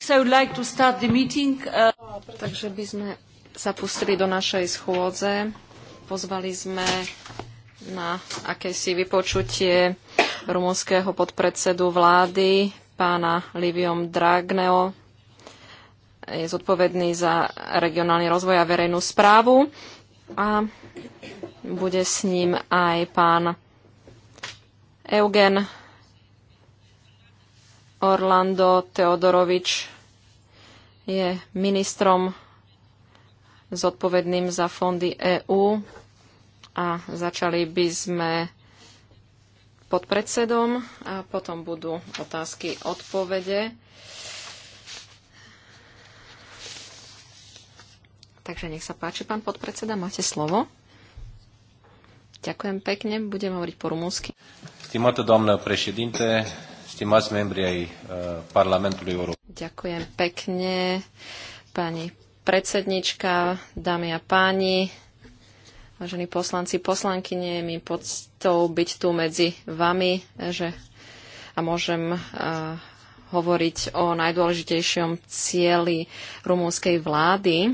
So like meeting, uh... Takže by sme sa pustili do našej schôdze. Pozvali sme na akési vypočutie rumunského podpredsedu vlády, pána Livium Dragneo. Je zodpovedný za regionálny rozvoj a verejnú správu. A bude s ním aj pán Eugen Orlando Teodorovič je ministrom zodpovedným za fondy EÚ a začali by sme pod predsedom a potom budú otázky, odpovede. Takže nech sa páči, pán podpredseda, máte slovo. Ďakujem pekne, budem hovoriť po rumúnsky. Stimate doamnă președinte, membri eh, Ďakujem pekne, pani predsednička, dámy a páni, vážení poslanci, poslankyne, mi podstou byť tu medzi vami, že a môžem eh, hovoriť o najdôležitejšom cieli rumúnskej vlády.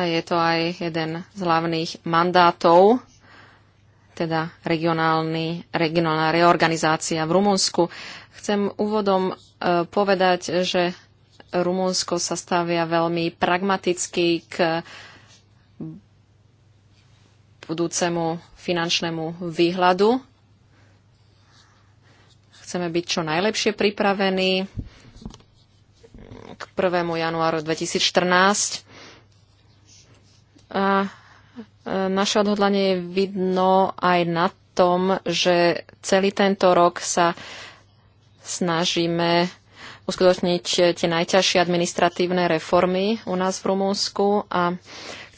A je to aj jeden z hlavných mandátov teda regionálny regionálna reorganizácia v Rumunsku. Chcem úvodom e, povedať, že Rumunsko sa stavia veľmi pragmaticky k budúcemu finančnému výhľadu. Chceme byť čo najlepšie pripravení k 1. januáru 2014. A naše odhodlanie je vidno aj na tom, že celý tento rok sa snažíme uskutočniť tie najťažšie administratívne reformy u nás v Rumúnsku a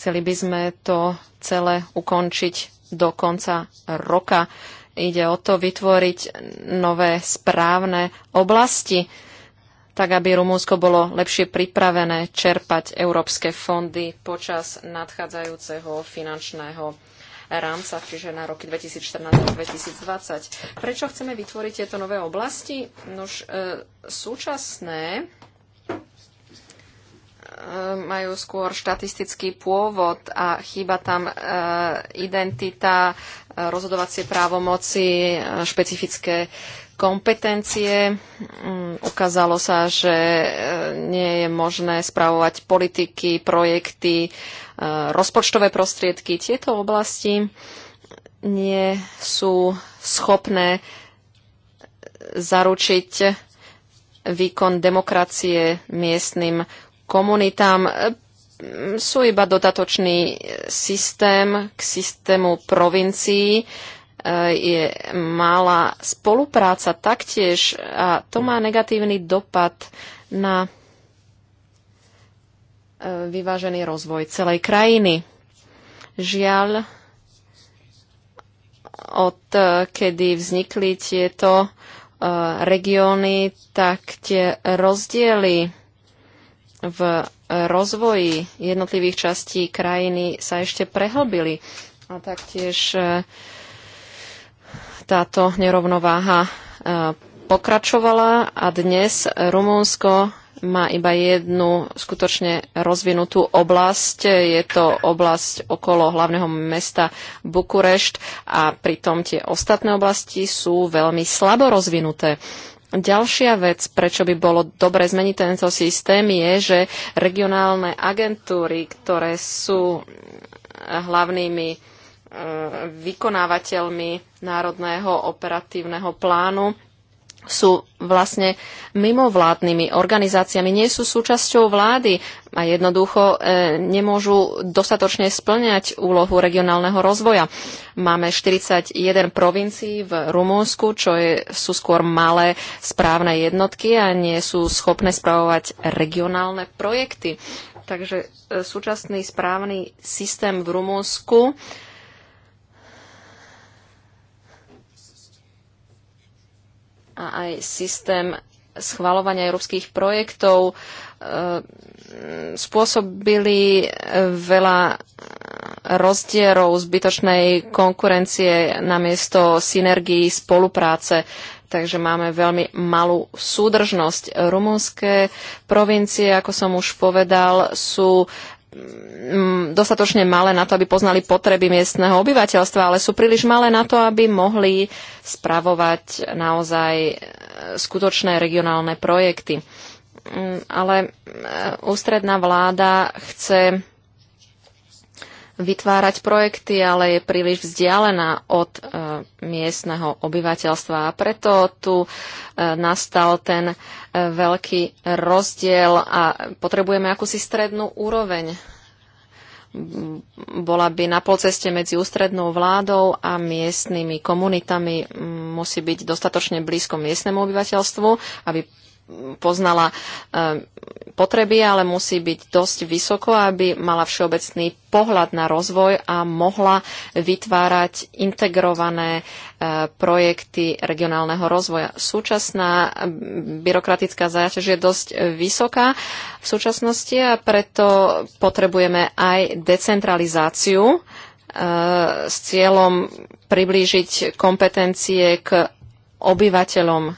chceli by sme to celé ukončiť do konca roka. Ide o to vytvoriť nové správne oblasti tak aby Rumúnsko bolo lepšie pripravené čerpať európske fondy počas nadchádzajúceho finančného rámca, čiže na roky 2014 a 2020. Prečo chceme vytvoriť tieto nové oblasti? Nož e, súčasné e, majú skôr štatistický pôvod a chýba tam e, identita, e, rozhodovacie právomoci, špecifické kompetencie. Mm, ukázalo sa, že e, nie je možné spravovať politiky, projekty, e, rozpočtové prostriedky. Tieto oblasti nie sú schopné zaručiť výkon demokracie miestnym komunitám. E, sú iba dodatočný systém k systému provincií, Eh, je malá spolupráca taktiež a to má negatívny dopad na eh, vyvážený rozvoj celej krajiny. Žiaľ, od eh, kedy vznikli tieto regióny, tak tie rozdiely v rozvoji jednotlivých častí krajiny sa ešte prehlbili. A taktiež táto nerovnováha e, pokračovala a dnes Rumunsko má iba jednu skutočne rozvinutú oblasť. Je to oblasť okolo hlavného mesta Bukurešt a pritom tie ostatné oblasti sú veľmi slabo rozvinuté. Ďalšia vec, prečo by bolo dobre zmeniť tento systém, je, že regionálne agentúry, ktoré sú hlavnými vykonávateľmi Národného operatívneho plánu sú vlastne mimovládnymi organizáciami, nie sú súčasťou vlády a jednoducho e, nemôžu dostatočne splňať úlohu regionálneho rozvoja. Máme 41 provincií v Rumúnsku, čo je, sú skôr malé správne jednotky a nie sú schopné spravovať regionálne projekty. Takže e, súčasný správny systém v Rumúnsku e, a aj systém schvalovania európskych projektov e, spôsobili e, veľa rozdierov, zbytočnej konkurencie namiesto synergii spolupráce. Takže máme veľmi malú súdržnosť. Rumunské provincie, ako som už povedal, sú Mm, dostatočne malé na to, aby poznali potreby miestneho obyvateľstva, ale sú príliš malé na to, aby mohli spravovať naozaj e, skutočné regionálne projekty. Mm, ale e, ústredná vláda chce vytvárať projekty, ale je príliš vzdialená od e, miestneho obyvateľstva. A preto tu e, nastal ten e, veľký rozdiel a potrebujeme akúsi strednú úroveň. Bola by na polceste medzi ústrednou vládou a miestnymi komunitami, musí byť dostatočne blízko miestnemu obyvateľstvu, aby poznala eh, potreby, ale musí byť dosť vysoko, aby mala všeobecný pohľad na rozvoj a mohla vytvárať integrované eh, projekty regionálneho rozvoja. Súčasná mm, byrokratická záťaž je dosť vysoká v súčasnosti a preto potrebujeme aj decentralizáciu eh, s cieľom priblížiť kompetencie k obyvateľom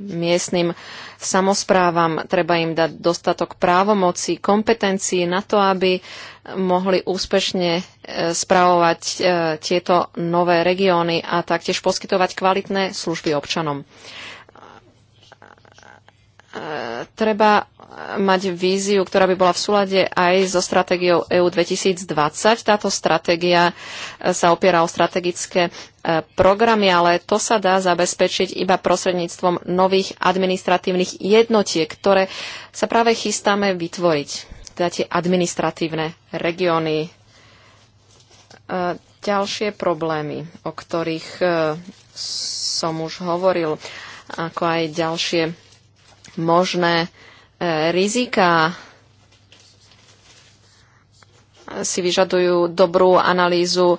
miestnym samozprávam. Treba im dať dostatok právomocí, kompetencií na to, aby mohli úspešne e, spravovať e, tieto nové regióny a taktiež poskytovať kvalitné služby občanom treba mať víziu, ktorá by bola v súlade aj so stratégiou EU 2020. Táto stratégia e, sa opiera o strategické e, programy, ale to sa dá zabezpečiť iba prostredníctvom nových administratívnych jednotiek, ktoré sa práve chystáme vytvoriť, teda tie administratívne regióny. E, ďalšie problémy, o ktorých som už hovoril, ako aj ďalšie možné e, rizika si vyžadujú dobrú analýzu e,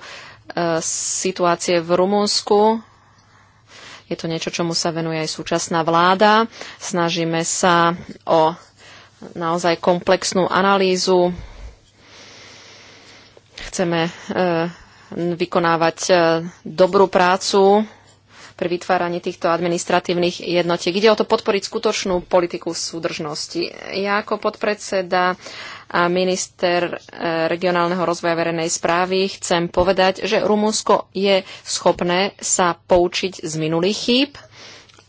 situácie v Rumunsku. Je to niečo, čomu sa venuje aj súčasná vláda. Snažíme sa o naozaj komplexnú analýzu. Chceme e, vykonávať dobrú prácu pri vytváraní týchto administratívnych jednotiek. Ide o to podporiť skutočnú politiku súdržnosti. Ja ako podpredseda a minister e, regionálneho rozvoja verejnej správy chcem povedať, že Rumunsko je schopné sa poučiť z minulých chýb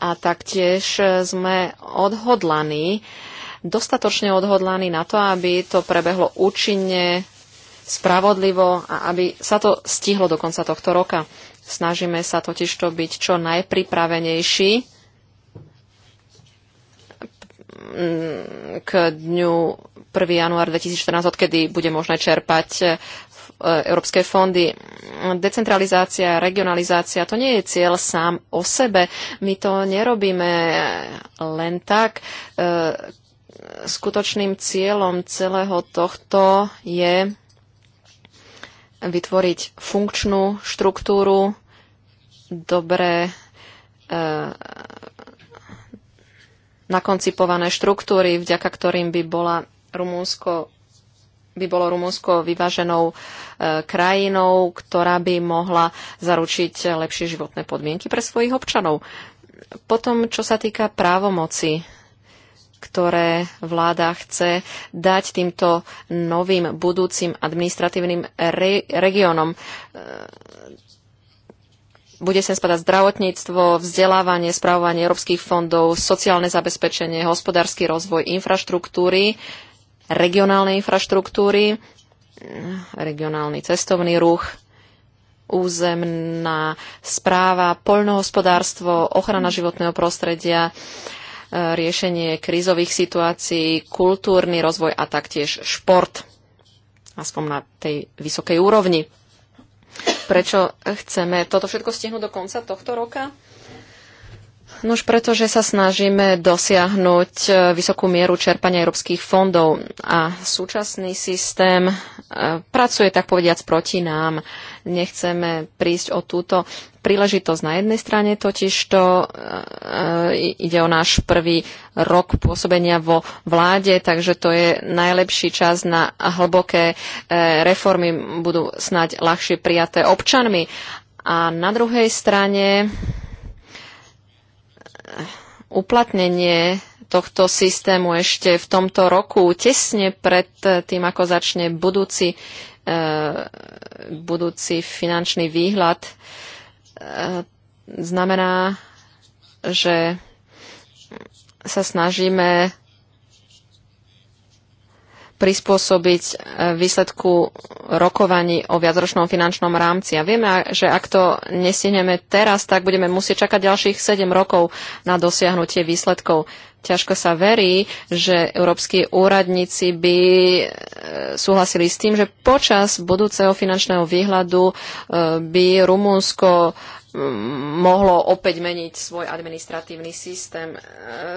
a taktiež sme odhodlaní, dostatočne odhodlaní na to, aby to prebehlo účinne, spravodlivo a aby sa to stihlo do konca tohto roka. Snažíme sa totiž to byť čo najpripravenejší k dňu 1. január 2014, odkedy bude možné čerpať e, európske fondy. Decentralizácia, regionalizácia, to nie je cieľ sám o sebe. My to nerobíme len tak. E, skutočným cieľom celého tohto je vytvoriť funkčnú štruktúru, dobre e, nakoncipované štruktúry, vďaka ktorým by, bola Rumúnsko, by bolo Rumúnsko vyváženou e, krajinou, ktorá by mohla zaručiť lepšie životné podmienky pre svojich občanov. Potom, čo sa týka právomoci ktoré vláda chce dať týmto novým budúcim administratívnym re- regiónom. E, bude sem spadať zdravotníctvo, vzdelávanie, správovanie európskych fondov, sociálne zabezpečenie, hospodársky rozvoj infraštruktúry, regionálnej infraštruktúry, regionálny cestovný ruch, územná správa, poľnohospodárstvo, ochrana životného prostredia, riešenie krízových situácií, kultúrny rozvoj a taktiež šport, aspoň na tej vysokej úrovni. Prečo chceme toto všetko stihnúť do konca tohto roka? No už preto, že sa snažíme dosiahnuť e, vysokú mieru čerpania európskych fondov a súčasný systém e, pracuje tak povediac proti nám. Nechceme prísť o túto príležitosť na jednej strane, totiž to e, ide o náš prvý rok pôsobenia vo vláde, takže to je najlepší čas na hlboké reformy, budú snáď ľahšie prijaté občanmi. A na druhej strane uplatnenie tohto systému ešte v tomto roku, tesne pred eh, tým, ako začne budúci, eh, budúci finančný výhľad, eh, znamená, že sa snažíme prispôsobiť e, výsledku rokovaní o viacročnom finančnom rámci. A vieme, že ak to nestihneme teraz, tak budeme musieť čakať ďalších 7 rokov na dosiahnutie výsledkov. Ťažko sa verí, že európsky úradníci by e, súhlasili s tým, že počas budúceho finančného výhľadu e, by Rumunsko mohlo opäť meniť svoj administratívny systém.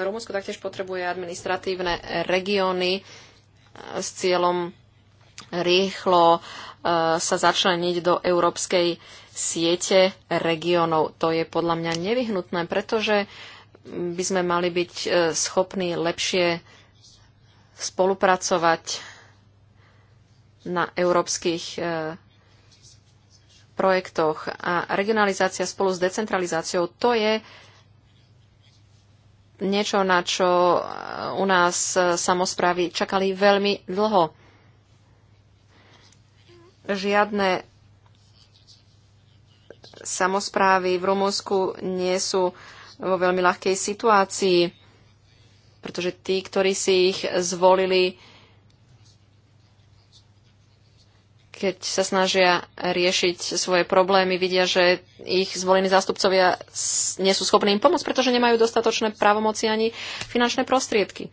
Rumunsko taktiež potrebuje administratívne regióny, s cieľom rýchlo e, sa začleniť do európskej siete regiónov. To je podľa mňa nevyhnutné, pretože by sme mali byť e, schopní lepšie spolupracovať na európskych e, projektoch. A regionalizácia spolu s decentralizáciou, to je niečo, na čo eh, u nás eh, samozprávy čakali veľmi dlho. Žiadne samozprávy v Rumunsku nie sú vo veľmi ľahkej situácii, pretože tí, ktorí si ich zvolili, keď sa snažia riešiť svoje problémy, vidia, že ich zvolení zástupcovia nie sú schopní im pomôcť, pretože nemajú dostatočné právomoci ani finančné prostriedky.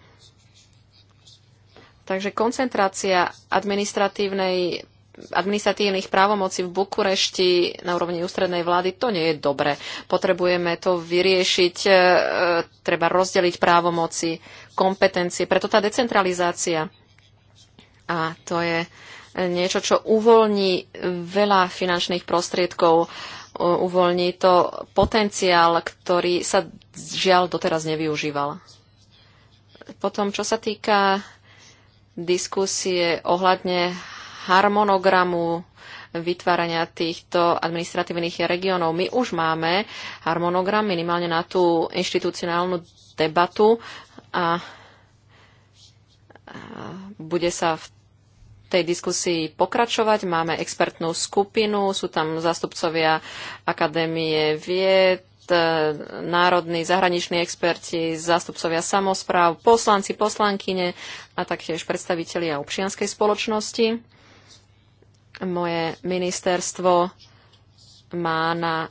Takže koncentrácia administratívnej administratívnych právomocí v Bukurešti na úrovni ústrednej vlády, to nie je dobre. Potrebujeme to vyriešiť, e, treba rozdeliť právomoci, kompetencie, preto tá decentralizácia. A to je niečo, čo uvoľní veľa finančných prostriedkov, uvoľní to potenciál, ktorý sa žiaľ doteraz nevyužíval. Potom, čo sa týka diskusie ohľadne harmonogramu vytvárania týchto administratívnych regiónov. My už máme harmonogram minimálne na tú inštitucionálnu debatu a bude sa v tej diskusii pokračovať. Máme expertnú skupinu, sú tam zástupcovia Akadémie vied, národní, zahraniční experti, zástupcovia samozpráv, poslanci, poslankyne a taktiež predstavitelia občianskej spoločnosti. Moje ministerstvo má na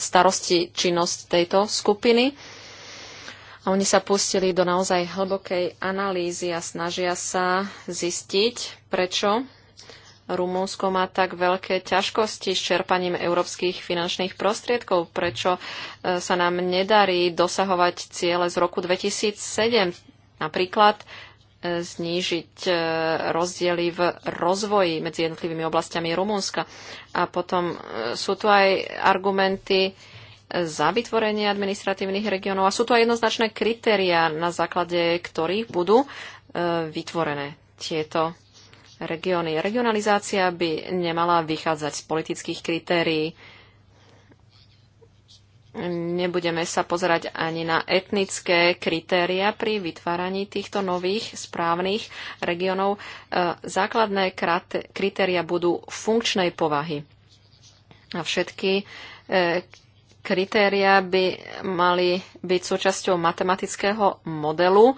starosti činnosť tejto skupiny a oni sa pustili do naozaj hlbokej analýzy a snažia sa zistiť, prečo Rumunsko má tak veľké ťažkosti s čerpaním európskych finančných prostriedkov, prečo e, sa nám nedarí dosahovať ciele z roku 2007, napríklad e, znížiť e, rozdiely v rozvoji medzi jednotlivými oblastiami Rumunska. A potom sú tu aj argumenty za vytvorenie administratívnych regiónov a sú tu aj jednoznačné kritéria, na základe ktorých budú e, vytvorené tieto regióny. Regionalizácia by nemala vychádzať z politických kritérií. Nebudeme sa pozerať ani na etnické kritéria pri vytváraní týchto nových správnych regiónov. E, základné kritéria budú funkčnej povahy. A všetky e, Kritéria by mali byť súčasťou matematického modelu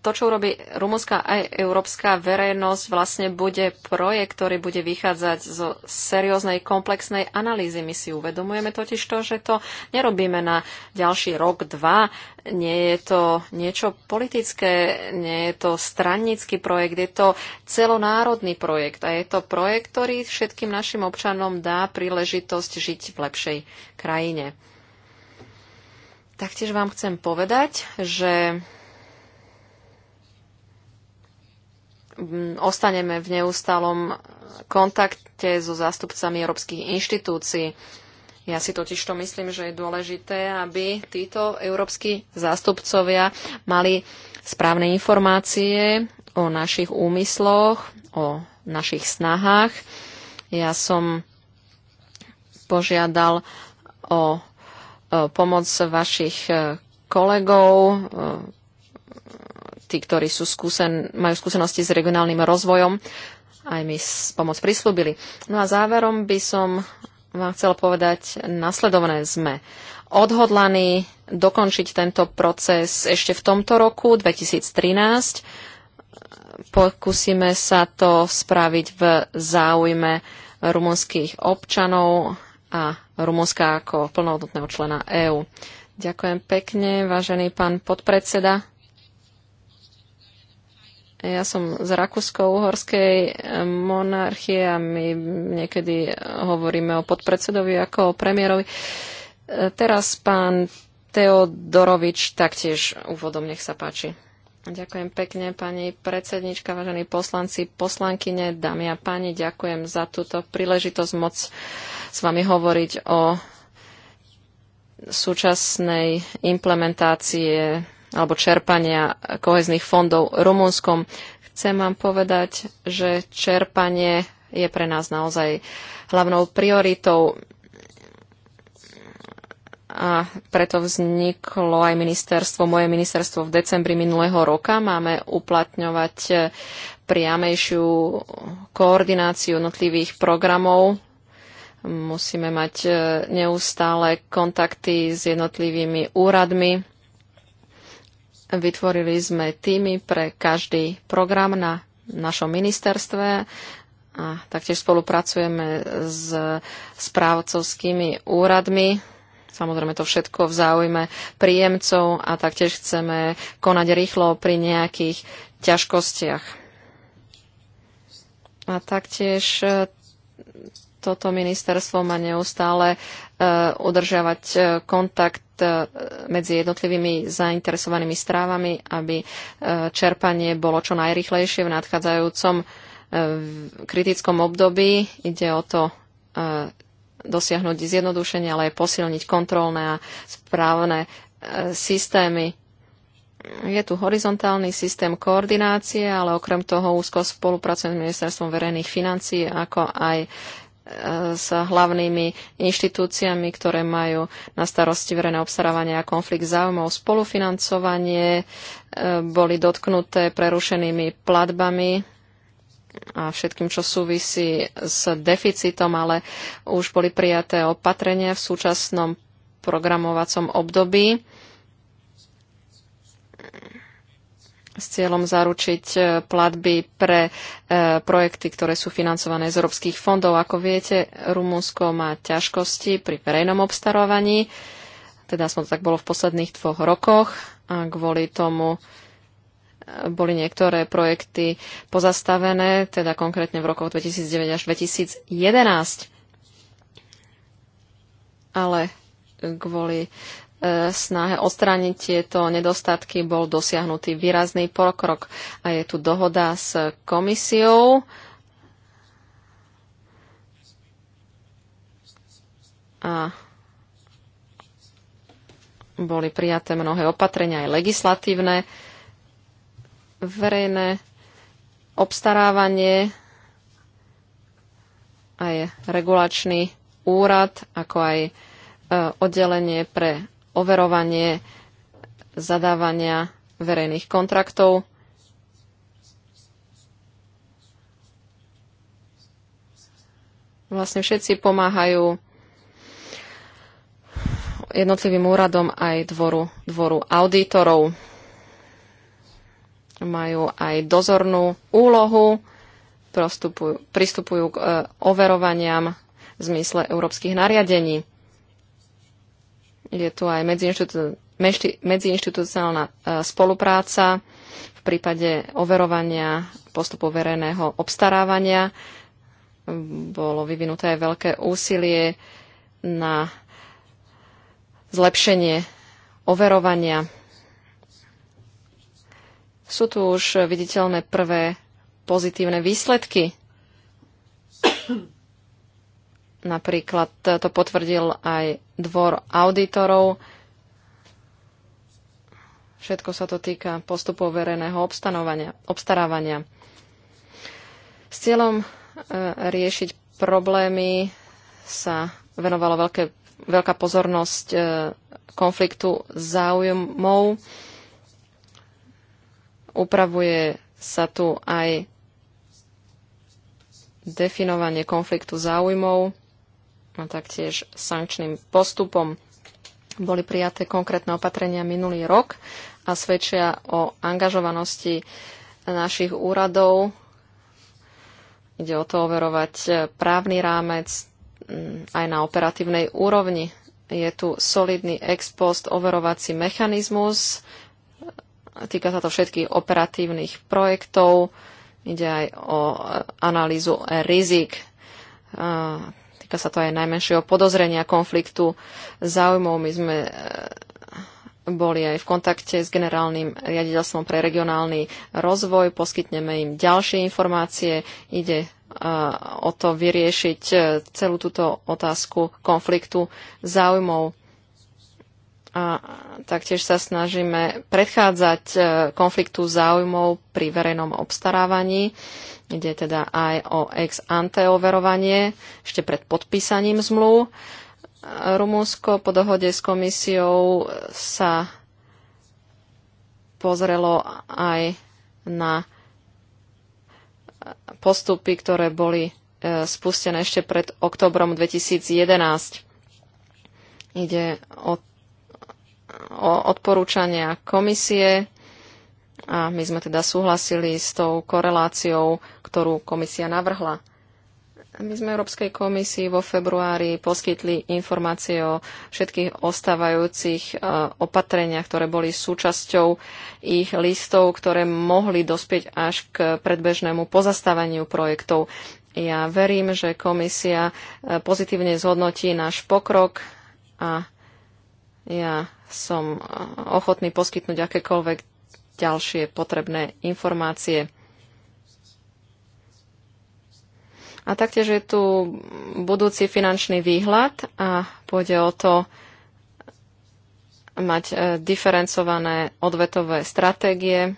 to, čo urobí rumúnska aj európska verejnosť, vlastne bude projekt, ktorý bude vychádzať zo serióznej, komplexnej analýzy. My si uvedomujeme totiž to, že to nerobíme na ďalší rok, dva. Nie je to niečo politické, nie je to strannický projekt, je to celonárodný projekt a je to projekt, ktorý všetkým našim občanom dá príležitosť žiť v lepšej krajine. Taktiež vám chcem povedať, že ostaneme v neustálom kontakte so zástupcami európskych inštitúcií. Ja si totiž to myslím, že je dôležité, aby títo európsky zástupcovia mali správne informácie o našich úmysloch, o našich snahách. Ja som požiadal o pomoc vašich e, kolegov, e, tí, ktorí sú skúsen, majú skúsenosti s regionálnym rozvojom, aj mi pomoc prislúbili. No a záverom by som vám chcela povedať, nasledovné sme odhodlaní dokončiť tento proces ešte v tomto roku, 2013. Pokúsime sa to spraviť v záujme rumunských občanov a Rumunska ako plnohodnotného člena EÚ. Ďakujem pekne, vážený pán podpredseda. Ja som z Rakúsko-Uhorskej eh, monarchie a my niekedy hovoríme o podpredsedovi ako o premiérovi. Eh, teraz pán Teodorovič taktiež úvodom, nech sa páči. Ďakujem pekne, pani predsednička, vážení poslanci, poslankyne, dámy a páni, ďakujem za túto príležitosť moc s vami hovoriť o súčasnej implementácie alebo čerpania kohezných fondov Rumunskom. Chcem vám povedať, že čerpanie je pre nás naozaj hlavnou prioritou a preto vzniklo aj ministerstvo, moje ministerstvo v decembri minulého roka. Máme uplatňovať e, priamejšiu koordináciu jednotlivých programov. Musíme mať e, neustále kontakty s jednotlivými úradmi Vytvorili sme týmy pre každý program na našom ministerstve a taktiež spolupracujeme s správcovskými úradmi. Samozrejme to všetko v záujme príjemcov a taktiež chceme konať rýchlo pri nejakých ťažkostiach. A taktiež e, toto ministerstvo má neustále e, udržiavať e, kontakt E, medzi jednotlivými zainteresovanými strávami, aby e, čerpanie bolo čo najrychlejšie v nadchádzajúcom e, kritickom období. Ide o to dosiahnuť zjednodušenie, ale aj posilniť kontrolné a správne systémy. Je tu horizontálny systém koordinácie, ale okrem toho úzko spolupracujem s Ministerstvom verejných financií, ako aj s hlavnými inštitúciami, ktoré majú na starosti verejné obstarávanie a konflikt záujmov. Spolufinancovanie e, boli dotknuté prerušenými platbami a všetkým, čo súvisí s deficitom, ale už boli prijaté opatrenia v súčasnom programovacom období s cieľom zaručiť e, platby pre e, projekty, ktoré sú financované z európskych fondov. Ako viete, Rumunsko má ťažkosti pri verejnom obstarovaní, teda som to tak bolo v posledných dvoch rokoch a kvôli tomu e, boli niektoré projekty pozastavené, teda konkrétne v rokoch 2009 až 2011. Ale kvôli E, snahe odstrániť tieto nedostatky bol dosiahnutý výrazný pokrok. A je tu dohoda s komisiou. A boli prijaté mnohé opatrenia aj legislatívne. Verejné obstarávanie aj regulačný úrad, ako aj e, oddelenie pre overovanie zadávania verejných kontraktov. Vlastne všetci pomáhajú jednotlivým úradom aj dvoru, dvoru auditorov. Majú aj dozornú úlohu, pristupujú, k e, overovaniam v zmysle európskych nariadení. Je tu aj medziinstitucionálna e, spolupráca v prípade overovania postupu verejného obstarávania. Bolo vyvinuté aj veľké úsilie na zlepšenie overovania. Sú tu už viditeľné prvé pozitívne výsledky Napríklad to potvrdil aj dvor auditorov. Všetko sa to týka postupov verejného obstarávania. S cieľom e, riešiť problémy sa venovalo veľké, veľká pozornosť e, konfliktu záujmov. Upravuje sa tu aj definovanie konfliktu záujmov a taktiež sankčným postupom. Boli prijaté konkrétne opatrenia minulý rok a svedčia o angažovanosti našich úradov. Ide o to overovať právny rámec mm, aj na operatívnej úrovni. Je tu solidný ex post overovací mechanizmus. Týka sa to všetkých operatívnych projektov. Ide aj o analýzu rizik týka sa to aj najmenšieho podozrenia konfliktu záujmov. My sme e, boli aj v kontakte s generálnym riaditeľstvom pre regionálny rozvoj, poskytneme im ďalšie informácie. Ide e, o to vyriešiť e, celú túto otázku konfliktu záujmov a taktiež sa snažíme predchádzať e, konfliktu záujmov pri verejnom obstarávaní, ide teda aj o ex ante overovanie ešte pred podpísaním zmluv. E, Rumúnsko po dohode s komisiou sa pozrelo aj na postupy, ktoré boli e, spustené ešte pred oktobrom 2011. Ide o odporúčania komisie a my sme teda súhlasili s tou koreláciou, ktorú komisia navrhla. My sme Európskej komisii vo februári poskytli informácie o všetkých ostávajúcich e, opatreniach, ktoré boli súčasťou ich listov, ktoré mohli dospieť až k predbežnému pozastaveniu projektov. Ja verím, že komisia e, pozitívne zhodnotí náš pokrok a ja som eh, ochotný poskytnúť akékoľvek ďalšie potrebné informácie. A taktiež je tu budúci finančný výhľad a pôjde o to mať eh, diferencované odvetové stratégie.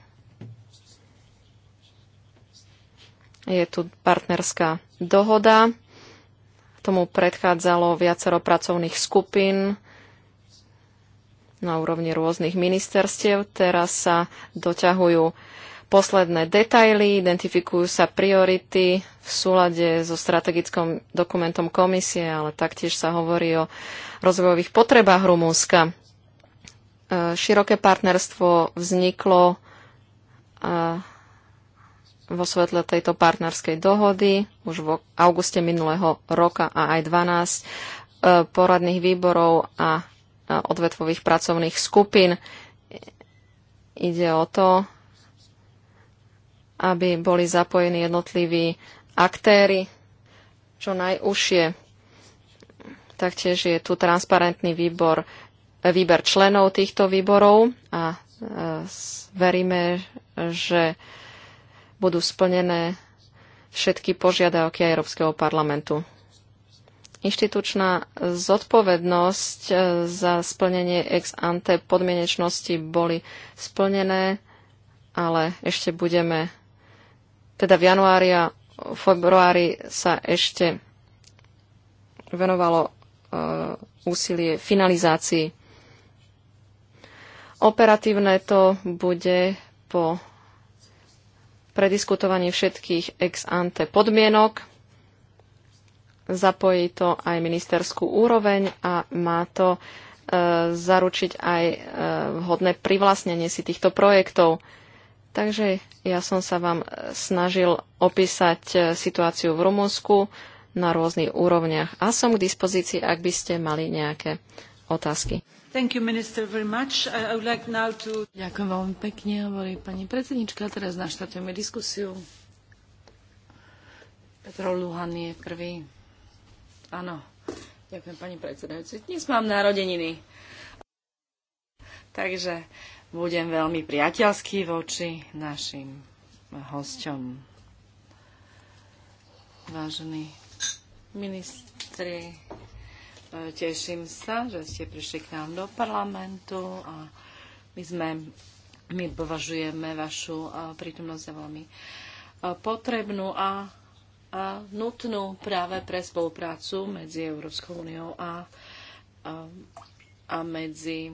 Je tu partnerská dohoda. Tomu predchádzalo viacero pracovných skupín na úrovni rôznych ministerstiev. Teraz sa doťahujú posledné detaily, identifikujú sa priority v súlade so strategickým dokumentom komisie, ale taktiež sa hovorí o rozvojových potrebách Rumúnska. E, široké partnerstvo vzniklo e, vo svetle tejto partnerskej dohody už v auguste minulého roka a aj 12 e, poradných výborov a odvetvových pracovných skupín. Ide o to, aby boli zapojení jednotliví aktéry čo najúžšie. Taktiež je tu transparentný výbor, výber členov týchto výborov a e, veríme, že budú splnené všetky požiadavky Európskeho parlamentu. Inštitučná zodpovednosť e, za splnenie ex ante podmienečnosti boli splnené, ale ešte budeme, teda v januári a februári sa ešte venovalo e, úsilie finalizácii. Operatívne to bude po prediskutovaní všetkých ex ante podmienok zapojí to aj ministerskú úroveň a má to e, zaručiť aj e, vhodné privlastnenie si týchto projektov. Takže ja som sa vám e, snažil opísať e, situáciu v Rumunsku na rôznych úrovniach a som k dispozícii, ak by ste mali nejaké otázky. You, minister, like to... Ďakujem veľmi pekne, hovorí pani predsednička. Teraz naštartujeme diskusiu. Petro Luhan je prvý. Áno, ďakujem pani predsedajúci. Dnes mám narodeniny. Takže budem veľmi priateľský voči našim hosťom. Vážení ministri, teším sa, že ste prišli k nám do parlamentu a my sme my považujeme vašu prítomnosť za veľmi potrebnú a a nutnú práve pre spoluprácu medzi Európskou úniou a, a, a medzi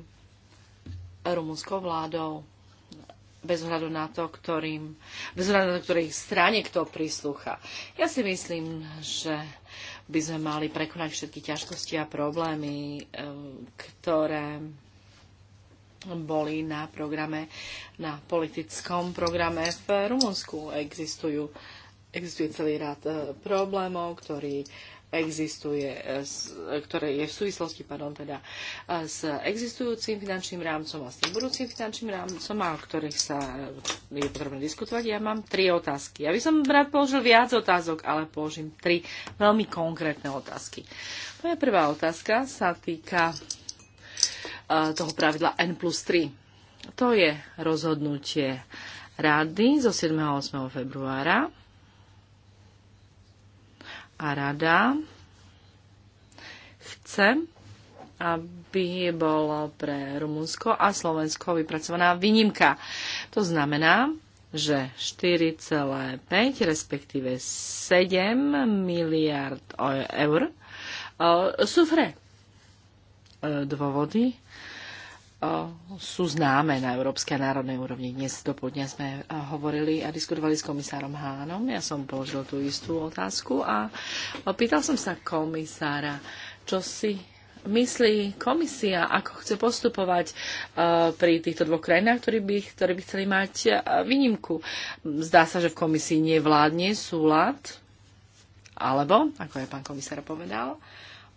rumunskou vládou bez hľadu na to, ktorým, bez hľadu na to, ktorej strane kto prislúcha. Ja si myslím, že by sme mali prekonať všetky ťažkosti a problémy, e, ktoré boli na programe, na politickom programe v Rumunsku. Existujú uh, Existuje celý rád e, problémov, ktorý existuje, e, e, ktoré je v súvislosti pardon, teda, s existujúcim finančným rámcom a s tým budúcim finančným rámcom, a o ktorých sa je potrebné diskutovať. Ja mám tri otázky. Ja by som rád položil viac otázok, ale položím tri veľmi konkrétne otázky. Moja prvá otázka sa týka toho pravidla N plus 3. To je rozhodnutie rady zo 7. a 8. februára a rada chce, aby bolo pre Rumunsko a Slovensko vypracovaná výnimka. To znamená, že 4,5 respektíve 7 miliard eur e, sú v hre. E, dôvody sú známe na európskej a národnej úrovni. Dnes do podňa sme e, hovorili a diskutovali s komisárom Hánom. Ja som položil tú istú otázku a e, pýtal som sa komisára, čo si myslí komisia, ako chce postupovať e, pri týchto dvoch krajinách, ktorí by, ktorí by chceli mať výnimku. Zdá sa, že v komisii nevládne súlad, alebo, ako je pán komisár povedal,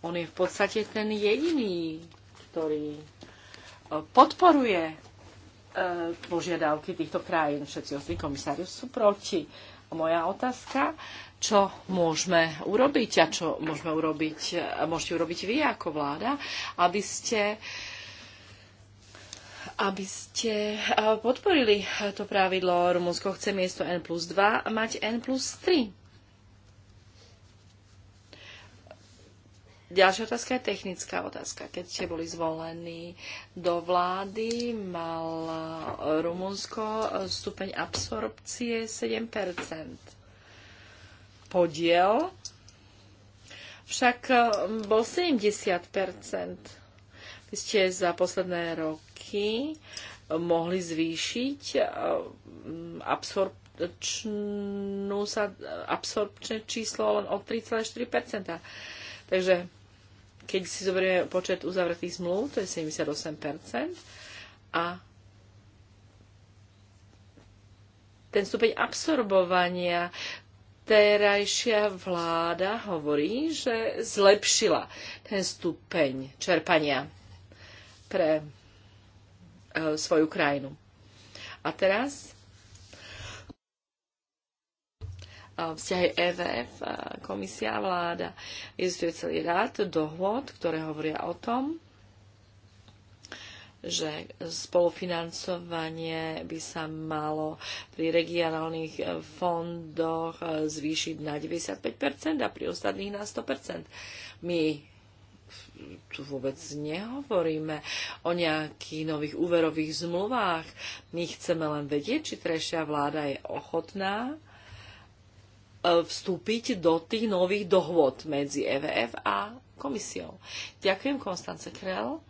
on je v podstate ten jediný, ktorý podporuje e, požiadavky týchto krajín. Všetci ostatní komisári sú proti. A moja otázka, čo môžeme urobiť a čo môžeme urobiť, môžete urobiť vy ako vláda, aby ste aby ste e, podporili to pravidlo Rumunsko chce miesto N plus 2 mať N plus 3 Ďalšia otázka je technická otázka. Keď ste boli zvolení do vlády, mal Rumunsko stupeň absorpcie 7 podiel, však bol 70 Vy ste za posledné roky mohli zvýšiť e, absorpciu absorpčné číslo len o 3,4%. Takže keď si zoberieme počet uzavretých zmluv, to je 78%, a ten stupeň absorbovania terajšia vláda hovorí, že zlepšila ten stupeň čerpania pre e, svoju krajinu. A teraz vzťahy EVF, komisia a vláda. Existuje celý rád dohôd, ktoré hovoria o tom, že spolufinancovanie by sa malo pri regionálnych fondoch zvýšiť na 95% a pri ostatných na 100%. My tu vôbec nehovoríme o nejakých nových úverových zmluvách. My chceme len vedieť, či trešia vláda je ochotná E, vstúpiť do tých nových dohôd medzi EVF a komisiou. Ďakujem, Konstance Krell.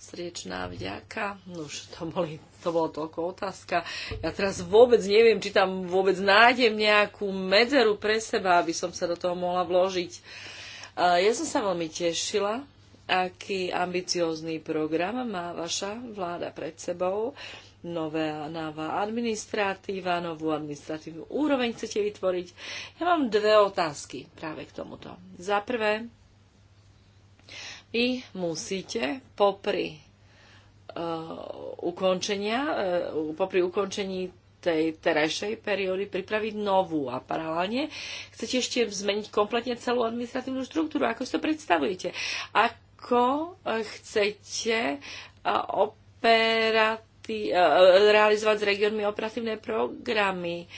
Sriečná vďaka. No už to, boli, to bolo toľko otázka. Ja teraz vôbec neviem, či tam vôbec nájdem nejakú medzeru pre seba, aby som sa do toho mohla vložiť. E, ja som sa veľmi tešila, aký ambiciózny program má vaša vláda pred sebou nová, nová administratíva, novú administratívnu úroveň chcete vytvoriť. Ja mám dve otázky práve k tomuto. Za prvé, vy musíte popri uh, ukončenia, uh, popri ukončení tej terajšej periódy pripraviť novú a paralelne chcete ešte zmeniť kompletne celú administratívnu štruktúru. Ako si to predstavujete? Ako chcete uh, operat projekty, e, realizovať s regiónmi operatívne programy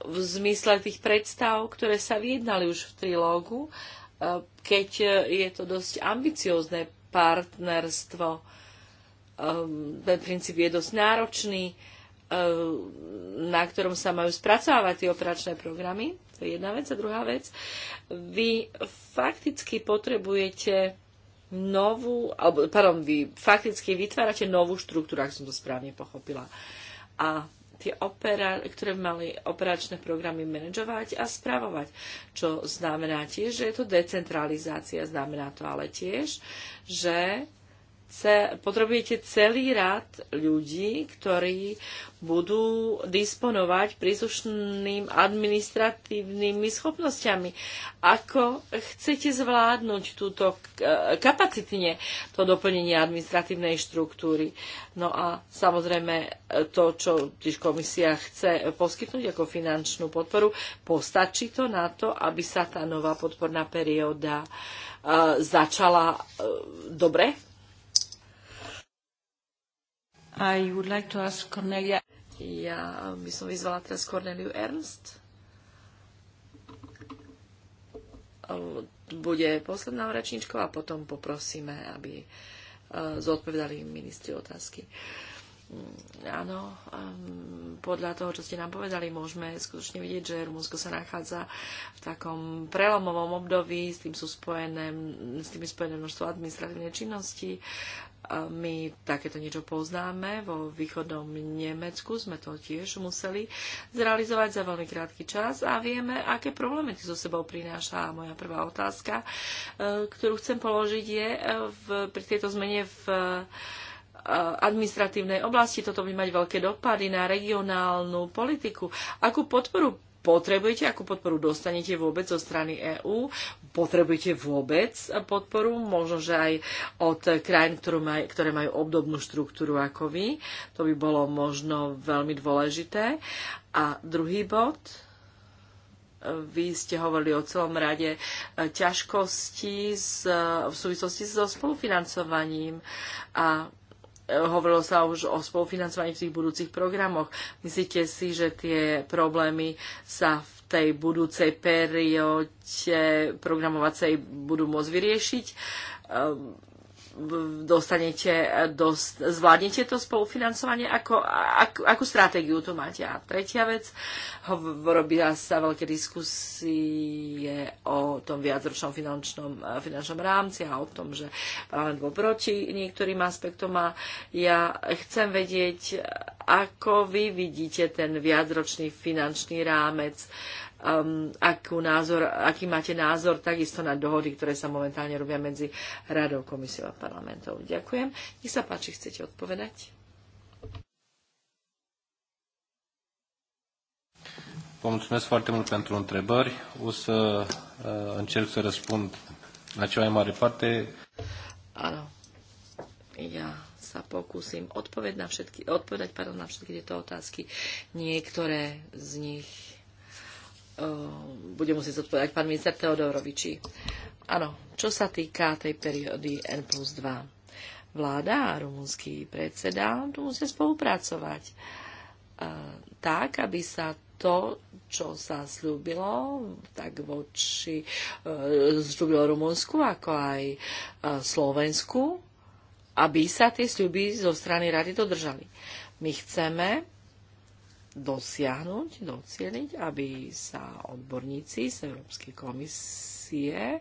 v zmysle tých predstav, ktoré sa vyjednali už v trilógu, e, keď je to dosť ambiciózne partnerstvo. E, ten princíp je dosť náročný, na ktorom sa majú spracovávať tie operačné programy. To je jedna vec. A druhá vec, vy fakticky potrebujete novú, alebo, pardon, vy fakticky vytvárate novú štruktúru, ak som to správne pochopila. A tie opera, ktoré mali operačné programy manažovať a správovať. Čo znamená tiež, že je to decentralizácia. Znamená to ale tiež, že ce, potrebujete celý rad ľudí, ktorí budú disponovať príslušným administratívnymi schopnosťami. Ako chcete zvládnuť túto e, kapacitne to doplnenie administratívnej štruktúry? No a samozrejme e, to, čo tiež komisia chce poskytnúť ako finančnú podporu, postačí to na to, aby sa tá nová podporná perióda e, začala dobre i would like to ask Cornelia. Ja by som vyzvala teraz Corneliu Ernst. Bude posledná rečničkou a potom poprosíme, aby eh, zodpovedali ministri otázky. Mm, áno, ehm, podľa toho, čo ste nám povedali, môžeme skutočne vidieť, že Rumunsko sa nachádza v takom prelomovom období, s tým sú spojené, s tým je spojené množstvo administratívnej činnosti, my takéto niečo poznáme. Vo východnom Nemecku sme to tiež museli zrealizovať za veľmi krátky čas a vieme, aké problémy to so sebou prináša. A moja prvá otázka, e, ktorú chcem položiť, je e, v, pri tejto zmene v e, administratívnej oblasti. Toto by mať veľké dopady na regionálnu politiku. Akú podporu potrebujete, akú podporu dostanete vôbec zo strany EÚ, potrebujete vôbec podporu, možno, že aj od krajín, maj, ktoré majú obdobnú štruktúru ako vy. To by bolo možno veľmi dôležité. A druhý bod, vy ste hovorili o celom rade e, ťažkosti, v súvislosti so spolufinancovaním a hovorilo sa už o spolufinancovaní v tých budúcich programoch. Myslíte si, že tie problémy sa v tej budúcej perióde programovacej budú môcť vyriešiť? Ehm, dostanete, dost, zvládnete to spolufinancovanie, ako, ak, akú stratégiu to máte. A tretia vec, robila sa veľké diskusie o tom viacročnom finančnom, finančnom rámci a o tom, že parlament bol proti niektorým aspektom a ja chcem vedieť, ako vy vidíte ten viacročný finančný rámec um, akú názor, aký máte názor takisto na dohody, ktoré sa momentálne robia medzi Radou, Komisiou a parlamentom. Ďakujem. Nech sa páči, chcete odpovedať? Vă mulțumesc foarte mult pentru întrebări. O să uh, încerc să răspund la cea mai mare parte. Alo. Ja sa pokúsim odpovedať na všetky, odpovedať pardon, na všetky tieto otázky. Niektoré z nich Eh, bude musieť zodpovedať pán minister Teodorovičí. Áno, čo sa týka tej periódy N plus 2. Vláda a rumunský predseda tu musia spolupracovať eh, tak, aby sa to, čo sa slúbilo, tak voči eh, slúbilo Rumunsku, ako aj Slovensku, aby sa tie sľuby zo strany rady dodržali. My chceme, dosiahnuť, docieliť, aby sa odborníci z Európskej komisie e,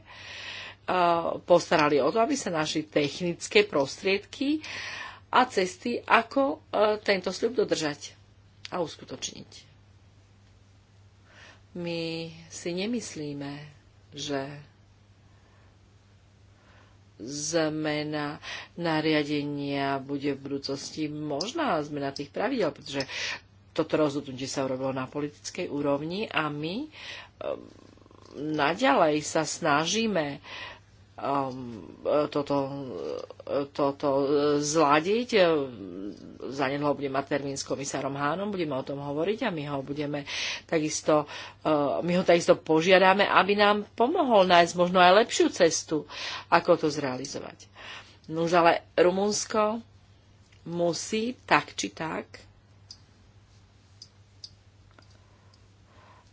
postarali o to, aby sa našli technické prostriedky a cesty, ako e, tento sľub dodržať a uskutočniť. My si nemyslíme, že zmena nariadenia bude v budúcnosti možná zmena tých pravidel, pretože toto rozhodnutie sa urobilo na politickej úrovni a my ehm, naďalej sa snažíme ehm, toto, toto e, zladiť. E, neho bude mať termín s komisárom Hánom, budeme o tom hovoriť a my ho budeme takisto, e, my ho takisto požiadame, aby nám pomohol nájsť možno aj lepšiu cestu, ako to zrealizovať. No ale Rumunsko musí tak či tak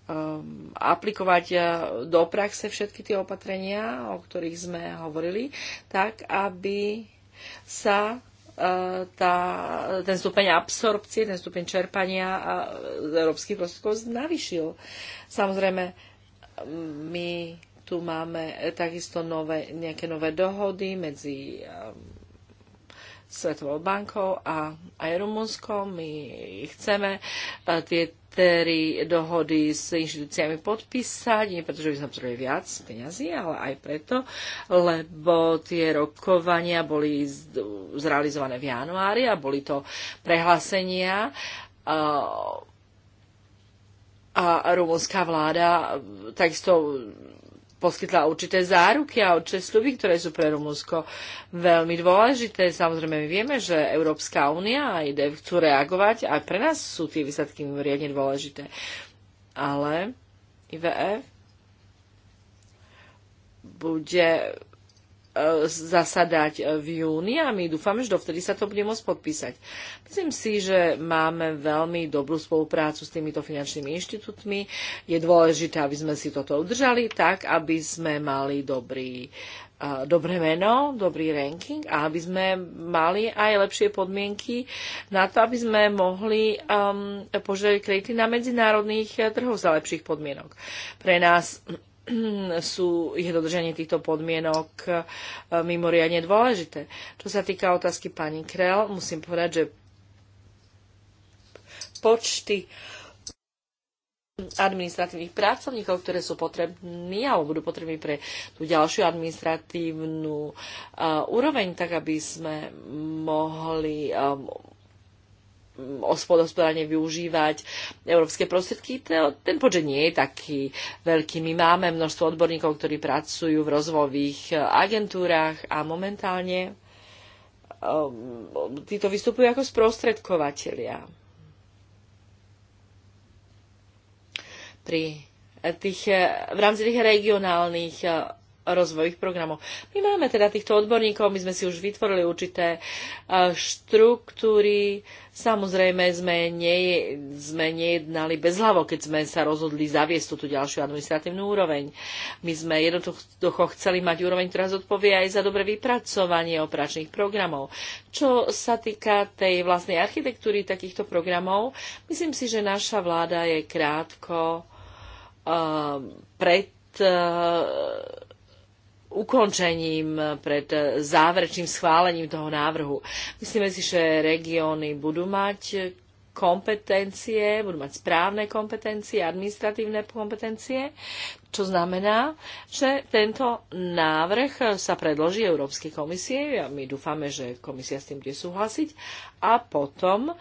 um, aplikovať uh, do praxe všetky tie opatrenia, o ktorých sme hovorili, tak aby sa uh, tá, ten stupeň absorpcie, ten stupeň čerpania uh, z európskych prostriedkov navýšil. Samozrejme, my tu máme takisto nové, nejaké nové dohody medzi um, Svetovou bankou a aj Rumunskou. My chceme tie aktéry dohody s inštitúciami podpísať, nie preto, že by sme potrebovali viac peňazí, ale aj preto, lebo tie rokovania boli zrealizované v januári a boli to prehlásenia a rumúnska vláda takisto poskytla určité záruky a určité sluby, ktoré sú pre Rumunsko veľmi dôležité. Samozrejme, my vieme, že Európska únia a ide chcú reagovať a pre nás sú tie výsledky mimoriadne dôležité. Ale IVF e bude zasadať e, v júni a my dúfame, že dovtedy sa to bude môcť podpísať. Myslím si, že máme veľmi dobrú spoluprácu s týmito finančnými inštitútmi. Je dôležité, aby sme si toto udržali tak, aby sme mali dobrý e, dobré meno, dobrý ranking a aby sme mali aj lepšie podmienky na to, aby sme mohli um, požiadať kredity na medzinárodných e, trhoch za lepších podmienok. Pre nás sú ich dodržanie týchto podmienok e, mimoriadne dôležité. Čo sa týka otázky pani Krell, musím povedať, že počty administratívnych pracovníkov, ktoré sú potrební alebo budú potrební pre tú ďalšiu administratívnu uh, úroveň, tak aby sme mohli um, hospodárne využívať európske prostriedky. Ten počet nie je taký veľký. My máme množstvo odborníkov, ktorí pracujú v rozvojových agentúrach a momentálne um, títo vystupujú ako sprostredkovateľia. Pri tých, v rámci tých regionálnych rozvojových programov. My máme teda týchto odborníkov, my sme si už vytvorili určité e, štruktúry. Samozrejme sme, nie, sme nejednali bez hlavo, keď sme sa rozhodli zaviesť túto ďalšiu administratívnu úroveň. My sme jednoducho chceli mať úroveň, ktorá zodpovie aj za dobre vypracovanie operačných programov. Čo sa týka tej vlastnej architektúry takýchto programov, myslím si, že naša vláda je krátko uh, pred uh, ukončením, pred záverečným schválením toho návrhu. Myslíme si, že regióny budú mať kompetencie, budú mať správne kompetencie, administratívne kompetencie, čo znamená, že tento návrh sa predloží Európskej komisie a my dúfame, že komisia s tým bude súhlasiť a potom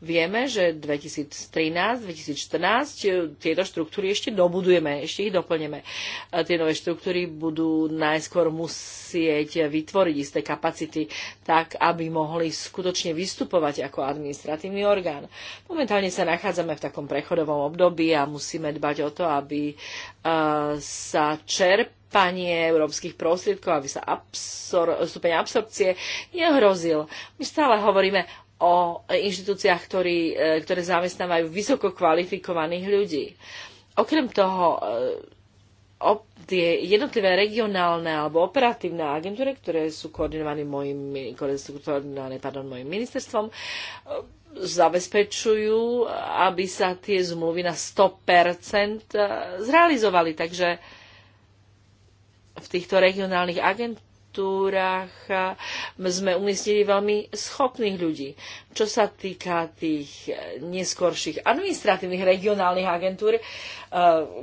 Vieme, že 2013, 2014 e, tieto štruktúry ešte dobudujeme, ešte ich doplneme. E, tie nové štruktúry budú najskôr musieť vytvoriť isté kapacity tak, aby mohli skutočne vystupovať ako administratívny orgán. Momentálne sa nachádzame v takom prechodovom období a musíme dbať o to, aby e, sa čerp čerpanie európskych prostriedkov, aby sa absor- stupeň absorpcie nehrozil. My stále hovoríme o inštitúciách, ktorý, e, ktoré zamestnávajú vysoko kvalifikovaných ľudí. Okrem toho, e, o, tie jednotlivé regionálne alebo operatívne agentúry, ktoré sú koordinované mojim, koordinované, pardon, mojim ministerstvom, e, zabezpečujú, aby sa tie zmluvy na 100% zrealizovali. Takže v týchto regionálnych agentúrach štruktúrach sme umiestnili veľmi schopných ľudí. Čo sa týka tých neskorších administratívnych regionálnych agentúr, eh,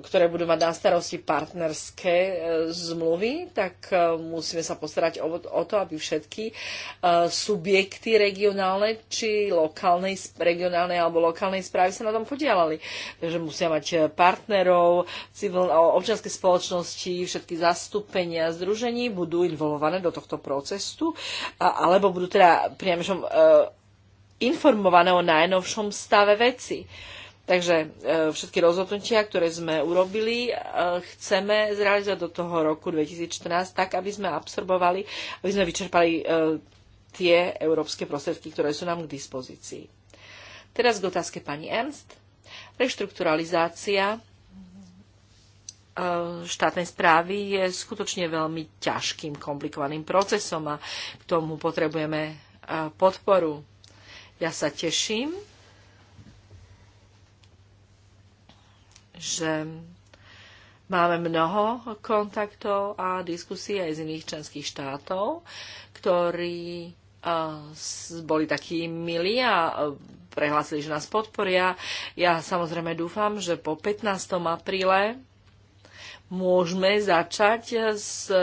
ktoré budú mať na starosti partnerské eh, zmluvy, tak eh, musíme sa postarať o, to, aby všetky subjekty regionálne či lokálnej, regionálnej alebo lokálnej správy sa na tom podielali. Takže musia mať partnerov, civil, občianske spoločnosti, všetky zastúpenia, združení budú involvovať involvované do tohto procesu, alebo budú teda priamžom e, informované o najnovšom stave veci. Takže e, všetky rozhodnutia, ktoré sme urobili, e, chceme zrealizovať do toho roku 2014 tak, aby sme absorbovali, aby sme vyčerpali tie európske prostriedky, ktoré sú nám k dispozícii. Teraz k otázke pani Ernst. Reštrukturalizácia E, štátnej správy je skutočne veľmi ťažkým, komplikovaným procesom a k tomu potrebujeme e, podporu. Ja sa teším, že máme mnoho kontaktov a diskusí aj z iných členských štátov, ktorí e, boli takí milí a prehlásili, že nás podporia. Ja samozrejme dúfam, že po 15. apríle môžeme začať s e,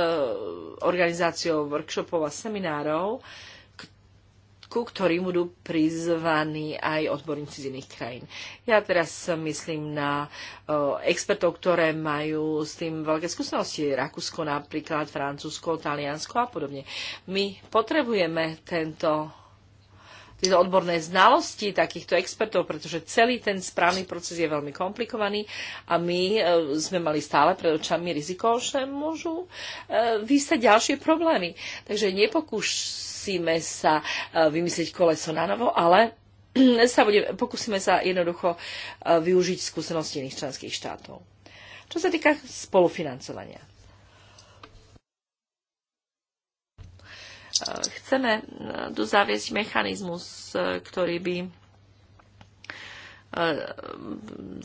organizáciou workshopov a seminárov, ku ktorým budú prizvaní aj odborníci z iných krajín. Ja teraz myslím na e, expertov, ktoré majú s tým veľké skúsenosti. Rakúsko napríklad, Francúzsko, Taliansko a podobne. My potrebujeme tento tieto odborné znalosti takýchto expertov, pretože celý ten správny proces je veľmi komplikovaný a my e, sme mali stále pred očami riziko, že môžu e, vystať ďalšie problémy. Takže nepokúsime sa e, vymyslieť koleso na novo, ale sa bude, pokúsime sa jednoducho využiť skúsenosti iných členských štátov. Čo sa týka spolufinancovania Chceme e, tu zaviesť mechanizmus, e, ktorý by e,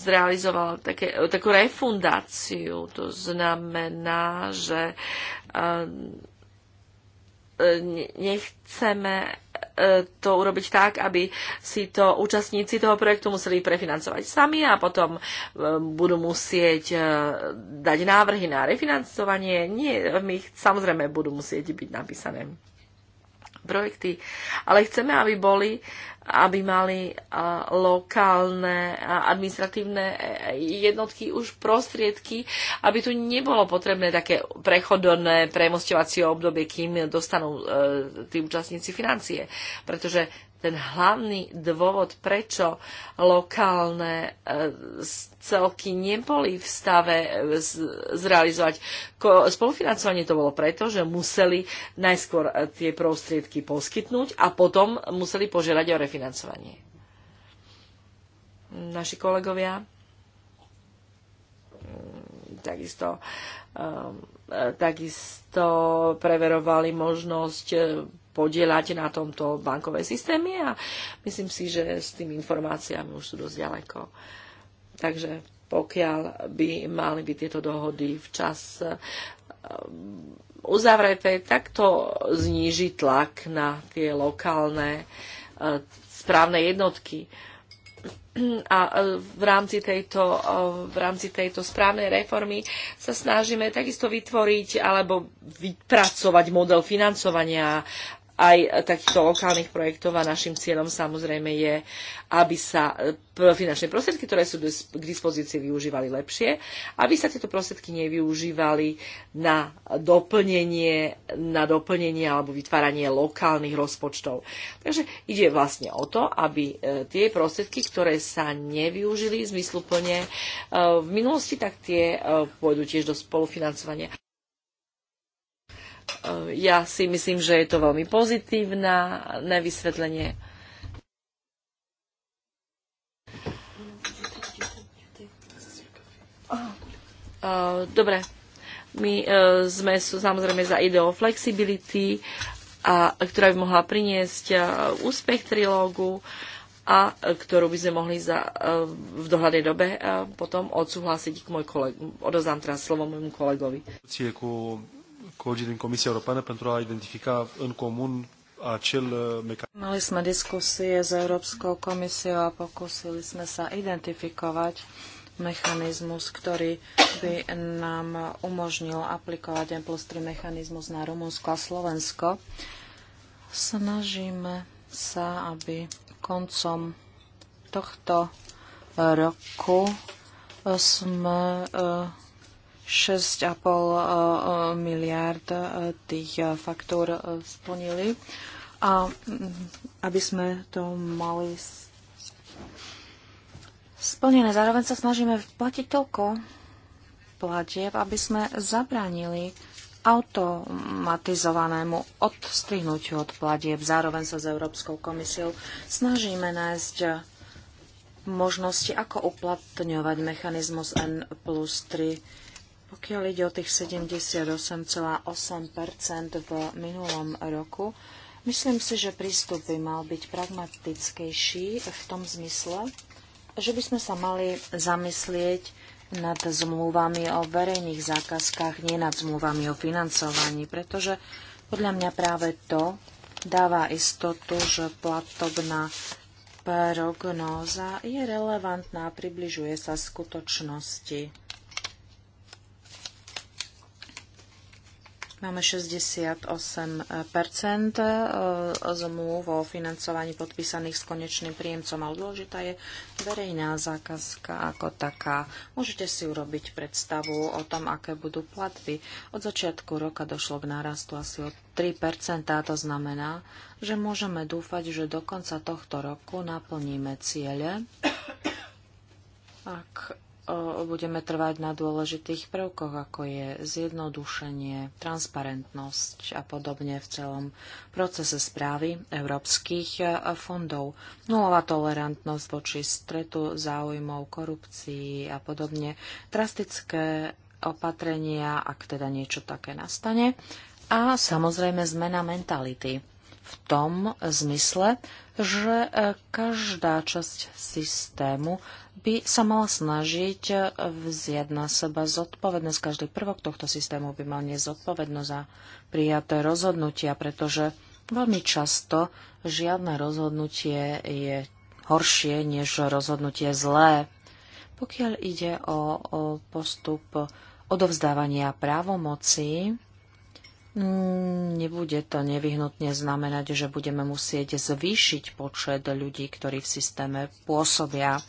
zrealizoval také, takú refundáciu. To znamená, že nechceme to urobiť tak, aby si to účastníci toho projektu museli prefinancovať sami a potom budú musieť dať návrhy na refinancovanie. Nie, my samozrejme budú musieť byť napísané projekty, ale chceme, aby boli, aby mali lokálne administratívne e, jednotky už prostriedky, aby tu nebolo potrebné také prechodné premostovacie obdobie, kým dostanú e, tí účastníci financie. Pretože ten hlavný dôvod, prečo lokálne e, celky neboli v stave e, zrealizovať spolufinancovanie, to bolo preto, že museli najskôr e, tie prostriedky poskytnúť a potom museli požiadať o refinancovanie. Naši kolegovia mm, takisto, takisto preverovali možnosť podielať na tomto bankové systéme a myslím si, že s tými informáciami už sú dosť ďaleko. Takže pokiaľ by mali byť tieto dohody včas um, uzavreté, tak to zníži tlak na tie lokálne uh, správne jednotky. A uh, v rámci, tejto, uh, v rámci tejto správnej reformy sa snažíme takisto vytvoriť alebo vypracovať model financovania aj takýchto lokálnych projektov a našim cieľom samozrejme je, aby sa e, finančné prostriedky, ktoré sú k dispozícii, využívali lepšie, aby sa tieto prostriedky nevyužívali na doplnenie, na doplnenie alebo vytváranie lokálnych rozpočtov. Takže ide vlastne o to, aby e, tie prostriedky, ktoré sa nevyužili zmysluplne e, v minulosti, tak tie pôjdu tiež do spolufinancovania. Eh, ja si myslím, že je to veľmi pozitívna na vysvetlenie. Eh, dobre, my eh, sme samozrejme za ideou flexibility, a, ktorá by mohla priniesť úspech trilógu a ktorú by sme mohli za, v dohľadnej dobe potom odsúhlasiť k môj kolegu. Odozám teraz slovo môjmu kolegovi. Cieku colegii din Comisia Europeană pentru a identifica în comun acel uh, mechanismus. Mali sme diskusie s Európskou komisiou a pokusili sme sa identifikovať mechanizmus, ktorý by nám umožnil aplikovať M plus 3 mechanizmus na Rumunsko a Slovensko. Snažíme sa, aby koncom tohto roku sme eh, 6,5 eh, eh, miliard eh, tých faktúr splnili. A mm, aby sme to mali splnené, zároveň sa snažíme platiť toľko platieb, aby sme zabránili automatizovanému odstrihnutiu od platieb. Zároveň sa s Európskou komisiou snažíme nájsť možnosti, ako uplatňovať mechanizmus N plus 3 pokiaľ ide o tých 78,8 v minulom roku, myslím si, že prístup by mal byť pragmatickejší v tom zmysle, že by sme sa mali zamyslieť nad zmluvami o verejných zákazkách, nie nad zmluvami o financovaní, pretože podľa mňa práve to dáva istotu, že platobná prognóza je relevantná a približuje sa skutočnosti. Máme 68 e, zmluv o financovaní podpísaných s konečným príjemcom, ale dôležitá je verejná zákazka ako taká. Môžete si urobiť predstavu o tom, aké budú platby. Od začiatku roka došlo k nárastu asi o 3 a To znamená, že môžeme dúfať, že do konca tohto roku naplníme ciele. Ak budeme trvať na dôležitých prvkoch, ako je zjednodušenie, transparentnosť a podobne v celom procese správy európskych e, fondov. Nulová tolerantnosť voči stretu záujmov, korupcii a podobne. Drastické opatrenia, ak teda niečo také nastane. A samozrejme zmena mentality v tom zmysle, že e, každá časť systému by sa mala snažiť e, vziať na seba zodpovednosť. Každý prvok tohto systému by mal nezodpovednosť za prijaté rozhodnutia, pretože veľmi často žiadne rozhodnutie je horšie než rozhodnutie zlé. Pokiaľ ide o, o postup odovzdávania právomoci, mm, Nebude to nevyhnutne znamenať, že budeme musieť zvýšiť počet ľudí, ktorí v systéme pôsobia.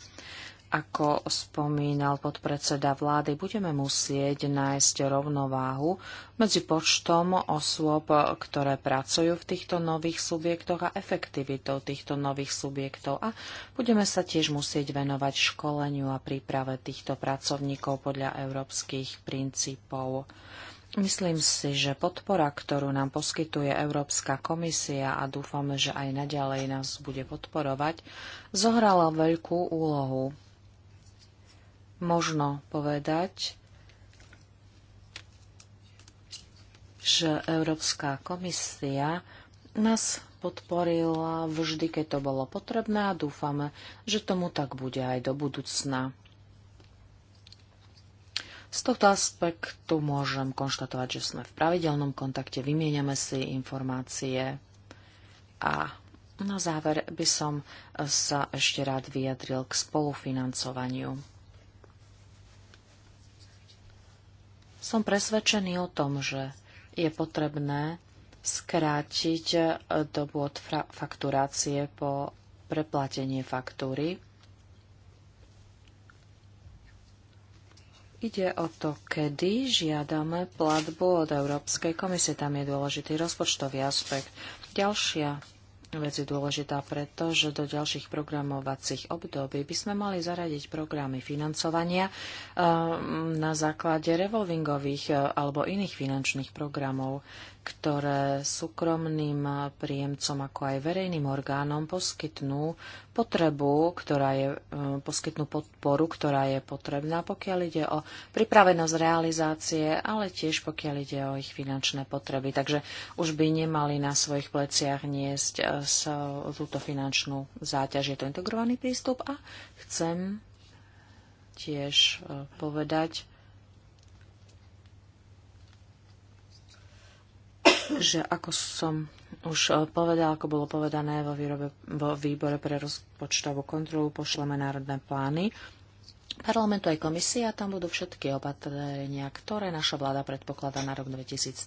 Ako spomínal podpredseda vlády, budeme musieť nájsť rovnováhu medzi počtom osôb, ktoré pracujú v týchto nových subjektoch a efektivitou týchto nových subjektov. A budeme sa tiež musieť venovať školeniu a príprave týchto pracovníkov podľa európskych princípov. Myslím si, že podpora, ktorú nám poskytuje Európska komisia a dúfame, že aj naďalej nás bude podporovať, zohrala veľkú úlohu možno povedať, že Európska komisia nás podporila vždy, keď to bolo potrebné a dúfame, že tomu tak bude aj do budúcna. Z tohto aspektu môžem konštatovať, že sme v pravidelnom kontakte, vymieňame si informácie a na záver by som sa ešte rád vyjadril k spolufinancovaniu. Som presvedčený o tom, že je potrebné skrátiť e, dobu od fakturácie po preplatenie faktúry. Ide o to, kedy žiadame platbu od Európskej komisie. Tam je dôležitý rozpočtový aspekt. Ďalšia vec je dôležitá preto, že do ďalších programovacích období by sme mali zaradiť programy financovania eh, na základe revolvingových eh, alebo iných finančných programov ktoré súkromným príjemcom ako aj verejným orgánom poskytnú potrebu, ktorá je, e, poskytnú podporu, ktorá je potrebná, pokiaľ ide o pripravenosť realizácie, ale tiež pokiaľ ide o ich finančné potreby. Takže už by nemali na svojich pleciach niesť e, túto finančnú záťaž. Je to integrovaný prístup a chcem tiež e, povedať, že ako som už eh, povedal, ako bolo povedané vo, výrobe, vo výbore pre rozpočtovú kontrolu, pošleme národné plány parlamentu aj komisie a tam budú všetky opatrenia, ktoré naša vláda predpokladá na rok 2013.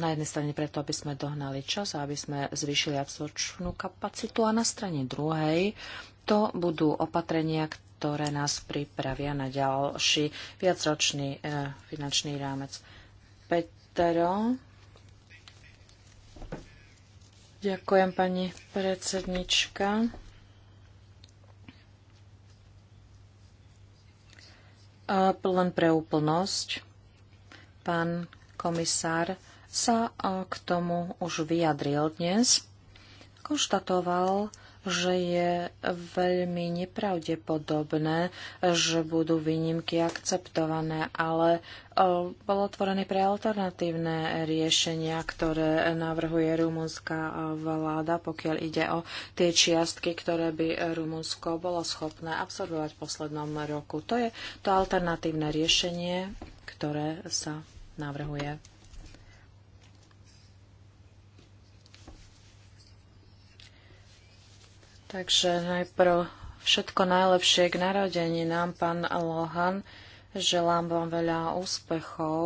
Na jednej strane preto, aby sme dohnali čas a aby sme zvýšili absorčnú kapacitu a na strane druhej to budú opatrenia, ktoré nás pripravia na ďalší viacročný e, finančný rámec. 5 Montero. Ďakujem, pani predsednička. Len pre úplnosť, pán komisár sa k tomu už vyjadril dnes. Konštatoval, že je veľmi nepravdepodobné, že budú výnimky akceptované, ale e, bol otvorený pre alternatívne riešenia, ktoré navrhuje rumunská e, vláda, pokiaľ ide o tie čiastky, ktoré by Rumunsko bolo schopné absorbovať v poslednom roku. To je to alternatívne riešenie, ktoré sa navrhuje. Takže najprv všetko najlepšie k narodení nám, pán Lohan. Želám vám veľa úspechov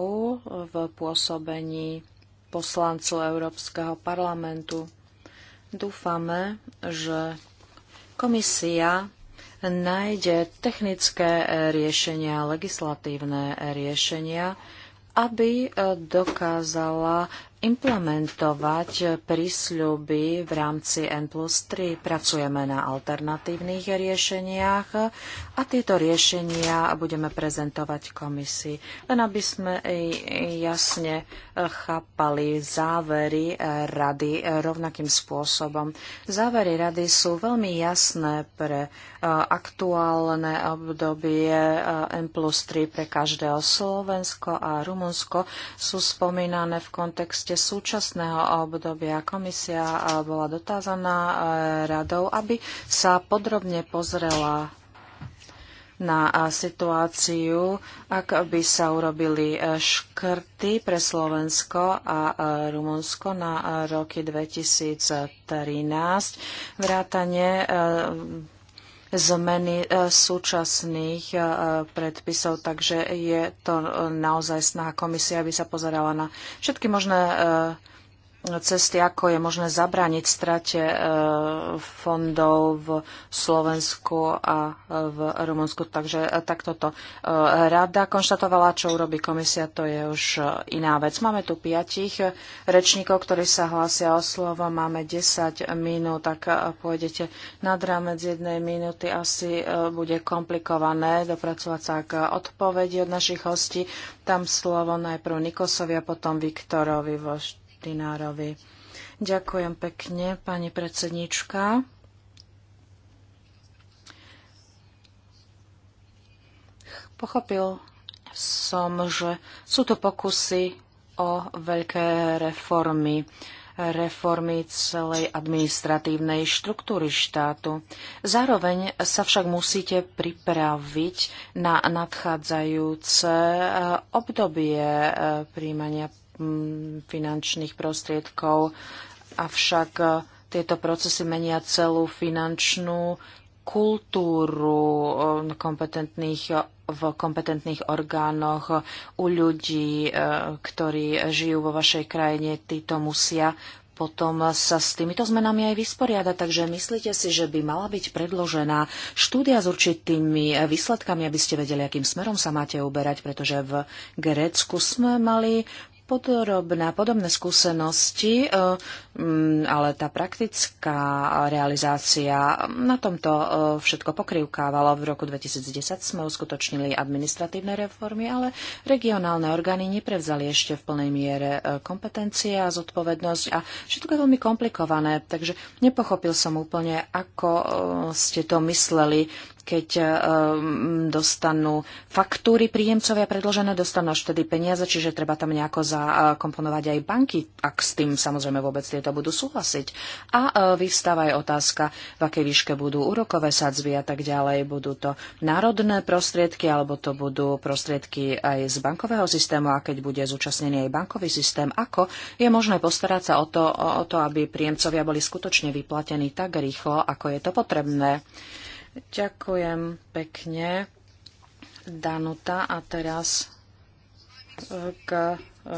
v pôsobení poslancu Európskeho parlamentu. Dúfame, že komisia nájde technické riešenia, legislatívne riešenia, aby dokázala implementovať prísľuby v rámci N plus 3. Pracujeme na alternatívnych riešeniach a tieto riešenia budeme prezentovať komisii. Len aby sme jasne e, chápali závery rady rovnakým spôsobom. Závery rady sú veľmi jasné pre e, aktuálne obdobie e, N plus 3 pre každého. Slovensko a Rumunsko sú spomínané v kontexte kontekste súčasného obdobia komisia bola dotázaná e, radou, aby sa podrobne pozrela na situáciu, ak by sa urobili e, škrty pre Slovensko a e, Rumunsko na roky 2013, vrátanie zmeny eh, súčasných eh, predpisov, takže je to eh, naozaj snaha komisie, aby sa pozerala na všetky možné cesty, ako je možné zabrániť strate e, fondov v Slovensku a v Rumunsku. Takže e, takto to e, rada konštatovala, čo urobí komisia, to je už iná vec. Máme tu piatich rečníkov, ktorí sa hlásia o slovo. Máme 10 minút, tak pôjdete nad rámec jednej minúty. Asi bude komplikované dopracovať sa k odpovedi od našich hostí. Tam slovo najprv Nikosovi a potom Viktorovi vo Bštinárovi. Ďakujem pekne, pani predsednička. Pochopil som, že sú to pokusy o veľké reformy reformy celej administratívnej štruktúry štátu. Zároveň sa však musíte pripraviť na nadchádzajúce eh, obdobie eh, príjmania finančných prostriedkov. Avšak e, tieto procesy menia celú finančnú kultúru e, kompetentných, v kompetentných orgánoch u ľudí, e, ktorí žijú vo vašej krajine. Títo musia potom sa s týmito zmenami aj vysporiada. Takže myslíte si, že by mala byť predložená štúdia s určitými výsledkami, aby ste vedeli, akým smerom sa máte uberať, pretože v Grécku sme mali podrobná, podobné skúsenosti, e, mm, ale tá praktická realizácia, na tomto e, všetko pokrivkávalo. V roku 2010 sme uskutočnili administratívne reformy, ale regionálne orgány neprevzali ešte v plnej miere e, kompetencie a zodpovednosť a všetko je veľmi komplikované, takže nepochopil som úplne, ako ste to mysleli keď eh, dostanú faktúry príjemcovia predložené, dostanú až vtedy peniaze, čiže treba tam nejako zakomponovať aj banky, ak s tým samozrejme vôbec tieto budú súhlasiť. A eh, vyvstáva aj otázka, v akej výške budú úrokové sadzby a tak ďalej. Budú to národné prostriedky alebo to budú prostriedky aj z bankového systému a keď bude zúčastnený aj bankový systém, ako je možné postarať sa o to, o to aby príjemcovia boli skutočne vyplatení tak rýchlo, ako je to potrebné. Ďakujem pekne, Danuta. A teraz e, k e, e,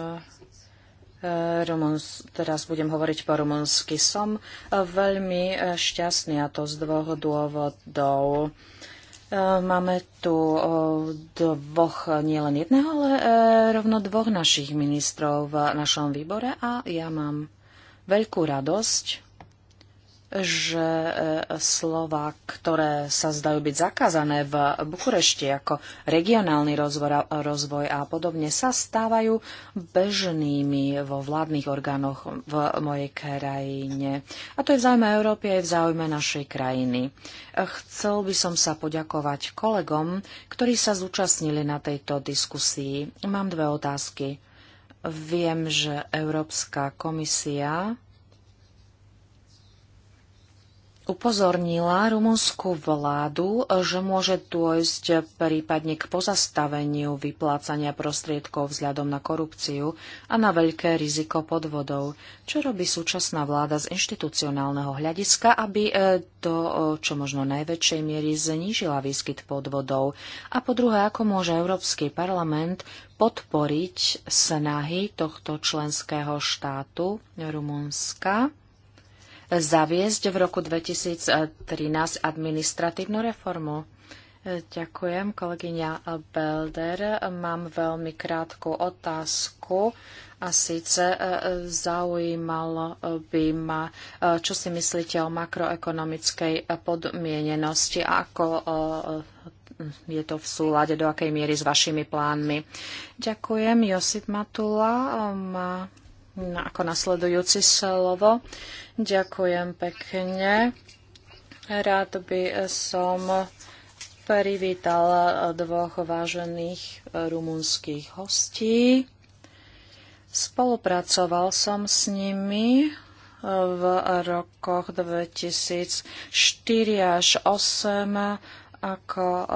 Rumuns, teraz budem hovoriť po rumunsky. Som veľmi šťastný a to z dvoch dôvodov. Máme tu dvoch, nielen jedného, ale rovno dvoch našich ministrov v našom výbore a ja mám veľkú radosť, že e, slova, ktoré sa zdajú byť zakázané v Bukurešti ako regionálny rozvoj, rozvoj a podobne, sa stávajú bežnými vo vládnych orgánoch v mojej krajine. A to je v záujme Európy aj v záujme našej krajiny. Chcel by som sa poďakovať kolegom, ktorí sa zúčastnili na tejto diskusii. Mám dve otázky. Viem, že Európska komisia upozornila rumunskú vládu, že môže dôjsť prípadne k pozastaveniu vyplácania prostriedkov vzhľadom na korupciu a na veľké riziko podvodov. Čo robí súčasná vláda z inštitucionálneho hľadiska, aby e, do čo možno najväčšej miery znížila výskyt podvodov? A po druhé, ako môže Európsky parlament podporiť snahy tohto členského štátu Rumunska? zaviesť v roku 2013 administratívnu reformu. Ďakujem, kolegyňa Belder. Mám veľmi krátku otázku a síce e, zaujímalo by ma, e, čo si myslíte o makroekonomickej podmienenosti a ako e, je to v súlade, do akej miery s vašimi plánmi. Ďakujem, Josip Matula. Má ako nasledujúci slovo. Ďakujem pekne. Rád by som privítal dvoch vážených eh, rumunských hostí. Spolupracoval som s nimi eh, v rokoch 2004 až 2008 ako eh,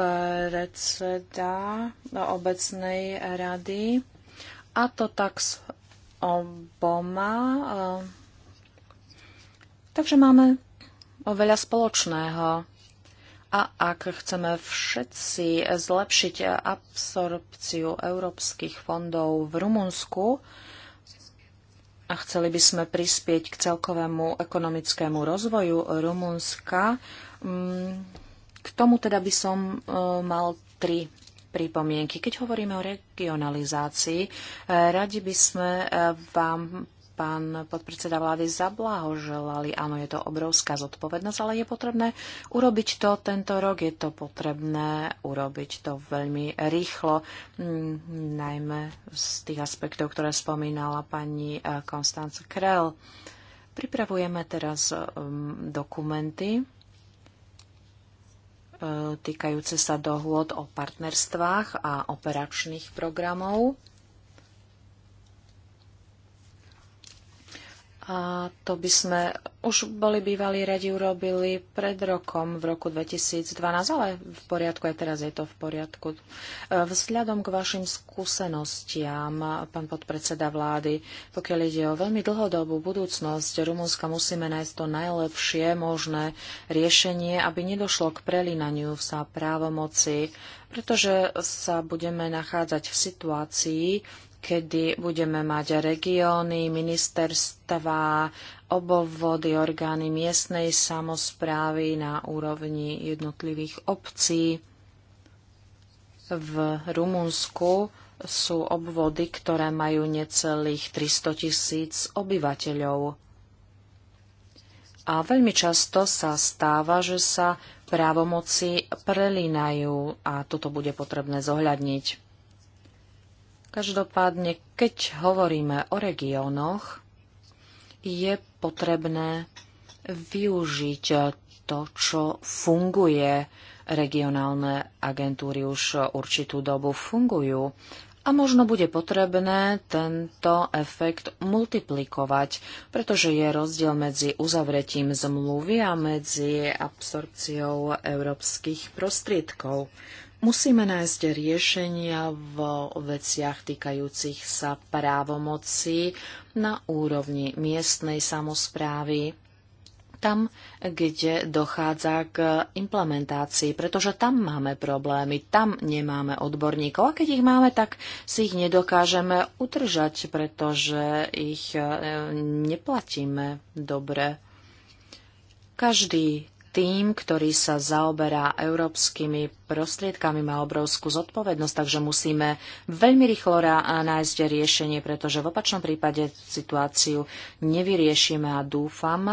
predseda obecnej rady. A to tak z oboma. Eh, takže máme veľa spoločného. A ak chceme všetci zlepšiť absorpciu európskych fondov v Rumunsku a chceli by sme prispieť k celkovému ekonomickému rozvoju Rumunska, mm, k tomu teda by som eh, mal tri pripomienky. Keď hovoríme o regionalizácii, eh, radi by sme eh, vám pán podpredseda vlády zablahoželali. Áno, je to obrovská zodpovednosť, ale je potrebné urobiť to tento rok, je to potrebné urobiť to veľmi rýchlo, mm, najmä z tých aspektov, ktoré spomínala pani Konstanca eh, Krell. Pripravujeme teraz dokumenty týkajúce sa dohôd o partnerstvách a operačných programov. A to by sme už boli bývalí radi urobili pred rokom, v roku 2012, ale v poriadku, aj teraz je to v poriadku. E, vzhľadom k vašim skúsenostiam, pán podpredseda vlády, pokiaľ ide o veľmi dlhodobú budúcnosť Rumunska, musíme nájsť to najlepšie možné riešenie, aby nedošlo k prelinaniu sa právomoci, pretože sa budeme nachádzať v situácii, kedy budeme mať regióny, ministerstva, obovody, orgány miestnej samozprávy na úrovni jednotlivých obcí. V Rumunsku sú obvody, ktoré majú necelých 300 tisíc obyvateľov. A veľmi často sa stáva, že sa právomoci prelínajú a toto bude potrebné zohľadniť. Každopádne, keď hovoríme o regiónoch, je potrebné využiť to, čo funguje. Regionálne agentúry už určitú dobu fungujú a možno bude potrebné tento efekt multiplikovať, pretože je rozdiel medzi uzavretím zmluvy a medzi absorpciou európskych prostriedkov. Musíme nájsť riešenia v veciach týkajúcich sa právomoci na úrovni miestnej samozprávy, tam, kde dochádza k implementácii, pretože tam máme problémy, tam nemáme odborníkov a keď ich máme, tak si ich nedokážeme utržať, pretože ich eh, neplatíme dobre. Každý tým, ktorý sa zaoberá európskymi prostriedkami, má obrovskú zodpovednosť, takže musíme veľmi rýchlo nájsť riešenie, pretože v opačnom prípade situáciu nevyriešime a dúfam,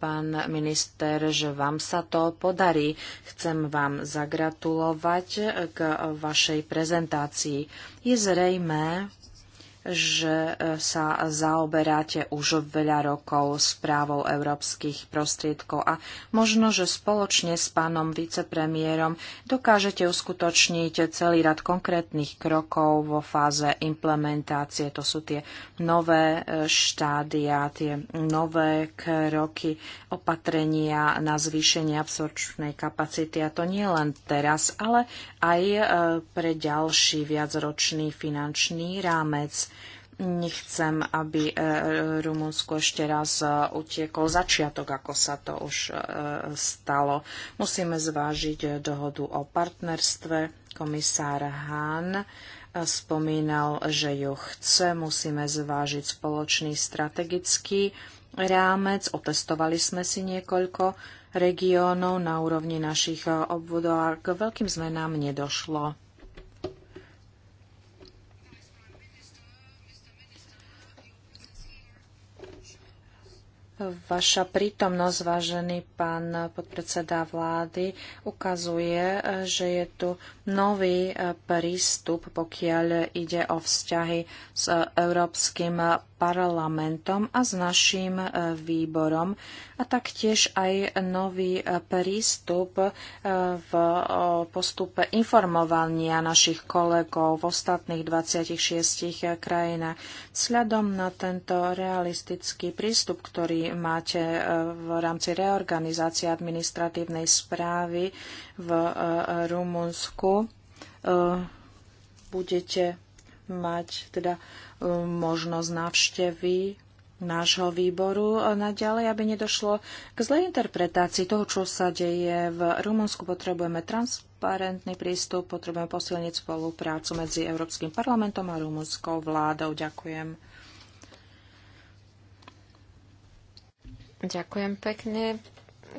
pán minister, že vám sa to podarí. Chcem vám zagratulovať k vašej prezentácii. Je zrejme že e, sa zaoberáte už veľa rokov správou európskych prostriedkov a možno, že spoločne s pánom vicepremiérom dokážete uskutočniť celý rad konkrétnych krokov vo fáze implementácie. To sú tie nové e, štádia, tie nové kroky, opatrenia na zvýšenie absorčnej kapacity. A to nie len teraz, ale aj e, pre ďalší viacročný finančný rámec nechcem, aby e, Rumunsko ešte raz e, utiekol začiatok, ako sa to už e, stalo. Musíme zvážiť dohodu o partnerstve. Komisár Hahn spomínal, že ju chce. Musíme zvážiť spoločný strategický rámec. Otestovali sme si niekoľko regiónov na úrovni našich obvodov a k veľkým zmenám nedošlo. Vaša prítomnosť, vážený pán podpredseda vlády, ukazuje, že je tu nový eh, prístup, pokiaľ ide o vzťahy s Európskym parlamentom a s naším e, výborom a taktiež aj nový e, prístup e, v postupe informovania našich kolegov v ostatných 26 krajinách. Sľadom na tento realistický prístup, ktorý máte v rámci reorganizácie administratívnej správy v Rumunsku, budete mať teda možnosť návštevy nášho výboru naďalej, aby nedošlo k zlej interpretácii toho, čo sa deje v Rumunsku. Potrebujeme transparentný prístup, potrebujeme posilniť spoluprácu medzi Európskym parlamentom a rumunskou vládou. Ďakujem. Ďakujem pekne.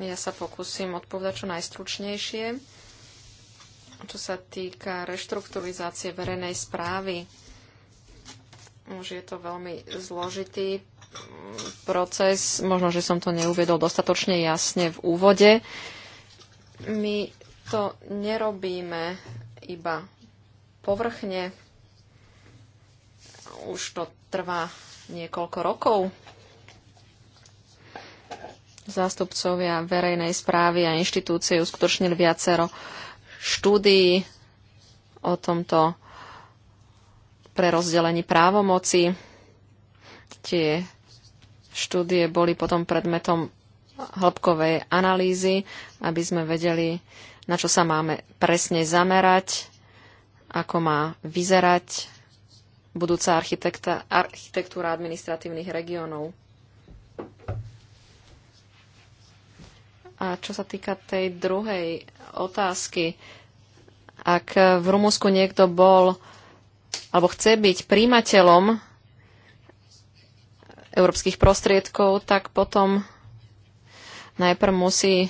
Ja sa pokúsim odpovedať čo najstručnejšie. Čo sa týka reštrukturizácie verejnej správy, už je to veľmi zložitý mm, proces. Možno, že som to neuviedol dostatočne jasne v úvode. My to nerobíme iba povrchne. Už to trvá niekoľko rokov. Zástupcovia verejnej správy a inštitúcie uskutočnili viacero štúdií o tomto pre rozdelenie právomoci. Tie štúdie boli potom predmetom hĺbkovej analýzy, aby sme vedeli, na čo sa máme presne zamerať, ako má vyzerať budúca architektúra administratívnych regiónov. A čo sa týka tej druhej otázky, ak v Rumunsku niekto bol alebo chce byť príjimateľom európskych prostriedkov, tak potom najprv musí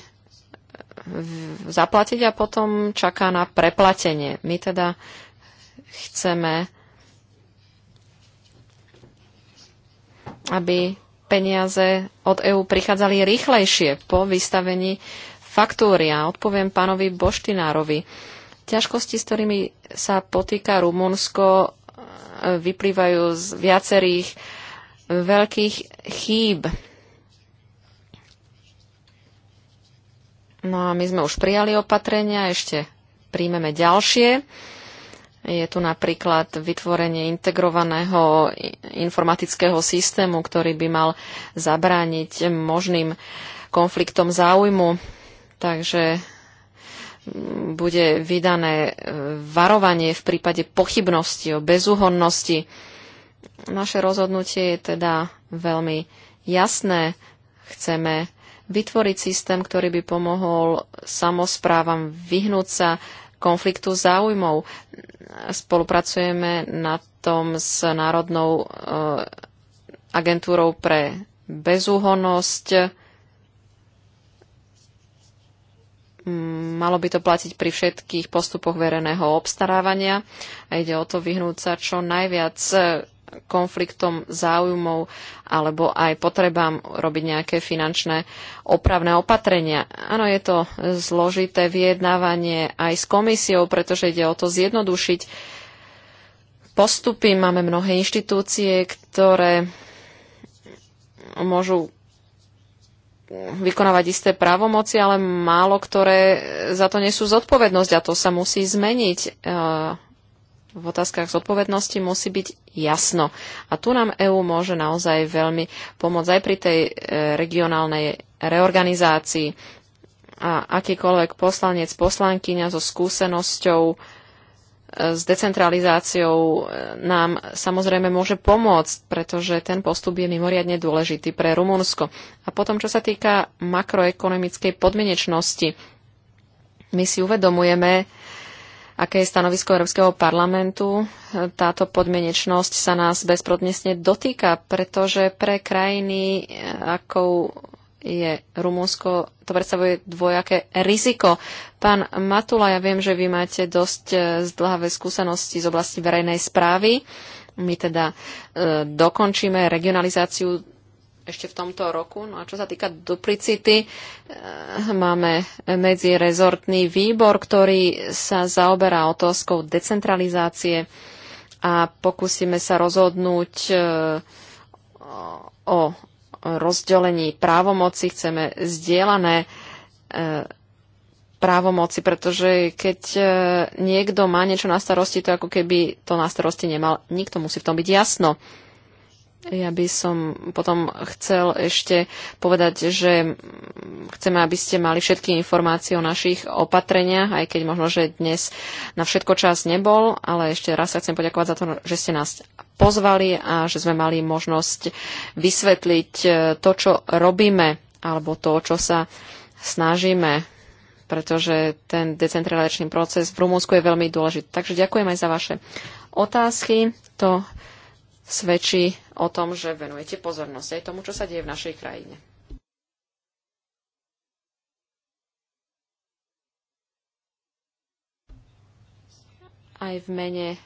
zaplatiť a potom čaká na preplatenie. My teda chceme, aby peniaze od EÚ prichádzali rýchlejšie po vystavení faktúry. A odpoviem pánovi Boštinárovi. Ťažkosti, s ktorými sa potýka Rumunsko, e, vyplývajú z viacerých veľkých chýb. No a my sme už prijali opatrenia, ešte príjmeme ďalšie. Je tu napríklad vytvorenie integrovaného informatického systému, ktorý by mal zabrániť možným konfliktom záujmu. Takže bude vydané e, varovanie v prípade pochybnosti o bezúhonnosti. Naše rozhodnutie je teda veľmi jasné. Chceme vytvoriť systém, ktorý by pomohol samozprávam vyhnúť sa konfliktu záujmov. Spolupracujeme na tom s Národnou e, agentúrou pre bezúhonnosť Mm, malo by to platiť pri všetkých postupoch verejného obstarávania a ide o to vyhnúť sa čo najviac e, konfliktom záujmov alebo aj potrebám robiť nejaké finančné opravné opatrenia. Áno, je to zložité vyjednávanie aj s komisiou, pretože ide o to zjednodušiť postupy. Máme mnohé inštitúcie, ktoré môžu vykonávať isté právomoci, ale málo ktoré za to nesú zodpovednosť a to sa musí zmeniť. E, v otázkach zodpovednosti musí byť jasno. A tu nám EÚ môže naozaj veľmi pomôcť aj pri tej e, regionálnej reorganizácii. A akýkoľvek poslanec, poslankyňa so skúsenosťou s decentralizáciou e, nám samozrejme môže pomôcť, pretože ten postup je mimoriadne dôležitý pre Rumunsko. A potom, čo sa týka makroekonomickej podmienečnosti, my si uvedomujeme, aké je stanovisko Európskeho parlamentu. E, táto podmienečnosť sa nás bezprodnesne dotýka, pretože pre krajiny, e, ako je Rumúnsko, to predstavuje dvojaké riziko. Pán Matula, ja viem, že vy máte dosť e, zdlhavé skúsenosti z oblasti verejnej správy. My teda e, dokončíme regionalizáciu ešte v tomto roku. No a čo sa týka duplicity, e, máme medzirezortný výbor, ktorý sa zaoberá otázkou decentralizácie a pokúsime sa rozhodnúť e, o rozdelení právomoci, chceme zdieľané e, právomoci, pretože keď e, niekto má niečo na starosti, to ako keby to na starosti nemal. Nikto musí v tom byť jasno. Ja by som potom chcel ešte povedať, že chceme, aby ste mali všetky informácie o našich opatreniach, aj keď možno, že dnes na všetko čas nebol, ale ešte raz sa chcem poďakovať za to, že ste nás pozvali a že sme mali možnosť vysvetliť e, to, čo robíme alebo to, čo sa snažíme pretože ten decentralizačný proces v Rumúnsku je veľmi dôležitý. Takže ďakujem aj za vaše otázky. To svedčí o tom, že venujete pozornosť aj tomu, čo sa deje v našej krajine. Aj v mene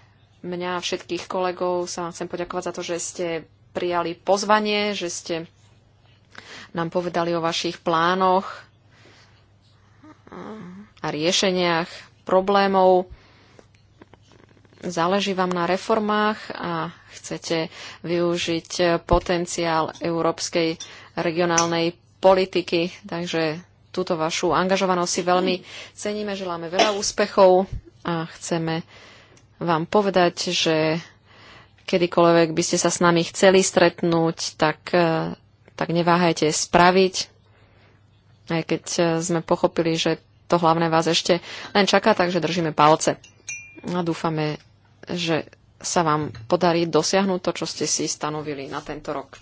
mňa a všetkých kolegov sa vám chcem poďakovať za to, že ste prijali pozvanie, že ste nám povedali o vašich plánoch a riešeniach problémov. Záleží vám na reformách a chcete využiť potenciál európskej regionálnej politiky. Takže túto vašu angažovanosť si veľmi ceníme, želáme veľa úspechov a chceme vám povedať, že kedykoľvek by ste sa s nami chceli stretnúť, tak, e, tak neváhajte spraviť. Aj keď e, sme pochopili, že to hlavné vás ešte len čaká, takže držíme palce. A dúfame, že sa vám podarí dosiahnuť to, čo ste si stanovili na tento rok.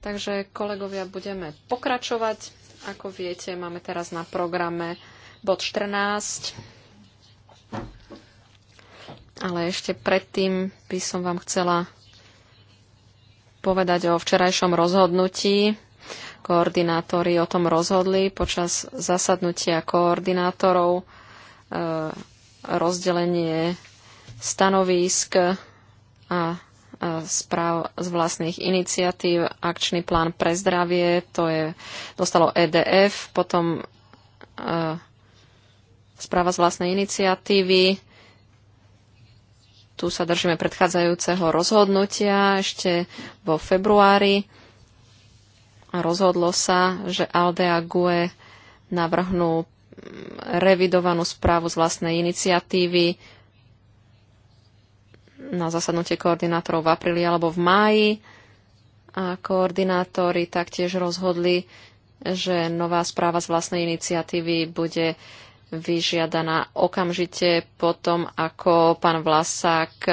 Takže kolegovia, budeme pokračovať. Ako viete, máme teraz na programe bod 14. Ale ešte predtým by som vám chcela povedať o včerajšom rozhodnutí. Koordinátori o tom rozhodli počas zasadnutia koordinátorov e, rozdelenie stanovísk a správ z vlastných iniciatív, akčný plán pre zdravie, to je, dostalo EDF, potom e, správa z vlastnej iniciatívy, tu sa držíme predchádzajúceho rozhodnutia ešte vo februári. Rozhodlo sa, že Aldea GUE navrhnú mm, revidovanú správu z vlastnej iniciatívy na zasadnutie koordinátorov v apríli alebo v máji. A koordinátori taktiež rozhodli, že nová správa z vlastnej iniciatívy bude vyžiadaná okamžite potom, ako pán Vlasák e,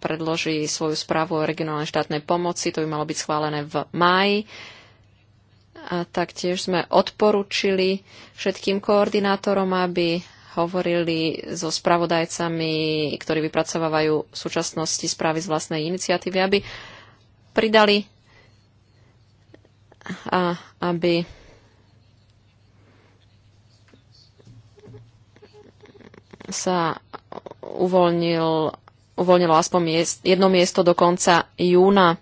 predloží svoju správu o regionálnej štátnej pomoci. To by malo byť schválené v máji. A taktiež sme odporučili všetkým koordinátorom, aby hovorili so spravodajcami, ktorí vypracovávajú v súčasnosti správy z vlastnej iniciatívy, aby pridali a aby sa uvoľnil, uvoľnilo aspoň miest, jedno miesto do konca júna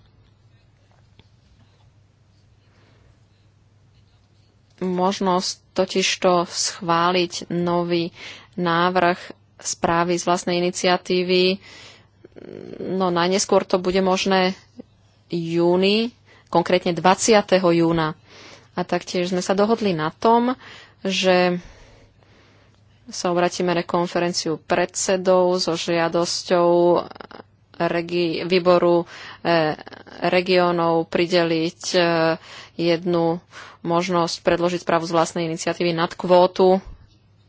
možnosť totižto schváliť nový návrh správy z vlastnej iniciatívy. No najneskôr to bude možné júni, konkrétne 20. júna. A taktiež sme sa dohodli na tom, že sa obratíme na konferenciu predsedov so žiadosťou regi- výboru e, regiónov prideliť e, jednu možnosť predložiť správu z vlastnej iniciatívy nad kvótu.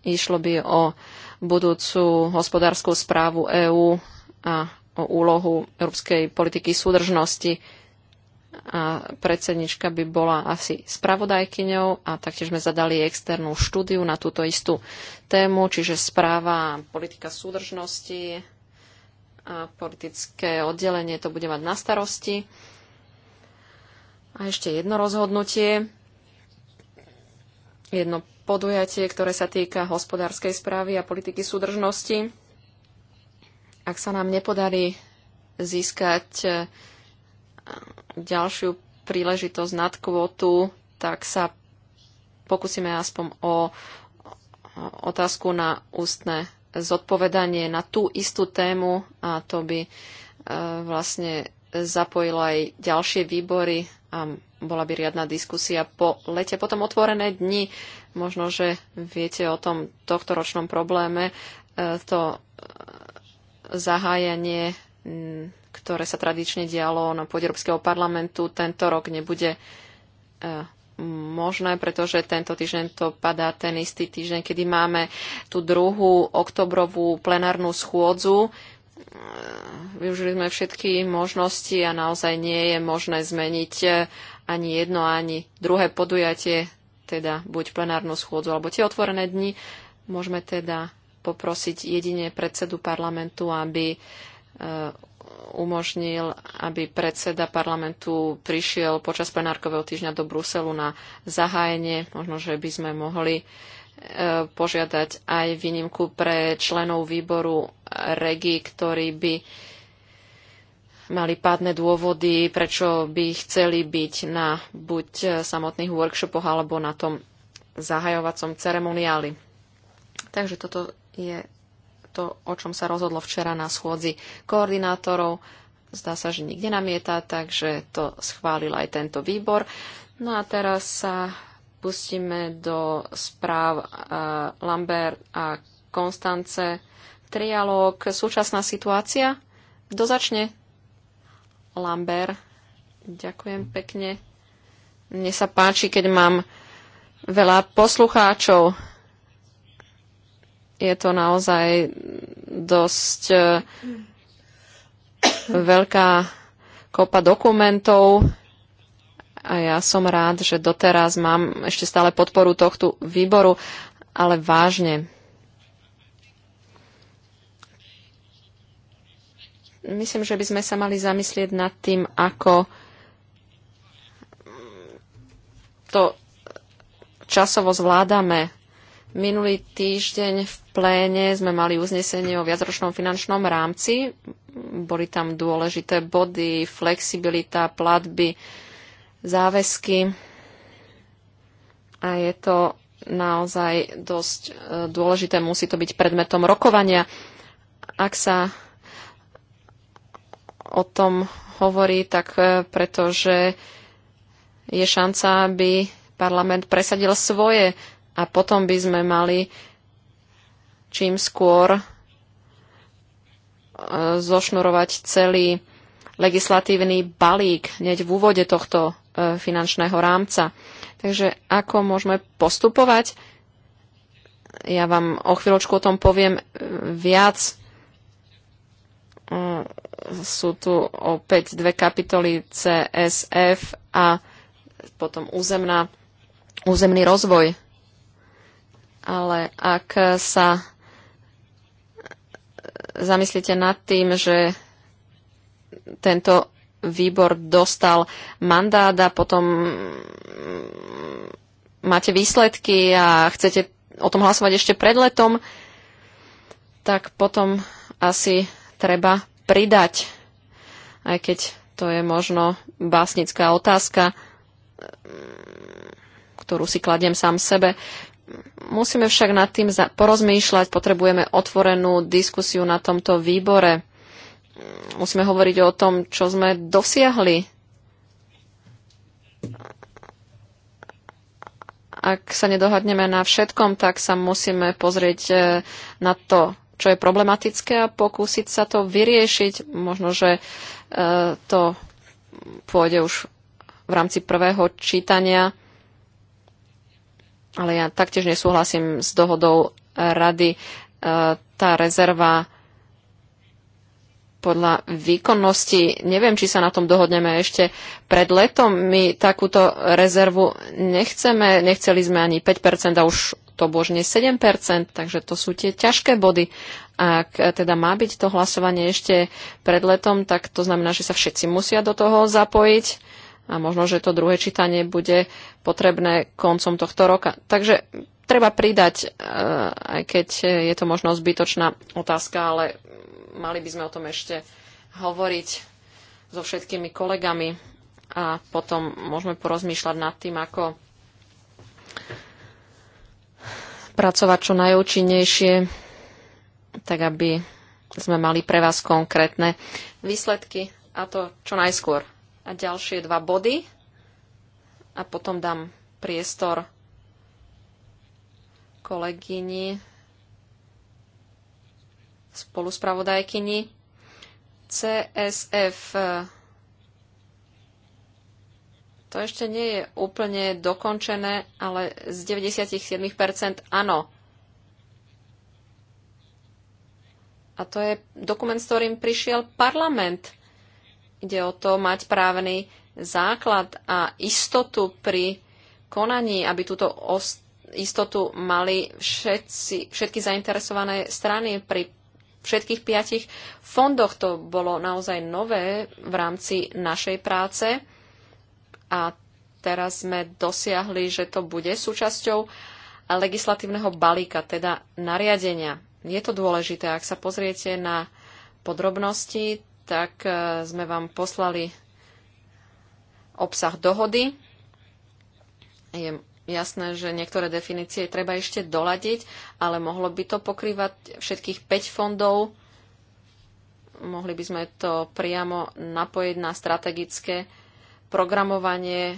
Išlo by o budúcu hospodárskú správu EÚ a o úlohu európskej politiky súdržnosti. A predsednička by bola asi spravodajkyňou a taktiež sme zadali externú štúdiu na túto istú tému, čiže správa politika súdržnosti a politické oddelenie to bude mať na starosti. A ešte jedno rozhodnutie, jedno podujatie, ktoré sa týka hospodárskej správy a politiky súdržnosti. Ak sa nám nepodarí získať e, ďalšiu príležitosť nad kvotu, tak sa pokúsime aspoň o otázku na ústne zodpovedanie na tú istú tému a to by e, vlastne zapojilo aj ďalšie výbory a bola by riadna diskusia po lete. Potom otvorené dni, možno, že viete o tom tohto ročnom probléme, e, to e, zahájanie, ktoré sa tradične dialo na pôde Európskeho parlamentu, tento rok nebude možné, pretože tento týždeň to padá ten istý týždeň, kedy máme tú druhú oktobrovú plenárnu schôdzu. Využili sme všetky možnosti a naozaj nie je možné zmeniť eh, ani jedno, ani druhé podujatie, teda buď plenárnu schôdzu alebo tie otvorené dni. Môžeme teda poprosiť jedine predsedu parlamentu, aby eh, umožnil, aby predseda parlamentu prišiel počas plenárkového týždňa do Bruselu na zahájenie. Možno, že by sme mohli e, požiadať aj výnimku pre členov výboru REGI, ktorí by mali pádne dôvody, prečo by chceli byť na buď samotných workshopoch alebo na tom zahajovacom ceremoniáli. Takže toto je to, o čom sa rozhodlo včera na schôdzi koordinátorov. Zdá sa, že nikde namieta, takže to schválil aj tento výbor. No a teraz sa pustíme do správ eh, Lambert a Konstance. Trialóg, súčasná situácia. Kto začne? Lambert. Ďakujem pekne. Mne sa páči, keď mám veľa poslucháčov je to naozaj dosť eh, veľká kopa dokumentov a ja som rád, že doteraz mám ešte stále podporu tohto výboru, ale vážne. Myslím, že by sme sa mali zamyslieť nad tým, ako to časovo zvládame Minulý týždeň v pléne sme mali uznesenie o viacročnom finančnom rámci. Boli tam dôležité body, flexibilita, platby, záväzky. A je to naozaj dosť e, dôležité, musí to byť predmetom rokovania. Ak sa o tom hovorí, tak e, pretože je šanca, aby parlament presadil svoje a potom by sme mali čím skôr e, zošnurovať celý legislatívny balík hneď v úvode tohto e, finančného rámca. Takže ako môžeme postupovať? Ja vám o chvíľočku o tom poviem e, viac. Sú tu opäť dve kapitoly CSF a potom územná, územný rozvoj ale ak sa zamyslíte nad tým, že tento výbor dostal mandát a potom máte výsledky a chcete o tom hlasovať ešte pred letom, tak potom asi treba pridať, aj keď to je možno básnická otázka, ktorú si kladiem sám sebe. Musíme však nad tým porozmýšľať, potrebujeme otvorenú diskusiu na tomto výbore. Musíme hovoriť o tom, čo sme dosiahli. Ak sa nedohadneme na všetkom, tak sa musíme pozrieť e, na to, čo je problematické a pokúsiť sa to vyriešiť. Možno, že e, to pôjde už v rámci prvého čítania. Ale ja taktiež nesúhlasím s dohodou rady. E, tá rezerva podľa výkonnosti, neviem, či sa na tom dohodneme ešte pred letom. My takúto rezervu nechceme, nechceli sme ani 5% a už to božne 7%, takže to sú tie ťažké body. Ak teda má byť to hlasovanie ešte pred letom, tak to znamená, že sa všetci musia do toho zapojiť a možno, že to druhé čítanie bude potrebné koncom tohto roka. Takže treba pridať, e, aj keď je to možno zbytočná otázka, ale mali by sme o tom ešte hovoriť so všetkými kolegami a potom môžeme porozmýšľať nad tým, ako pracovať čo najúčinnejšie, tak aby sme mali pre vás konkrétne výsledky a to čo najskôr a ďalšie dva body a potom dám priestor kolegyni spoluspravodajkyni CSF to ešte nie je úplne dokončené, ale z 97% áno. A to je dokument, s ktorým prišiel parlament. Ide o to mať právny základ a istotu pri konaní, aby túto istotu mali všetci, všetky zainteresované strany pri všetkých piatich fondoch. To bolo naozaj nové v rámci našej práce a teraz sme dosiahli, že to bude súčasťou legislatívneho balíka, teda nariadenia. Je to dôležité, ak sa pozriete na podrobnosti, tak e, sme vám poslali obsah dohody. Je jasné, že niektoré definície treba ešte doladiť, ale mohlo by to pokrývať všetkých 5 fondov. Mohli by sme to priamo napojiť na strategické programovanie e,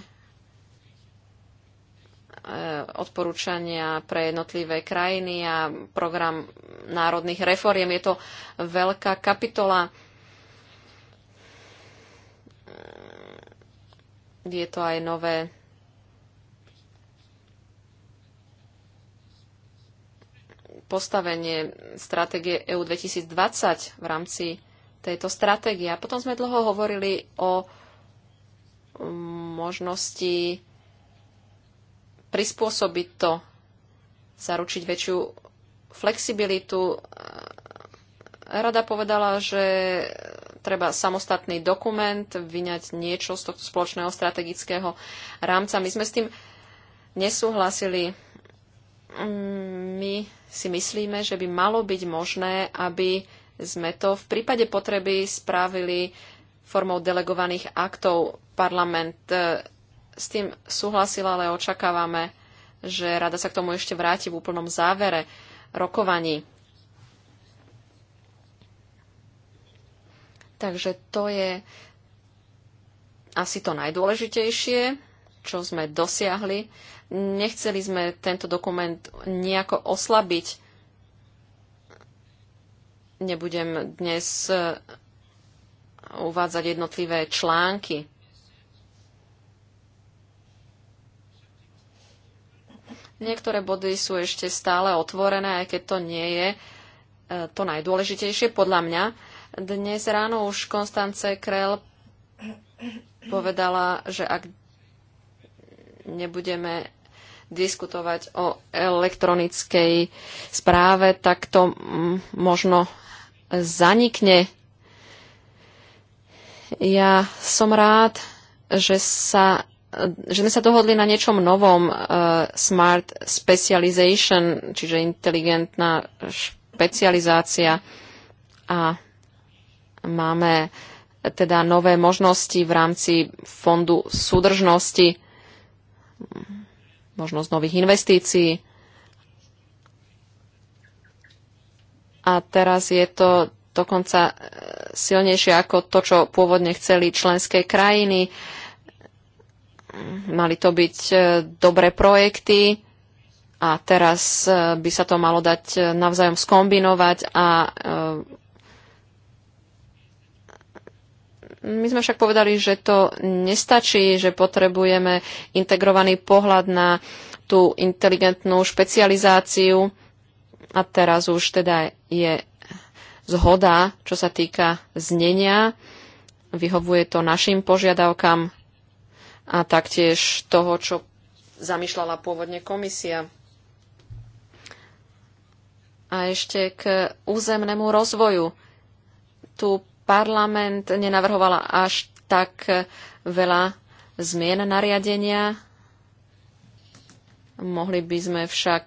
odporúčania pre jednotlivé krajiny a program národných reforiem. Je to veľká kapitola Je to aj nové postavenie stratégie EU 2020 v rámci tejto stratégie. A potom sme dlho hovorili o možnosti prispôsobiť to, zaručiť väčšiu flexibilitu. Rada povedala, že treba samostatný dokument, vyňať niečo z tohto spoločného strategického rámca. My sme s tým nesúhlasili. Mm, my si myslíme, že by malo byť možné, aby sme to v prípade potreby spravili formou delegovaných aktov. Parlament e, s tým súhlasil, ale očakávame, že rada sa k tomu ešte vráti v úplnom závere rokovaní. Takže to je asi to najdôležitejšie, čo sme dosiahli. Nechceli sme tento dokument nejako oslabiť. Nebudem dnes e, uvádzať jednotlivé články. Niektoré body sú ešte stále otvorené, aj keď to nie je e, to najdôležitejšie podľa mňa. Dnes ráno už Konstance Krell povedala, že ak nebudeme diskutovať o elektronickej správe, tak to možno zanikne. Ja som rád, že, sa, že sme sa dohodli na niečom novom, uh, smart specialization, čiže inteligentná špecializácia. A Máme teda nové možnosti v rámci fondu súdržnosti, možnosť nových investícií. A teraz je to dokonca e, silnejšie ako to, čo pôvodne chceli členské krajiny. Mali to byť e, dobré projekty a teraz e, by sa to malo dať navzájom skombinovať a My sme však povedali, že to nestačí, že potrebujeme integrovaný pohľad na tú inteligentnú špecializáciu a teraz už teda je zhoda, čo sa týka znenia. Vyhovuje to našim požiadavkám a taktiež toho, čo zamýšľala pôvodne komisia. A ešte k územnému rozvoju. Tu parlament nenavrhovala až tak veľa zmien nariadenia. Mohli by sme však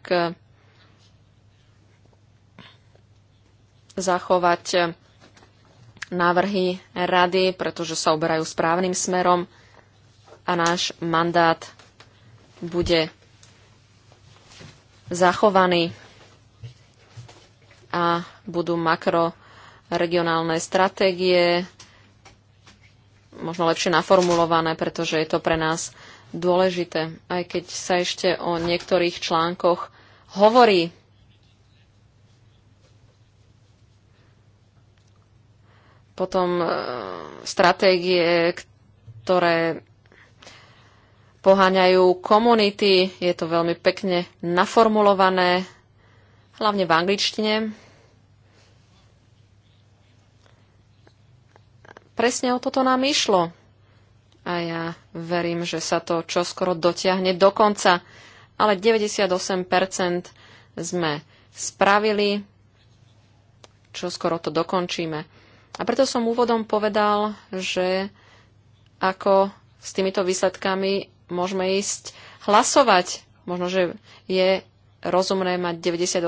zachovať návrhy rady, pretože sa uberajú správnym smerom a náš mandát bude zachovaný a budú makro regionálne stratégie, možno lepšie naformulované, pretože je to pre nás dôležité, aj keď sa ešte o niektorých článkoch hovorí. Potom e, stratégie, ktoré poháňajú komunity, je to veľmi pekne naformulované, hlavne v angličtine. Presne o toto nám išlo. A ja verím, že sa to čoskoro dotiahne do konca. Ale 98% sme spravili, čo skoro to dokončíme. A preto som úvodom povedal, že ako s týmito výsledkami môžeme ísť hlasovať. Možno, že je rozumné mať 98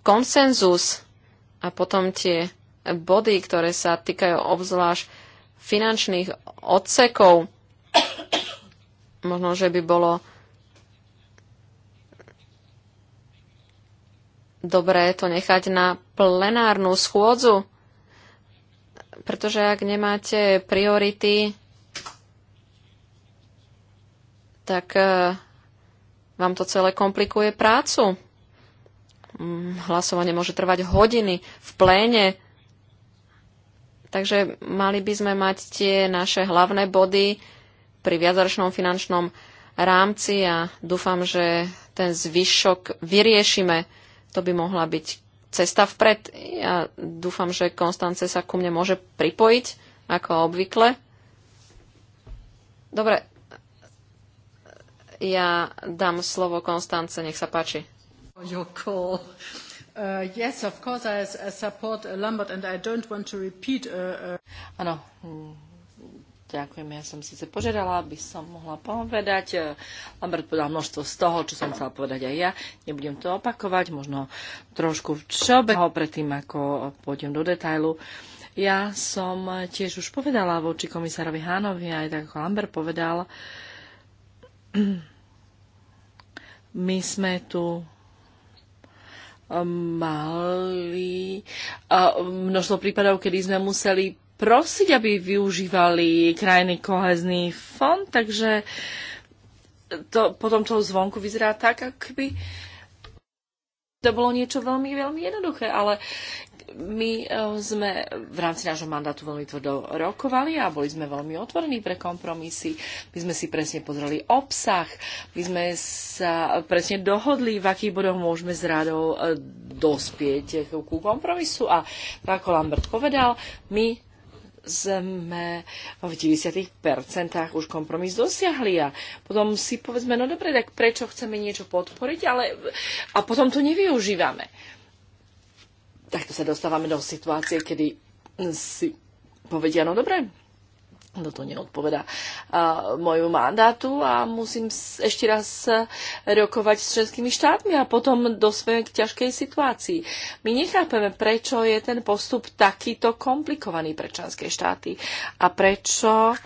konsenzus a potom tie body, ktoré sa týkajú obzvlášť finančných odsekov. Možno, že by bolo dobré to nechať na plenárnu schôdzu, pretože ak nemáte priority, tak e, vám to celé komplikuje prácu. Mm, hlasovanie môže trvať hodiny v pléne Takže mali by sme mať tie naše hlavné body pri viacročnom finančnom rámci a dúfam, že ten zvyšok vyriešime. To by mohla byť cesta vpred. Ja dúfam, že Konstance sa ku mne môže pripojiť, ako obvykle. Dobre, ja dám slovo Konstance, nech sa páči. Uh, yes, of course, I, support uh, Lambert and I don't want to repeat. Uh, Ano, uh, mm, ďakujem. Ja som síce požiadala, aby som mohla povedať. Lambert povedal množstvo z toho, čo som chcela povedať aj ja. Nebudem to opakovať, možno trošku všeobecného predtým, ako pôjdem do detailu. Ja som tiež už povedala voči komisárovi Hánovi, aj tak ako Lambert povedal, my sme tu mali množstvo prípadov, kedy sme museli prosiť, aby využívali krajiny kohezný fond, takže to, potom to zvonku vyzerá tak, ak by to bolo niečo veľmi, veľmi jednoduché, ale my e, sme v rámci nášho mandátu veľmi tvrdo rokovali a boli sme veľmi otvorení pre kompromisy. My sme si presne pozreli obsah, my sme sa presne dohodli, v akých bodoch môžeme s radou e, dospieť ku kompromisu a ako Lambert povedal, my sme v 90% už kompromis dosiahli a potom si povedzme, no dobre, tak prečo chceme niečo podporiť, ale a potom to nevyužívame takto sa dostávame do situácie, kedy si povedia, no dobre, no to neodpovedá môjmu mandátu a musím ešte raz rokovať s členskými štátmi a potom dospejeme k ťažkej situácii. My nechápeme, prečo je ten postup takýto komplikovaný pre členské štáty a prečo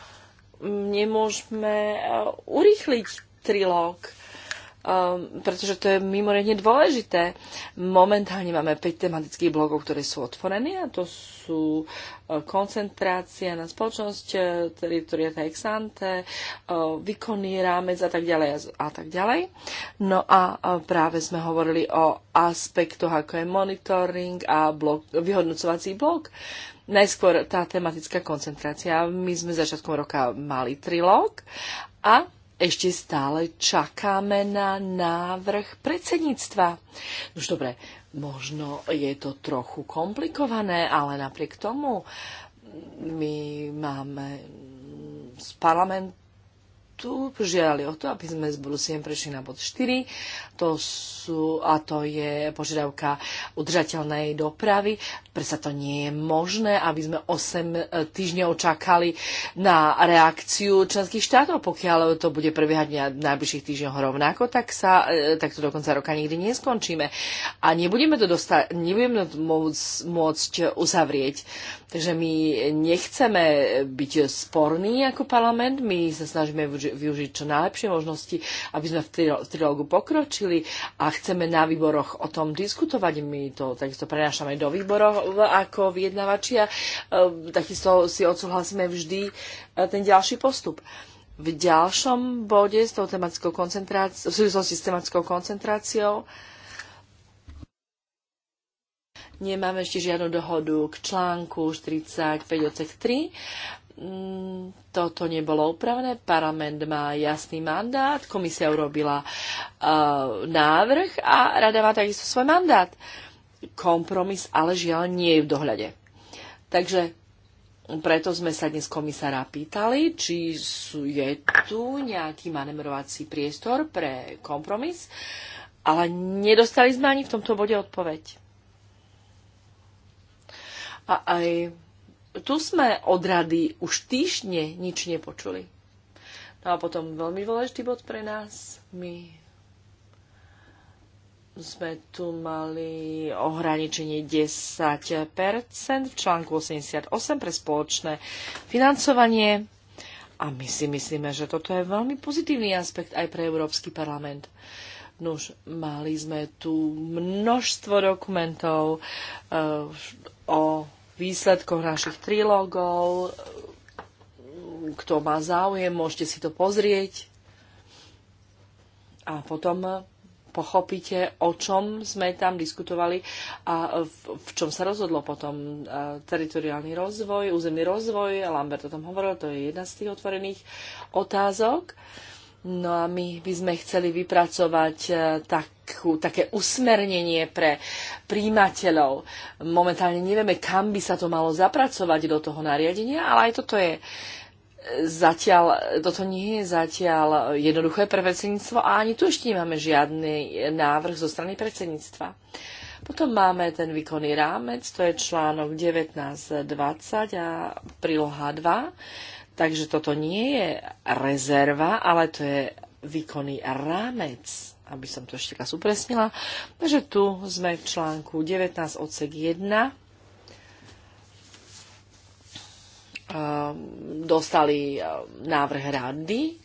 nemôžeme e, urýchliť trilóg um, pretože to je mimoriadne dôležité. Momentálne máme 5 tematických blokov, ktoré sú otvorené a to sú uh, koncentrácia na spoločnosť, e, teritoria ex uh, e, výkonný rámec a tak ďalej a, tak ďalej. No a uh, práve sme hovorili o aspektoch, ako je monitoring a blok, vyhodnocovací blok. Najskôr tá tematická koncentrácia. My sme začiatkom roka mali trilóg a ešte stále čakáme na návrh predsedníctva. No už dobre, možno je to trochu komplikované, ale napriek tomu my máme z parlamentu tu žiadali o to, aby sme z bodu 7 prešli na bod 4. To sú, a to je požiadavka udržateľnej dopravy. Prečo to nie je možné, aby sme 8 týždňov čakali na reakciu členských štátov. Pokiaľ to bude prebiehať na najbližších týždňoch rovnako, tak, sa, e, tak to do konca roka nikdy neskončíme. A nebudeme to, dostať, nebudeme to môcť, môcť uzavrieť. Takže my nechceme byť sporní ako parlament, my sa snažíme využiť čo najlepšie možnosti, aby sme v trilógu pokročili a chceme na výboroch o tom diskutovať. My to takisto prenášame do výborov ako vyjednavačia, e, takisto si odsúhlasíme vždy e, ten ďalší postup. V ďalšom bode s tou tematickou koncentráciou, v súvislosti s tematickou koncentráciou, Nemáme ešte žiadnu dohodu k článku 45 odsek 3. Mm, toto nebolo upravené. Parlament má jasný mandát, komisia urobila uh, návrh a rada má takisto svoj mandát. Kompromis ale žiaľ nie je v dohľade. Takže preto sme sa dnes komisára pýtali, či je tu nejaký manevrovací priestor pre kompromis, ale nedostali sme ani v tomto bode odpoveď. A aj tu sme od rady už týždne nič nepočuli. No a potom veľmi dôležitý bod pre nás. My sme tu mali ohraničenie 10% v článku 88 pre spoločné financovanie. A my si myslíme, že toto je veľmi pozitívny aspekt aj pre Európsky parlament. Nuž, mali sme tu množstvo dokumentov uh, o výsledkoch našich trilógov. Kto má záujem, môžete si to pozrieť. A potom pochopíte, o čom sme tam diskutovali a v, v čom sa rozhodlo potom e, teritoriálny rozvoj, územný rozvoj. Lambert o tom hovoril, to je jedna z tých otvorených otázok. Uh, No a my by sme chceli vypracovať e, takú, také usmernenie pre príjimateľov. Momentálne nevieme, kam by sa to malo zapracovať do toho nariadenia, ale aj toto je zatiaľ, toto nie je zatiaľ jednoduché pre predsedníctvo a ani tu ešte nemáme žiadny návrh zo strany predsedníctva. Potom máme ten výkonný rámec, to je článok 19.20 a príloha 2 Takže toto nie je rezerva, ale to je výkonný rámec, aby som to ešte raz upresnila. Takže tu sme v článku 19 odsek 1. Ehm, dostali ehm, návrh rady.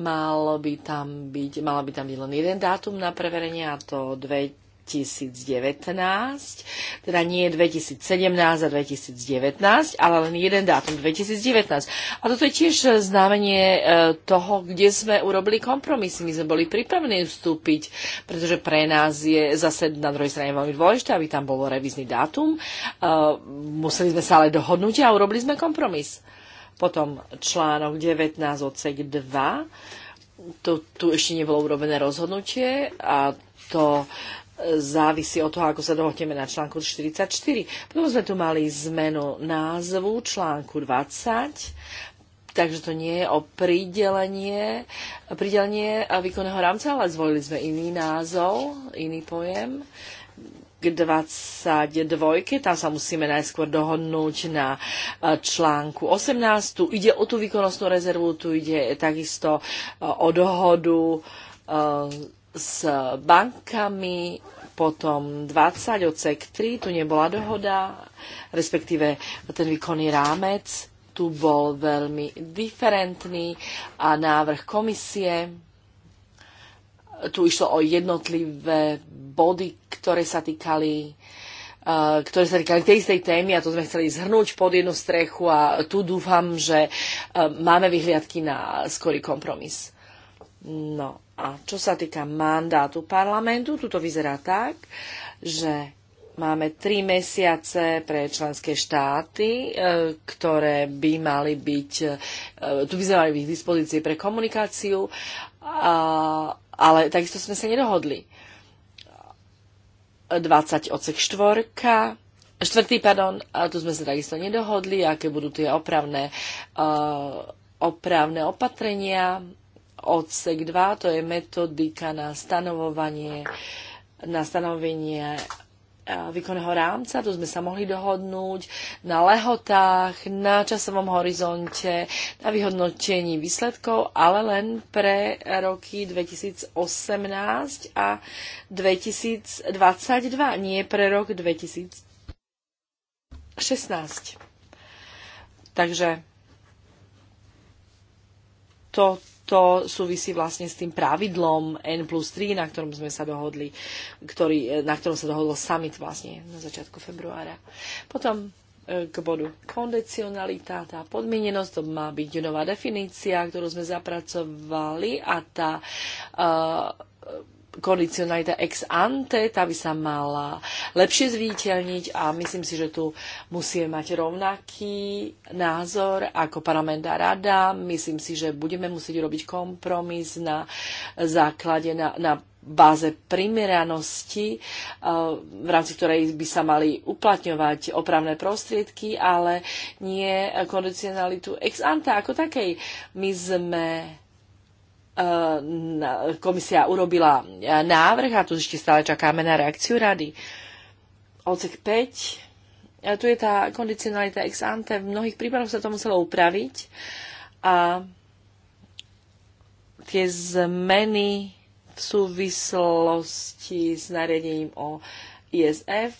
Mal by tam byť, mala by tam byť len jeden dátum na preverenie, a to 2 2019, teda nie 2017 a 2019, ale len jeden dátum 2019. A toto je tiež znamenie e, toho, kde sme urobili kompromisy. My sme boli pripravení vstúpiť, pretože pre nás je zase na druhej strane veľmi dôležité, aby tam bolo revizný dátum. E, museli sme sa ale dohodnúť a urobili sme kompromis. Potom článok 19 odsek 2 to, tu ešte nebolo urobené rozhodnutie a to závisí od toho, ako sa dohodneme na článku 44. Potom sme tu mali zmenu názvu článku 20, Takže to nie je o pridelenie, pridelenie výkonného rámca, ale zvolili sme iný názov, iný pojem. K 22, tam sa musíme najskôr dohodnúť na e, článku 18. Tu ide o tú výkonnostnú rezervu, tu ide takisto e, o dohodu e, s bankami, potom 20 SEC 3, tu nebola dohoda, respektíve ten výkonný rámec, tu bol veľmi diferentný a návrh komisie, tu išlo o jednotlivé body, ktoré sa týkali e, ktoré sa týkali tej istej témy a to sme chceli zhrnúť pod jednu strechu a tu dúfam, že e, máme vyhliadky na skorý kompromis. No, a čo sa týka mandátu parlamentu, tu to vyzerá tak, že máme tri mesiace pre členské štáty, e, ktoré by mali byť, e, tu by sme mali byť v dispozícii pre komunikáciu, ale takisto sme sa nedohodli. 20 odsek štvorka, štvrtý, pardon, tu sme sa takisto nedohodli, aké budú tie opravné, e, opravné opatrenia odsek 2, to je metodika na stanovovanie na stanovenie výkonného rámca, tu sme sa mohli dohodnúť na lehotách, na časovom horizonte, na vyhodnotení výsledkov, ale len pre roky 2018 a 2022, nie pre rok 2016. Takže to to súvisí vlastne s tým pravidlom N plus 3, na ktorom sme sa dohodli, ktorý, na ktorom sa dohodlo summit vlastne na začiatku februára. Potom e, k bodu kondicionalita, tá podmienenosť, to má byť nová definícia, ktorú sme zapracovali a tá uh, kondicionalita ex ante, tá by sa mala lepšie zviditeľniť a myslím si, že tu musíme mať rovnaký názor ako parlament a rada. Myslím si, že budeme musieť robiť kompromis na základe, na, na báze primeranosti, eh, v rámci ktorej by sa mali uplatňovať opravné prostriedky, ale nie kondicionalitu ex ante ako takej. My sme E, komisia urobila e, návrh a tu ešte stále čakáme na reakciu rady. Odsek 5. A e, tu je tá kondicionalita ex ante. V mnohých prípadoch sa to muselo upraviť a tie zmeny v súvislosti s nariadením o ISF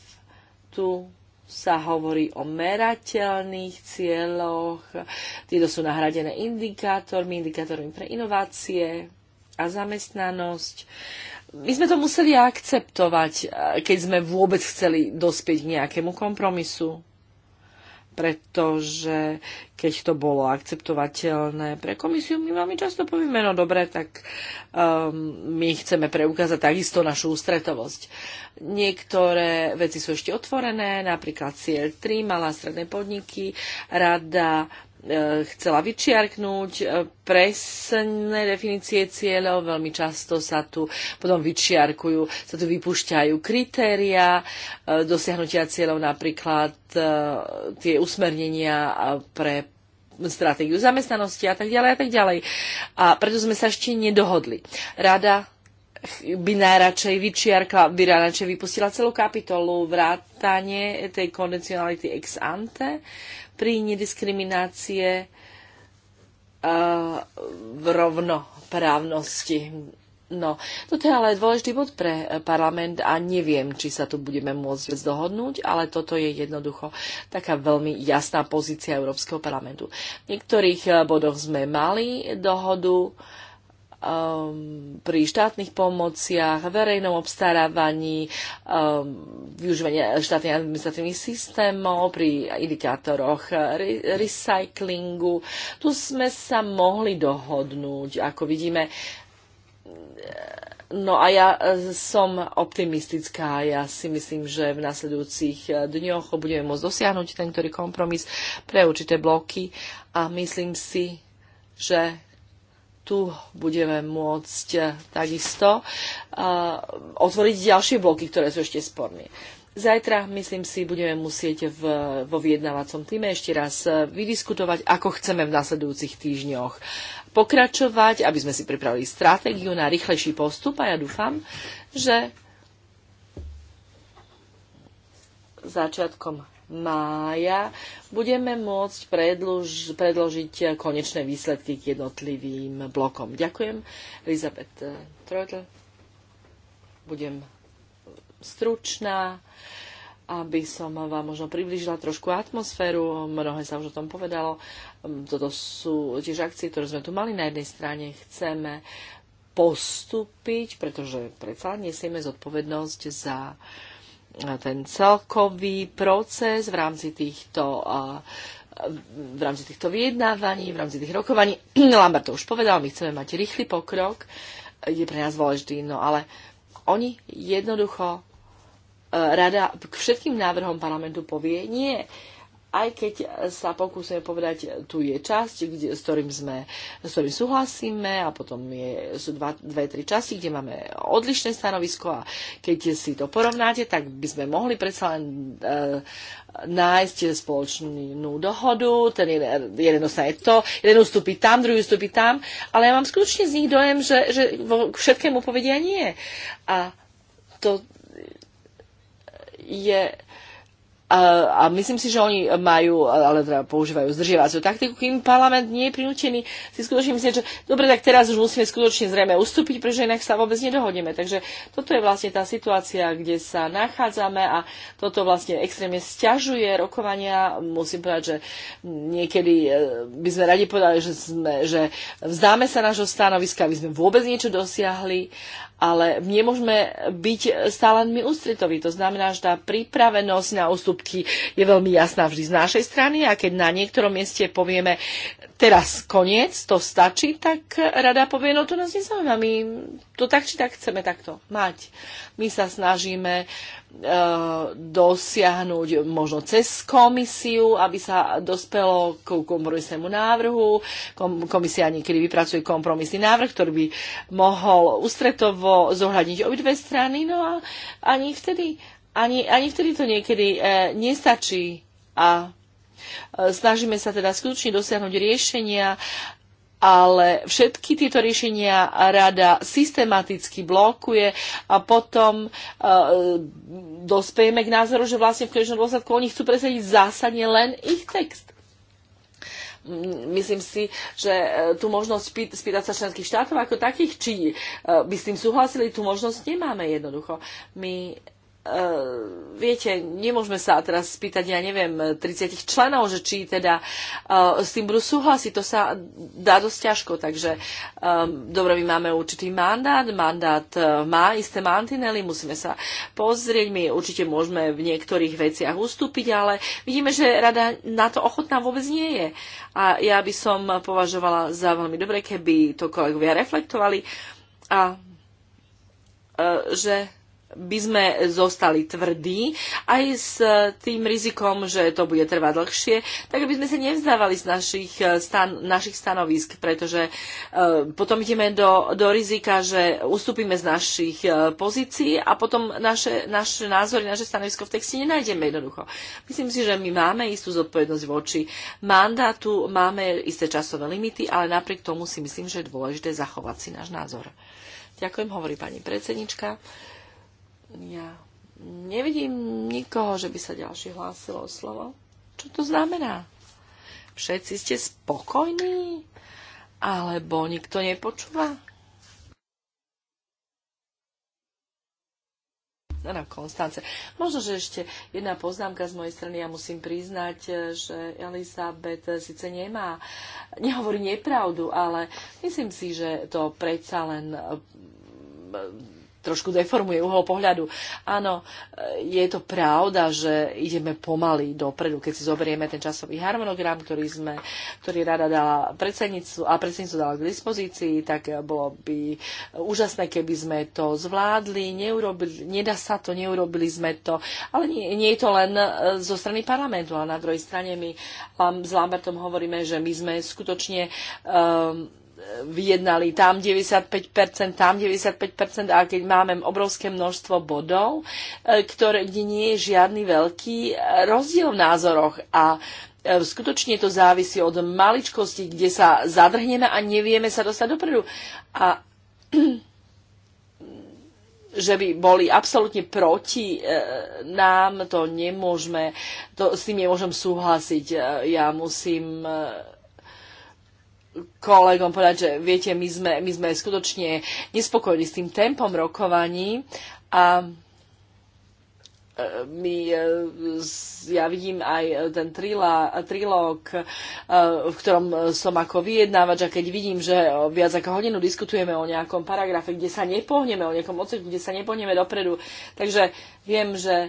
tu sa hovorí o merateľných cieľoch, tieto sú nahradené indikátormi, indikátormi pre inovácie a zamestnanosť. My sme to museli akceptovať, eh, keď sme vôbec chceli dospieť k nejakému kompromisu pretože keď to bolo akceptovateľné pre komisiu, my veľmi často povieme, no dobre, tak um, my chceme preukázať takisto našu ústretovosť. Niektoré veci sú ešte otvorené, napríklad cl 3, malá stredné podniky, rada E, chcela vyčiarknúť e, presné definície cieľov. Veľmi často sa tu potom vyčiarkujú, sa tu vypúšťajú kritéria e, dosiahnutia cieľov, napríklad tie usmernenia pre stratégiu zamestnanosti a tak ďalej a tak ďalej. A preto sme sa ešte nedohodli. Rada by najradšej vyčiarka, by najradšej vypustila celú kapitolu vrátanie tej kondicionality ex ante, pri nediskriminácie e, v rovnoprávnosti. No, toto je ale dôležitý bod pre parlament a neviem, či sa tu budeme môcť dohodnúť, ale toto je jednoducho taká veľmi jasná pozícia Európskeho parlamentu. V niektorých bodoch sme mali dohodu, um, pri štátnych pomociach, verejnom obstarávaní, um, využívaní štátnych administratívnych systémov, pri indikátoroch re- recyklingu. Tu sme sa mohli dohodnúť, ako vidíme. No a ja e, som optimistická. Ja si myslím, že v nasledujúcich e, dňoch budeme môcť dosiahnuť ten ktorý kompromis pre určité bloky a myslím si, že tu budeme môcť eh, takisto eh, otvoriť ďalšie bloky, ktoré sú ešte sporné. Zajtra, myslím si, budeme musieť v, vo vyjednávacom týme ešte raz eh, vydiskutovať, ako chceme v nasledujúcich týždňoch pokračovať, aby sme si pripravili stratégiu na rýchlejší postup a ja dúfam, že začiatkom mája budeme môcť predlož, predložiť konečné výsledky k jednotlivým blokom. Ďakujem. Elizabeth eh, Trotl. Budem eh, stručná aby som vám možno priblížila trošku atmosféru. Mnohé sa už o tom povedalo. Mm, toto sú tiež akcie, ktoré sme tu mali. Na jednej strane chceme postúpiť, pretože predsa nesieme zodpovednosť za uh, ten celkový proces v rámci týchto v rámci týchto vyjednávaní, v rámci tých rokovaní. No, Lambert to už povedal, my chceme mať rýchly pokrok, je pre nás dôležitý, no ale oni jednoducho e, rada k všetkým návrhom parlamentu povie nie aj keď sa pokúsime povedať, tu je časť, kde, s, ktorým sme, s ktorým súhlasíme a potom je, sú dva, dve, tri časti, kde máme odlišné stanovisko a keď si to porovnáte, tak by sme mohli predsa len e, nájsť spoločnú dohodu, ten jeden, jeden je to, jeden ustúpi tam, druhý ustúpi tam, ale ja mám skutočne z nich dojem, že, že vo všetkému povedia nie. A to je a myslím si, že oni majú, ale teda používajú zdržiavaciu taktiku, kým parlament nie je prinútený si skutočne myslieť, že dobre, tak teraz už musíme skutočne zrejme ustúpiť, pretože inak sa vôbec nedohodneme. Takže toto je vlastne tá situácia, kde sa nachádzame a toto vlastne extrémne stiažuje rokovania. Musím povedať, že niekedy e, by sme radi povedali, že, sme, že vzdáme sa nášho stanoviska, aby sme vôbec niečo dosiahli ale nemôžeme byť stále my ústretoví. To znamená, že tá pripravenosť na ústup výsledky je veľmi jasná vždy z našej strany a keď na niektorom mieste povieme teraz koniec, to stačí, tak rada povie, no to nás nezaujíma, my to tak či tak chceme takto mať. My sa snažíme e, dosiahnuť možno cez komisiu, aby sa dospelo k kompromisnému návrhu. Kom, komisia niekedy vypracuje kompromisný návrh, ktorý by mohol ústretovo zohľadniť obidve strany, no a ani vtedy ani, ani vtedy to niekedy e, nestačí a e, snažíme sa teda skutočne dosiahnuť riešenia, ale všetky tieto riešenia rada systematicky blokuje a potom e, dospejeme k názoru, že vlastne v konečnom dôsledku oni chcú presadiť zásadne len ich text mm, myslím si, že e, tú možnosť spýtať sa členských štátov ako takých, či e, by s tým súhlasili, tú možnosť nemáme jednoducho. My E, viete, nemôžeme sa teraz spýtať, ja neviem, 30 členov, že či teda uh, s tým budú súhlasiť, to sa dá dosť ťažko, takže um, dobre, my máme určitý mandát, mandát uh, má isté mantinely, musíme sa pozrieť, my určite môžeme v niektorých veciach ustúpiť, ale vidíme, že rada na to ochotná vôbec nie je. A ja by som považovala za veľmi dobre, keby to kolegovia reflektovali a uh, že by sme zostali tvrdí, aj s tým rizikom, že to bude trvať dlhšie, tak aby sme sa nevzdávali z našich, eh, stan- našich stanovisk, pretože eh, potom ideme do, do rizika, že ustúpime z našich eh, pozícií a potom naše, naše názory, naše stanovisko v texte nenájdeme jednoducho. Myslím si, že my máme istú zodpovednosť voči mandátu, máme isté časové limity, ale napriek tomu si myslím, že je dôležité zachovať si náš názor. Ďakujem, hovorí pani predsednička. Ja nevidím nikoho, že by sa ďalší hlásilo o slovo. Čo to znamená? Všetci ste spokojní? Alebo nikto nepočúva? na Konstance. Možno, že ešte jedna poznámka z mojej strany. Ja musím priznať, e, že Elizabeth síce nemá, nehovorí nepravdu, ale myslím si, že to predsa len e, trošku deformuje uhol pohľadu. Áno, e, je to pravda, že ideme pomaly dopredu, keď si zoberieme ten časový harmonogram, ktorý, sme, ktorý rada dala predsednicu a predsednicu dala k dispozícii, tak bolo by úžasné, keby sme to zvládli, neurobili, nedá sa to, neurobili sme to, ale nie, nie je to len e, zo strany parlamentu, ale na druhej strane my s Lambertom hovoríme, že my sme skutočne um, vyjednali tam 95%, tam 95% a keď máme obrovské množstvo bodov, e, ktoré, kde nie je žiadny veľký e, rozdiel v názoroch a e, skutočne to závisí od maličkosti, kde sa zadrhneme a nevieme sa dostať dopredu. A že by boli absolútne proti e, nám, to nemôžeme, to, s tým nemôžem súhlasiť. Ja musím e, kolegom povedať, že viete, my sme, my sme skutočne nespokojní s tým tempom rokovaní a e, my, e, ja vidím aj ten trilóg, e, v ktorom som ako vyjednávač a keď vidím, že viac ako hodinu diskutujeme o nejakom paragrafe, kde sa nepohneme, o nejakom odseku, kde sa nepohneme dopredu. Takže viem, že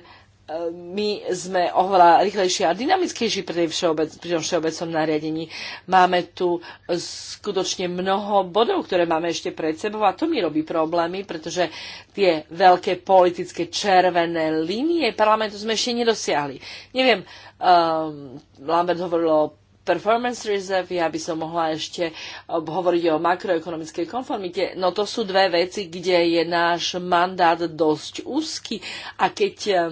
my sme oveľa rýchlejší a dynamickejší pri, všeobec, pri tom všeobecnom nariadení. Máme tu skutočne mnoho bodov, ktoré máme ešte pred sebou a to mi robí problémy, pretože tie veľké politické červené línie parlamentu sme ešte nedosiahli. Neviem, um, Lambert hovoril o performance reserve, ja by som mohla ešte hovoriť o makroekonomickej konformite. No to sú dve veci, kde je náš mandát dosť úzky a keď um,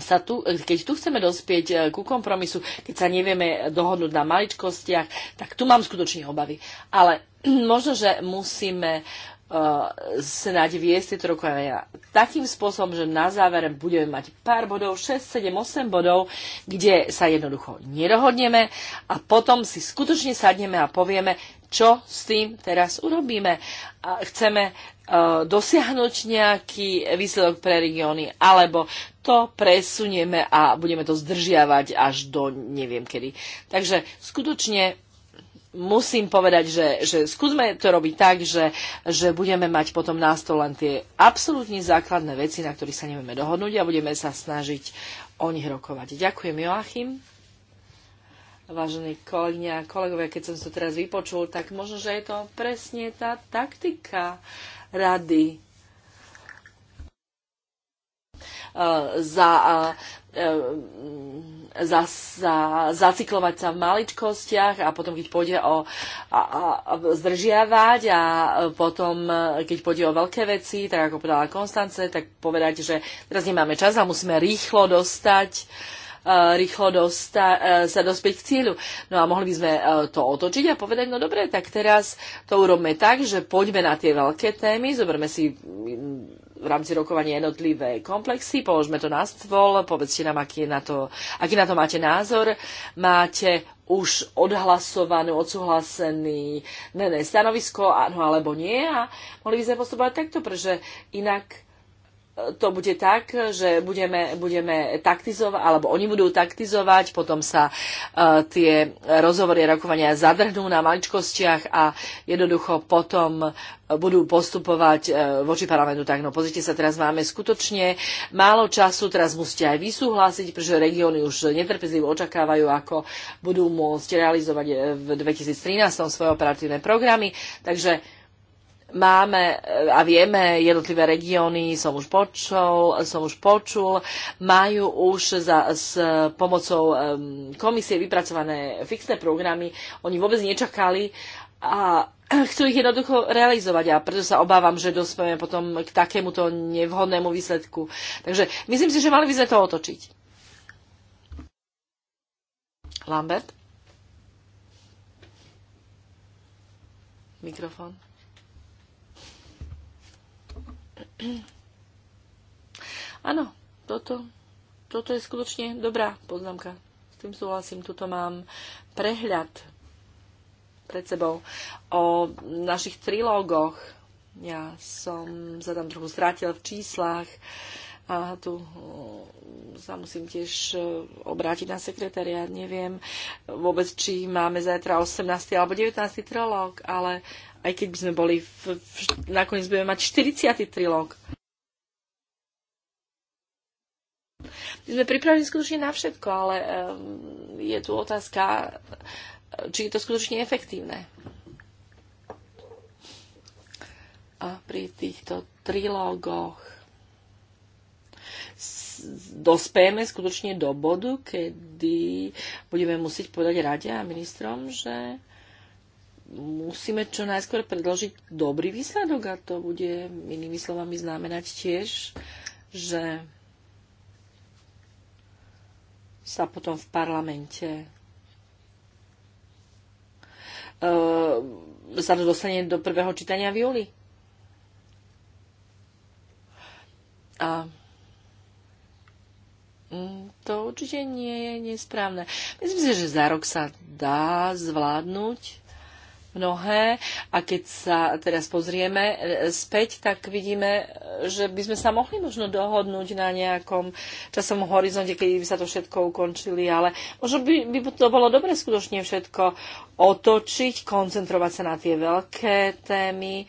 sa tu, keď tu chceme dospieť eh, ku kompromisu, keď sa nevieme dohodnúť na maličkostiach, tak tu mám skutočne obavy. Ale možno, že musíme eh, snáď viesť tieto rokovania takým spôsobom, že na závere budeme mať pár bodov, 6, 7, 8 bodov, kde sa jednoducho nedohodneme a potom si skutočne sadneme a povieme, čo s tým teraz urobíme. A chceme E, dosiahnuť nejaký výsledok pre regióny, alebo to presunieme a budeme to zdržiavať až do neviem kedy. Takže skutočne musím povedať, že, že skúsme to robiť tak, že, že budeme mať potom na stole len tie absolútne základné veci, na ktorých sa nevieme dohodnúť a budeme sa snažiť o nich rokovať. Ďakujem, Joachim vážení kolegyňa a kolegovia, keď som to teraz vypočul, tak možno, že je to presne tá taktika rady e, e, e, za, za, za, zaciklovať sa v maličkostiach a potom, keď pôjde o a, a, zdržiavať a potom, keď pôjde o veľké veci, tak ako povedala Konstance, tak povedať, že teraz nemáme čas a musíme rýchlo dostať uh, Eh, rýchlo dosta, eh, sa dospieť k cieľu. No a mohli by sme eh, to otočiť a povedať, no dobre, tak teraz to urobme tak, že poďme na tie veľké témy, zoberme si mm, v rámci rokovania jednotlivé komplexy, položme to na stôl, povedzte nám, aký, je na to, aký na to máte názor. Máte už odhlasovanú, odsúhlasený nené stanovisko, áno alebo nie a mohli by sme postupovať takto, pretože inak to bude tak, že budeme, budeme taktizovať, alebo oni budú taktizovať, potom sa uh, tie rozhovory a rokovania zadrhnú na maličkostiach a jednoducho potom budú postupovať uh, voči parlamentu tak. No pozrite sa, teraz máme skutočne málo času, teraz musíte aj vysúhlasiť, pretože regióny už netrpezlivo očakávajú, ako budú môcť realizovať e, v 2013 svoje operatívne programy. Takže máme a vieme, jednotlivé regióny som už počul, som už počul majú už za, s pomocou komisie vypracované fixné programy. Oni vôbec nečakali a chcú ich jednoducho realizovať a preto sa obávam, že dospieme potom k takémuto nevhodnému výsledku. Takže myslím si, že mali by sme to otočiť. Lambert? Mikrofon. Áno, toto, toto je skutočne dobrá poznámka. S tým súhlasím, tuto mám prehľad pred sebou o našich trilógoch. Ja som sa tam trochu strátil v číslach a tu mm, sa musím tiež e, obrátiť na sekretariat. Neviem vôbec, či máme zajtra 18. alebo 19. trilóg, ale aj keď by sme boli, v, v, nakoniec budeme mať 40. trilóg. My sme pripravili skutočne na všetko, ale um, je tu otázka, či je to skutočne efektívne. A pri týchto trilógoch dospejeme skutočne do bodu, kedy budeme musieť povedať rade a ministrom, že musíme čo najskôr predložiť dobrý výsledok a to bude inými slovami znamenať tiež, že sa potom v parlamente e, sa dostane do prvého čítania v júli. A mm, to určite nie je nesprávne. Myslím si, že za rok sa dá zvládnuť mnohé a keď sa teraz pozrieme e, späť, tak vidíme, e, že by sme sa mohli možno dohodnúť na nejakom časom horizonte, keď by sa to všetko ukončili, ale možno by, by to bolo dobre skutočne všetko otočiť, koncentrovať sa na tie veľké témy,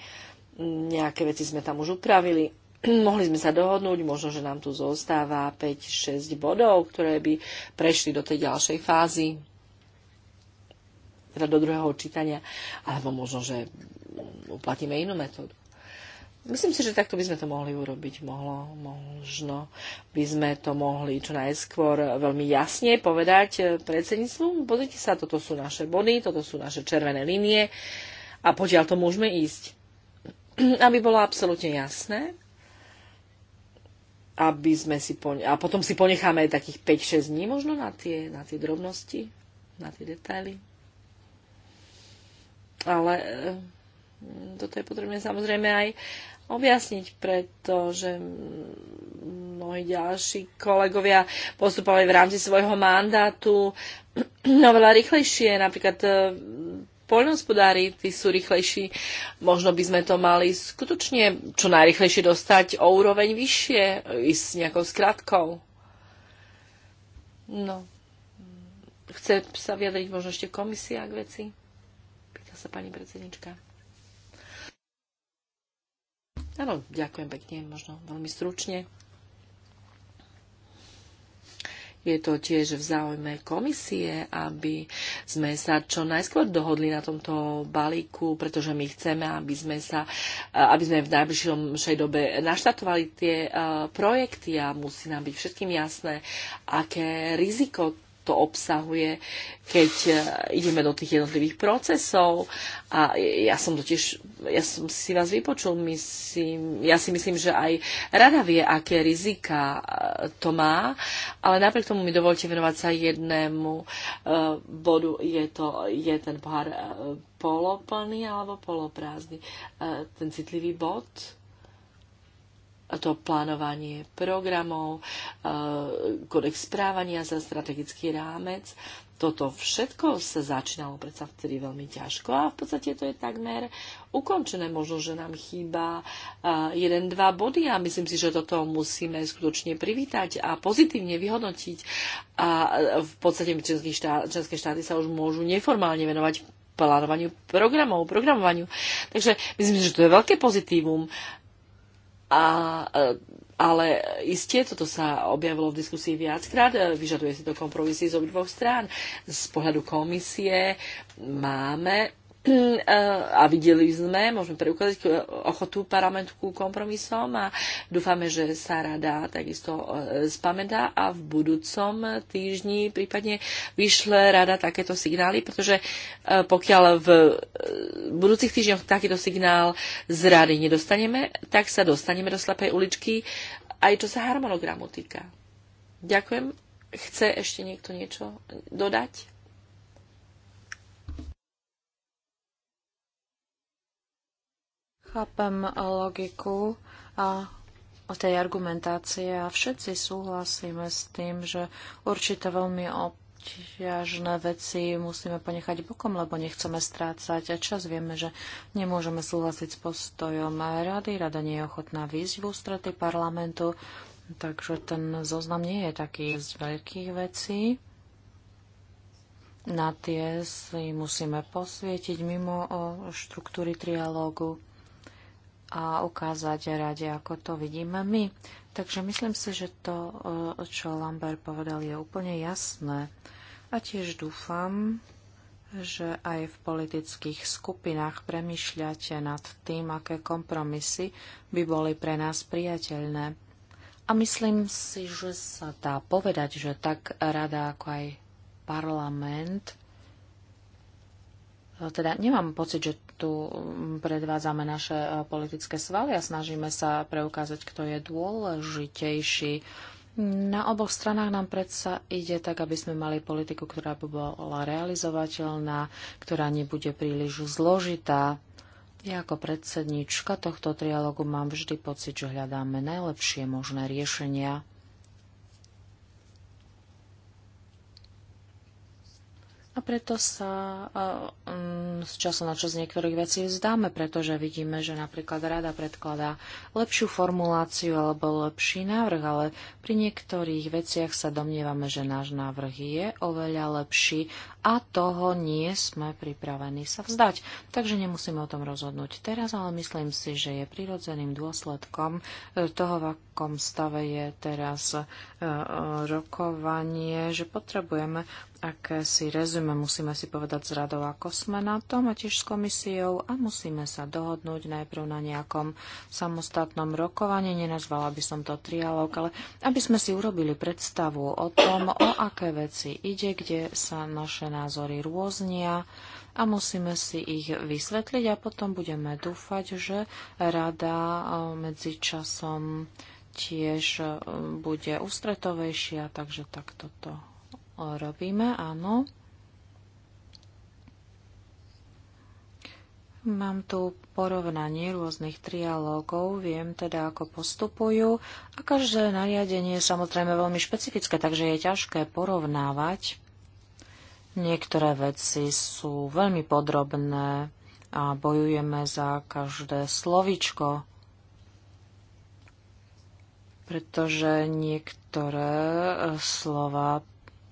nejaké veci sme tam už upravili, mohli sme sa dohodnúť, možno, že nám tu zostáva 5-6 bodov, ktoré by prešli do tej ďalšej fázy teda do druhého čítania, alebo možno, že uplatíme inú metódu. Myslím si, že takto by sme to mohli urobiť. Mohlo, možno by sme to mohli čo najskôr veľmi jasne povedať eh, predsedníctvu. Pozrite sa, toto sú naše body, toto sú naše červené linie a potiaľ to môžeme ísť. Aby bolo absolútne jasné, aby sme si po, a potom si ponecháme takých 5-6 dní možno na tie, na tie drobnosti, na tie detaily. Ale e, toto je potrebné samozrejme aj objasniť, pretože mnohí ďalší kolegovia postupovali v rámci svojho mandátu oveľa rýchlejšie. Napríklad e, poľnohospodári, tí sú rýchlejší. Možno by sme to mali skutočne čo najrychlejšie dostať o úroveň vyššie, ísť s nejakou skratkou. No. Chce sa vyjadriť možno ešte komisia k veci? sa pani predsednička. Áno, ďakujem pekne, možno veľmi stručne. Je to tiež v záujme komisie, aby sme sa čo najskôr dohodli na tomto balíku, pretože my chceme, aby sme, sa, aby sme v najbližšej dobe naštatovali tie eh, projekty a musí nám byť všetkým jasné, aké riziko to obsahuje, keď e, ideme do tých jednotlivých procesov. A ja som totiž, ja som si vás vypočul, myslím, ja si myslím, že aj rada vie, aké rizika e, to má, ale napriek tomu mi dovolte venovať sa jednému e, bodu. Je to, je ten pohár poloplný alebo poloprázdny. Ten citlivý bod, to plánovanie programov, e, kodex správania za strategický rámec. Toto všetko sa začínalo predsa vtedy veľmi ťažko a v podstate to je takmer ukončené. Možno, že nám chýba e, jeden, dva body a myslím si, že toto musíme skutočne privítať a pozitívne vyhodnotiť. A e, v podstate členské štáty sa už môžu neformálne venovať plánovaniu programov, programovaniu. Takže myslím, že to je veľké pozitívum. A, e, ale isté, toto sa objavilo v diskusii viackrát, e, vyžaduje si to kompromisy z obidvoch strán. Z pohľadu komisie máme a videli sme, môžeme preukázať ochotu parlamentu ku kompromisom a dúfame, že sa rada takisto e, spamätá a v budúcom týždni prípadne vyšle rada takéto signály, pretože e, pokiaľ v e, budúcich týždňoch takýto signál z rady nedostaneme, tak sa dostaneme do slepej uličky, aj čo sa harmonogramu týka. Ďakujem. Chce ešte niekto niečo dodať? Chápem logiku a o tej argumentácie a všetci súhlasíme s tým, že určité veľmi obťažné veci musíme ponechať bokom, lebo nechceme strácať a čas. Vieme, že nemôžeme súhlasiť s postojom rady. Rada nie je ochotná výjsť v ústrety parlamentu, takže ten zoznam nie je taký z veľkých vecí. Na tie si musíme posvietiť mimo o štruktúry trialógu a ukázať rade, ako to vidíme my. Takže myslím si, že to, e, čo Lambert povedal, je úplne jasné. A tiež dúfam, že aj v politických skupinách premyšľate nad tým, aké kompromisy by boli pre nás priateľné. A myslím si, že sa dá povedať, že tak rada ako aj parlament e, teda nemám pocit, že tu mm, predvádzame naše e, politické svaly a snažíme sa preukázať, kto je dôležitejší. Na oboch stranách nám predsa ide tak, aby sme mali politiku, ktorá by bola realizovateľná, ktorá nebude príliš zložitá. Ja ako predsednička tohto trialogu mám vždy pocit, že hľadáme najlepšie možné riešenia. A preto sa um, z času na čas niektorých vecí vzdáme, pretože vidíme, že napríklad rada predkladá lepšiu formuláciu alebo lepší návrh, ale pri niektorých veciach sa domnievame, že náš návrh je oveľa lepší a toho nie sme pripravení sa vzdať. Takže nemusíme o tom rozhodnúť teraz, ale myslím si, že je prirodzeným dôsledkom e, toho, v akom stave je teraz e, e, rokovanie, že potrebujeme ak si rezume, musíme si povedať s radou, ako sme na tom a tiež s komisiou a musíme sa dohodnúť najprv na nejakom samostatnom rokovaní. Nenazvala by som to trialog, ale aby sme si urobili predstavu o tom, o aké veci ide, kde sa naše názory rôznia a musíme si ich vysvetliť a potom budeme dúfať, že rada eh, medzi časom tiež eh, bude ústretovejšia, takže takto to robíme, áno. Mám tu porovnanie rôznych trialógov, viem teda, ako postupujú a každé nariadenie je samozrejme veľmi špecifické, takže je ťažké porovnávať. Niektoré veci sú veľmi podrobné a bojujeme za každé slovičko, pretože niektoré slova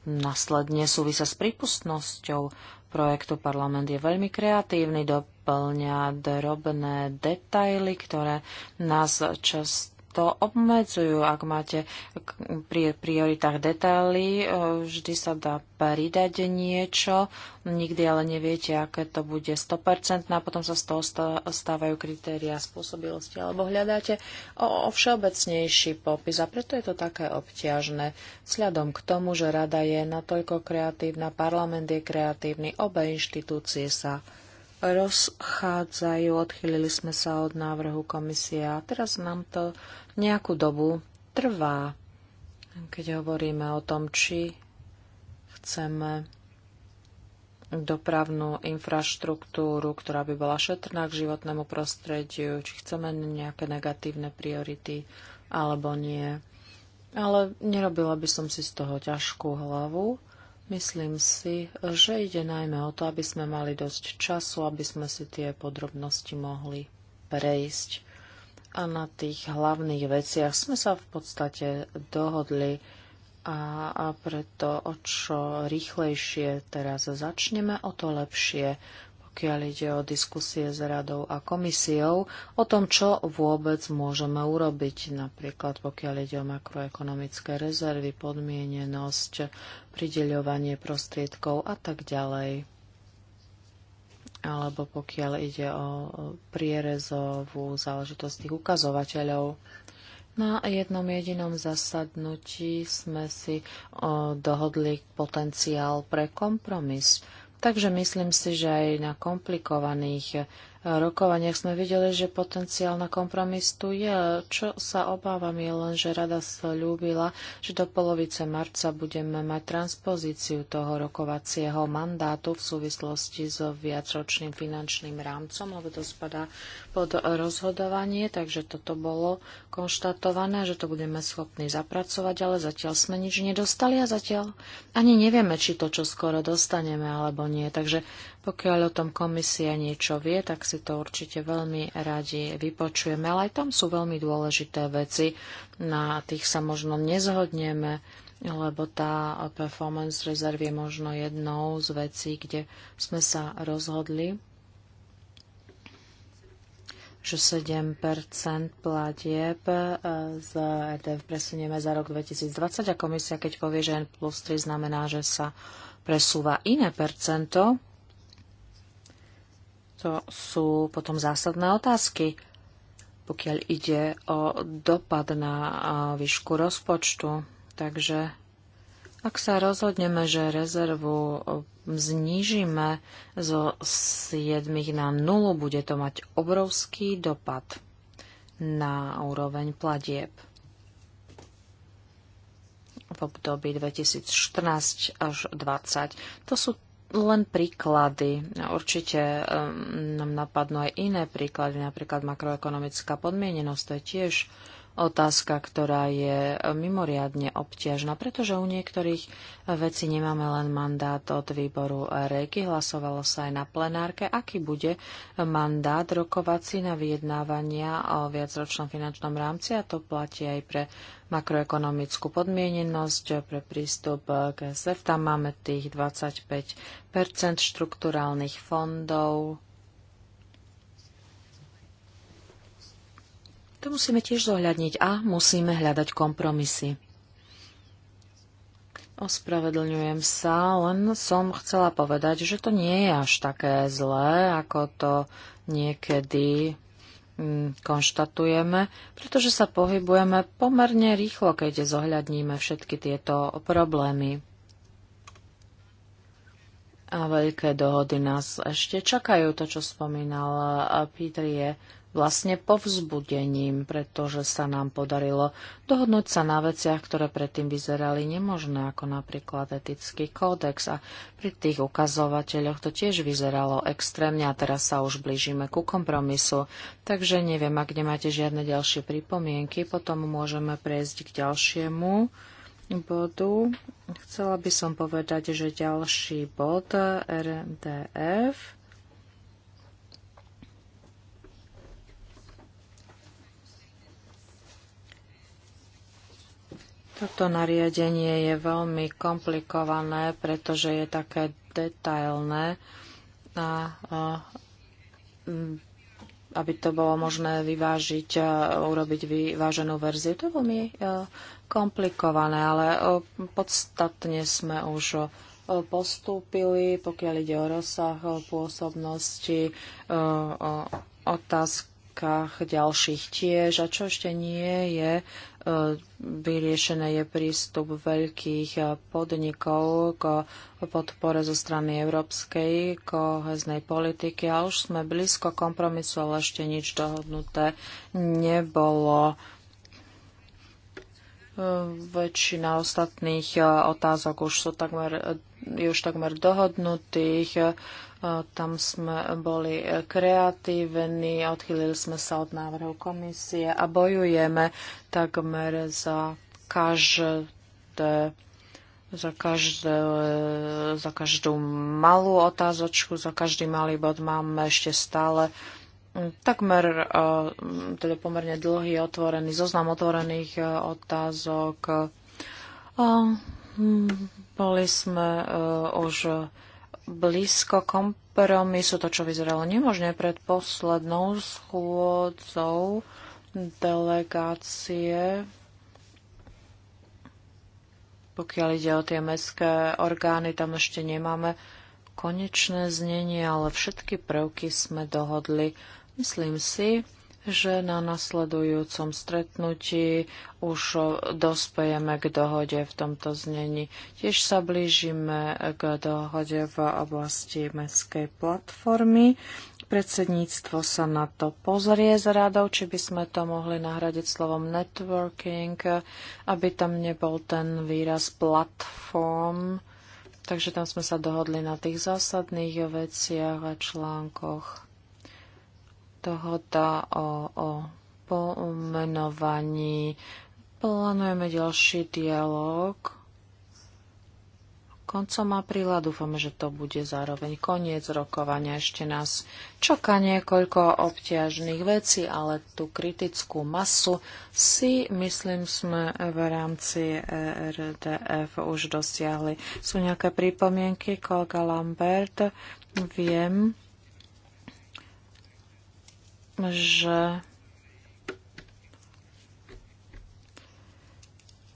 Následne súvisia s prípustnosťou projektu. Parlament je veľmi kreatívny, doplňa drobné detaily, ktoré nás často to obmedzujú. Ak máte pri prioritách detaily, e, vždy sa dá pridať niečo, nikdy ale neviete, aké to bude 100%, a potom sa z toho stávajú kritéria spôsobilosti, alebo hľadáte o, o všeobecnejší popis a preto je to také obťažné. Vzhľadom k tomu, že rada je natoľko kreatívna, parlament je kreatívny, obe inštitúcie sa rozchádzajú. Odchylili sme sa od návrhu komisie a teraz nám to nejakú dobu trvá, keď hovoríme o tom, či chceme dopravnú infraštruktúru, ktorá by bola šetrná k životnému prostrediu, či chceme nejaké negatívne priority alebo nie. Ale nerobila by som si z toho ťažkú hlavu. Myslím si, že ide najmä o to, aby sme mali dosť času, aby sme si tie podrobnosti mohli prejsť. A na tých hlavných veciach sme sa v podstate dohodli a, a preto o čo rýchlejšie teraz začneme, o to lepšie pokiaľ ide o diskusie s radou a komisiou o tom, čo vôbec môžeme urobiť, napríklad pokiaľ ide o makroekonomické rezervy, podmienenosť, prideľovanie prostriedkov a tak ďalej alebo pokiaľ ide o prierezovú záležitosť tých ukazovateľov. Na jednom jedinom zasadnutí sme si dohodli potenciál pre kompromis. Takže myslím si, že aj na komplikovaných rokovaniach sme videli, že potenciál na kompromis tu je. Čo sa obávam je len, že rada slúbila, že do polovice marca budeme mať transpozíciu toho rokovacieho mandátu v súvislosti so viacročným finančným rámcom, lebo to spadá pod rozhodovanie, takže toto bolo konštatované, že to budeme schopní zapracovať, ale zatiaľ sme nič nedostali a zatiaľ ani nevieme, či to čo skoro dostaneme alebo nie. Takže pokiaľ o tom komisia niečo vie, tak si to určite veľmi radi vypočujeme, ale aj tam sú veľmi dôležité veci, na tých sa možno nezhodneme, lebo tá performance rezerv je možno jednou z vecí, kde sme sa rozhodli, že 7 platieb e, z EDF presunieme za rok 2020 a komisia, keď povie, že N plus 3 znamená, že sa presúva iné percento, to sú potom zásadné otázky, pokiaľ ide o dopad na výšku rozpočtu. Takže ak sa rozhodneme, že rezervu znížime zo 7 na 0, bude to mať obrovský dopad na úroveň platieb. V období 2014 až 2020. To sú len príklady. Určite nám napadnú aj iné príklady, napríklad makroekonomická podmienenosť. To je tiež otázka, ktorá je mimoriadne obťažná, pretože u niektorých vecí nemáme len mandát od výboru REGI. Hlasovalo sa aj na plenárke, aký bude mandát rokovací na vyjednávania o viacročnom finančnom rámci a to platí aj pre makroekonomickú podmienenosť pre prístup k SF. Tam máme tých 25 štrukturálnych fondov. To musíme tiež zohľadniť a musíme hľadať kompromisy. Ospravedlňujem sa, len som chcela povedať, že to nie je až také zlé, ako to niekedy Mm, konštatujeme, pretože sa pohybujeme pomerne rýchlo, keď zohľadníme všetky tieto problémy. A veľké dohody nás ešte čakajú, to čo spomínal Peter je vlastne povzbudením, pretože sa nám podarilo dohodnúť sa na veciach, ktoré predtým vyzerali nemožné, ako napríklad etický kódex a pri tých ukazovateľoch to tiež vyzeralo extrémne a teraz sa už blížime ku kompromisu. Takže neviem, ak nemáte žiadne ďalšie pripomienky, potom môžeme prejsť k ďalšiemu bodu. Chcela by som povedať, že ďalší bod RDF Toto nariadenie je veľmi komplikované, pretože je také detailné a, a mm, aby to bolo možné vyvážiť a urobiť vyváženú verziu. To je veľmi komplikované, ale podstatne sme už postúpili, pokiaľ ide o rozsah pôsobnosti, o otázkach ďalších tiež. A čo ešte nie je E, vyriešené je prístup veľkých e, podnikov k podpore zo strany európskej koheznej politiky a už sme blízko kompromisu, ale ešte nič dohodnuté nebolo. E, väčšina ostatných otázok už sú takmer, je už takmer dohodnutých. Tam sme boli kreatívni, odchýlili sme sa od návrhu komisie a bojujeme takmer za každé za, každé, za každú malú otázočku, za každý malý bod máme ešte stále takmer e, teda pomerne dlhý otvorený zoznam otvorených e, otázok. Hm, boli sme e, už blízko kompromisu, to čo vyzeralo nemožne pred poslednou schôdzou delegácie, pokiaľ ide o tie mestské orgány, tam ešte nemáme konečné znenie, ale všetky prvky sme dohodli. Myslím si, že na nasledujúcom stretnutí už dospejeme k dohode v tomto znení. Tiež sa blížime k dohode v oblasti mestskej platformy. Predsedníctvo sa na to pozrie s radou, či by sme to mohli nahradiť slovom networking, aby tam nebol ten výraz platform. Takže tam sme sa dohodli na tých zásadných veciach a článkoch dohoda o, o pomenovaní. Plánujeme ďalší dialog koncom apríla. Dúfame, že to bude zároveň koniec rokovania. Ešte nás čaká niekoľko obťažných vecí, ale tú kritickú masu si, myslím, sme v rámci e RDF už dosiahli. Sú nejaké pripomienky, kolega Lambert? Viem že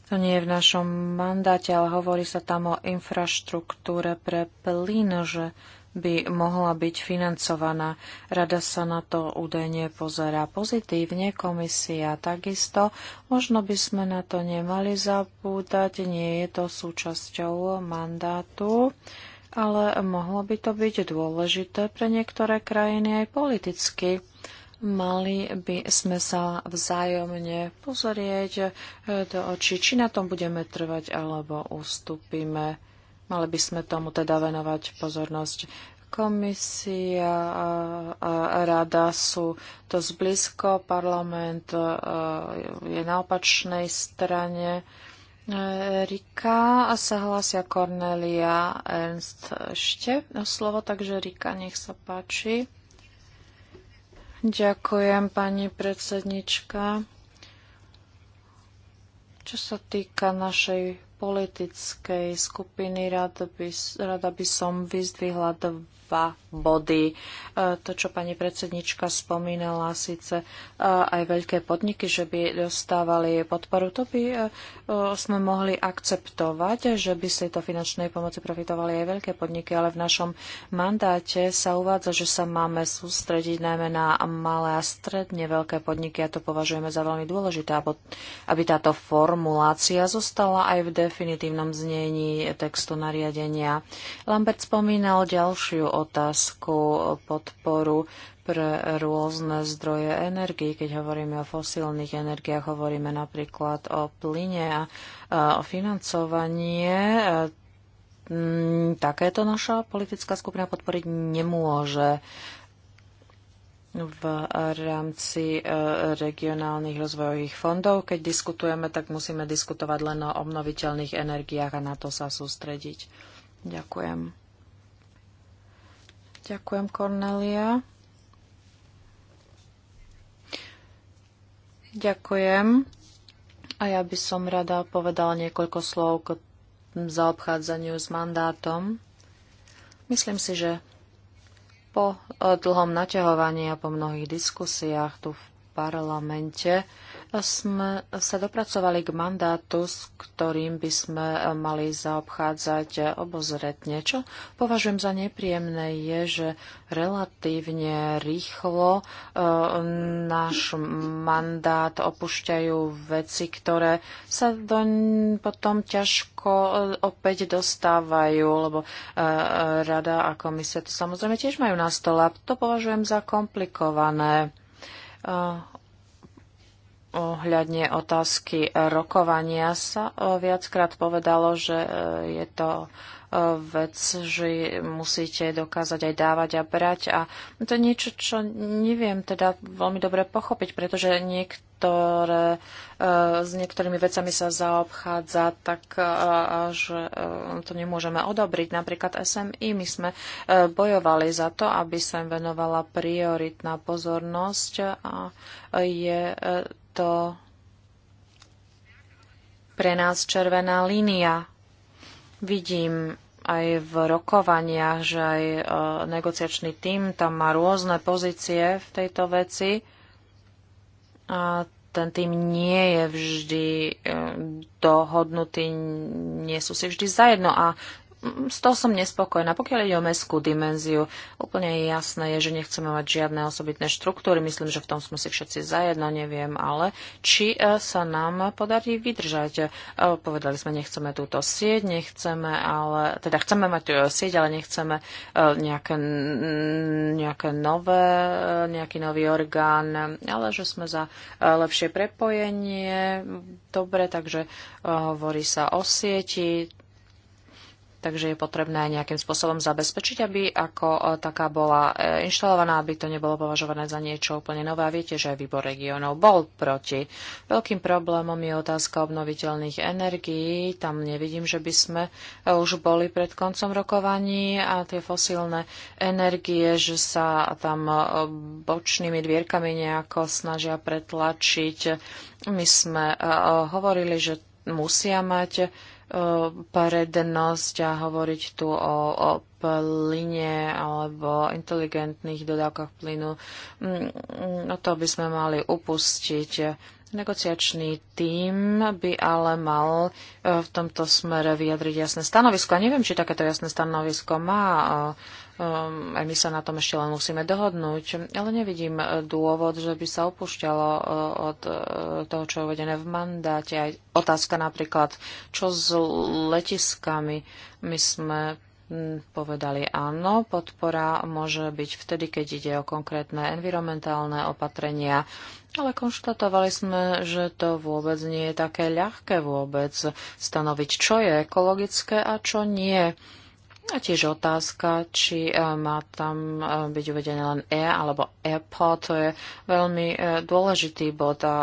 To nie je v našom mandáte, ale hovorí sa tam o infraštruktúre pre plyn, že by mohla byť financovaná. Rada sa na to údajne pozerá pozitívne, komisia takisto. Možno by sme na to nemali zabúdať, nie je to súčasťou mandátu, ale mohlo by to byť dôležité pre niektoré krajiny aj politicky Mali by sme sa vzájomne pozrieť e, do očí, či na tom budeme trvať alebo ustúpime. Mali by sme tomu teda venovať pozornosť. Komisia e, a rada sú dosť blízko, parlament e, je na opačnej strane. Rika sa hlásia Cornelia Ernst ešte slovo, takže Rika, nech sa páči. Ďakujem, pani predsednička. Čo sa týka našej politickej skupiny, rada by, rada by som vyzdvihla dva body. E, to, čo pani predsednička spomínala, síce e, aj veľké podniky, že by dostávali podporu, to by e, sme mohli akceptovať, že by z tejto finančnej pomoci profitovali aj veľké podniky, ale v našom mandáte sa uvádza, že sa máme sústrediť najmä na malé a stredne veľké podniky a to považujeme za veľmi dôležité, aby táto formulácia zostala aj v definitívnom znení textu nariadenia. Lambert spomínal ďalšiu otázku podporu pre rôzne zdroje energii. Keď hovoríme o fosílnych energiách, hovoríme napríklad o plyne a o financovanie. Mm, takéto naša politická skupina podporiť nemôže v rámci e, regionálnych rozvojových fondov. Keď diskutujeme, tak musíme diskutovať len o obnoviteľných energiách a na to sa sústrediť. Ďakujem. Ďakujem, Cornelia. Ďakujem. A ja by som rada povedala niekoľko slov k zaobchádzaniu s mandátom. Myslím si, že po dlhom naťahovaní a po mnohých diskusiách tu v parlamente sme sa dopracovali k mandátu, s ktorým by sme eh, mali zaobchádzať eh, obozretne. Čo považujem za nepríjemné je, že relatívne rýchlo eh, náš mandát opúšťajú veci, ktoré sa do potom ťažko opäť dostávajú, lebo rada a komisia to samozrejme tiež majú na stole. A to považujem za komplikované ohľadne otázky rokovania sa e, viackrát povedalo, že e, je to e, vec, že musíte dokázať aj dávať a brať. A to je niečo, čo neviem teda veľmi dobre pochopiť, pretože niektoré, s niektorými vecami sa zaobchádza tak, že to nemôžeme odobriť. Napríklad SMI, my sme bojovali za to, aby sa im venovala prioritná pozornosť a je to pre nás červená línia. Vidím aj v rokovaniach, že aj e, negociačný tím tam má rôzne pozície v tejto veci. A ten tým nie je vždy e, dohodnutý, nie sú si vždy zajedno a z toho som nespokojná. Pokiaľ ide o mestskú dimenziu, úplne jasné je, že nechceme mať žiadne osobitné štruktúry. Myslím, že v tom sme si všetci zajedno, neviem, ale či e, sa nám podarí vydržať. E, povedali sme, nechceme túto sieť, nechceme, ale teda chceme mať e, sieť, ale nechceme nejaké, nejaké nové, nejaký nový orgán, ale že sme za lepšie prepojenie. Dobre, takže hovorí sa o sieti, takže je potrebné nejakým spôsobom zabezpečiť, aby ako e, taká bola e, inštalovaná, aby to nebolo považované za niečo úplne nové. A viete, že aj výbor regionov bol proti. Veľkým problémom je otázka obnoviteľných energií. Tam nevidím, že by sme e, už boli pred koncom rokovaní a tie fosílne energie, že sa tam bočnými dvierkami nejako snažia pretlačiť. My sme hovorili, že musia mať prednosť a hovoriť tu o, o plyne alebo inteligentných dodávkach plynu. No to by sme mali upustiť. Negociačný tím by ale mal e, v tomto smere vyjadriť jasné stanovisko. A neviem, či takéto jasné stanovisko má. E, e, my sa na tom ešte len musíme dohodnúť, ale nevidím dôvod, že by sa opúšťalo od toho, čo je uvedené v mandáte. Aj otázka napríklad, čo s letiskami. My sme Mm, povedali áno, podpora môže byť vtedy, keď ide o konkrétne environmentálne opatrenia, ale konštatovali sme, že to vôbec nie je také ľahké vôbec stanoviť, čo je ekologické a čo nie. A tiež otázka, či e, má tam e, byť uvedené len E alebo EPO, to je veľmi e, dôležitý bod a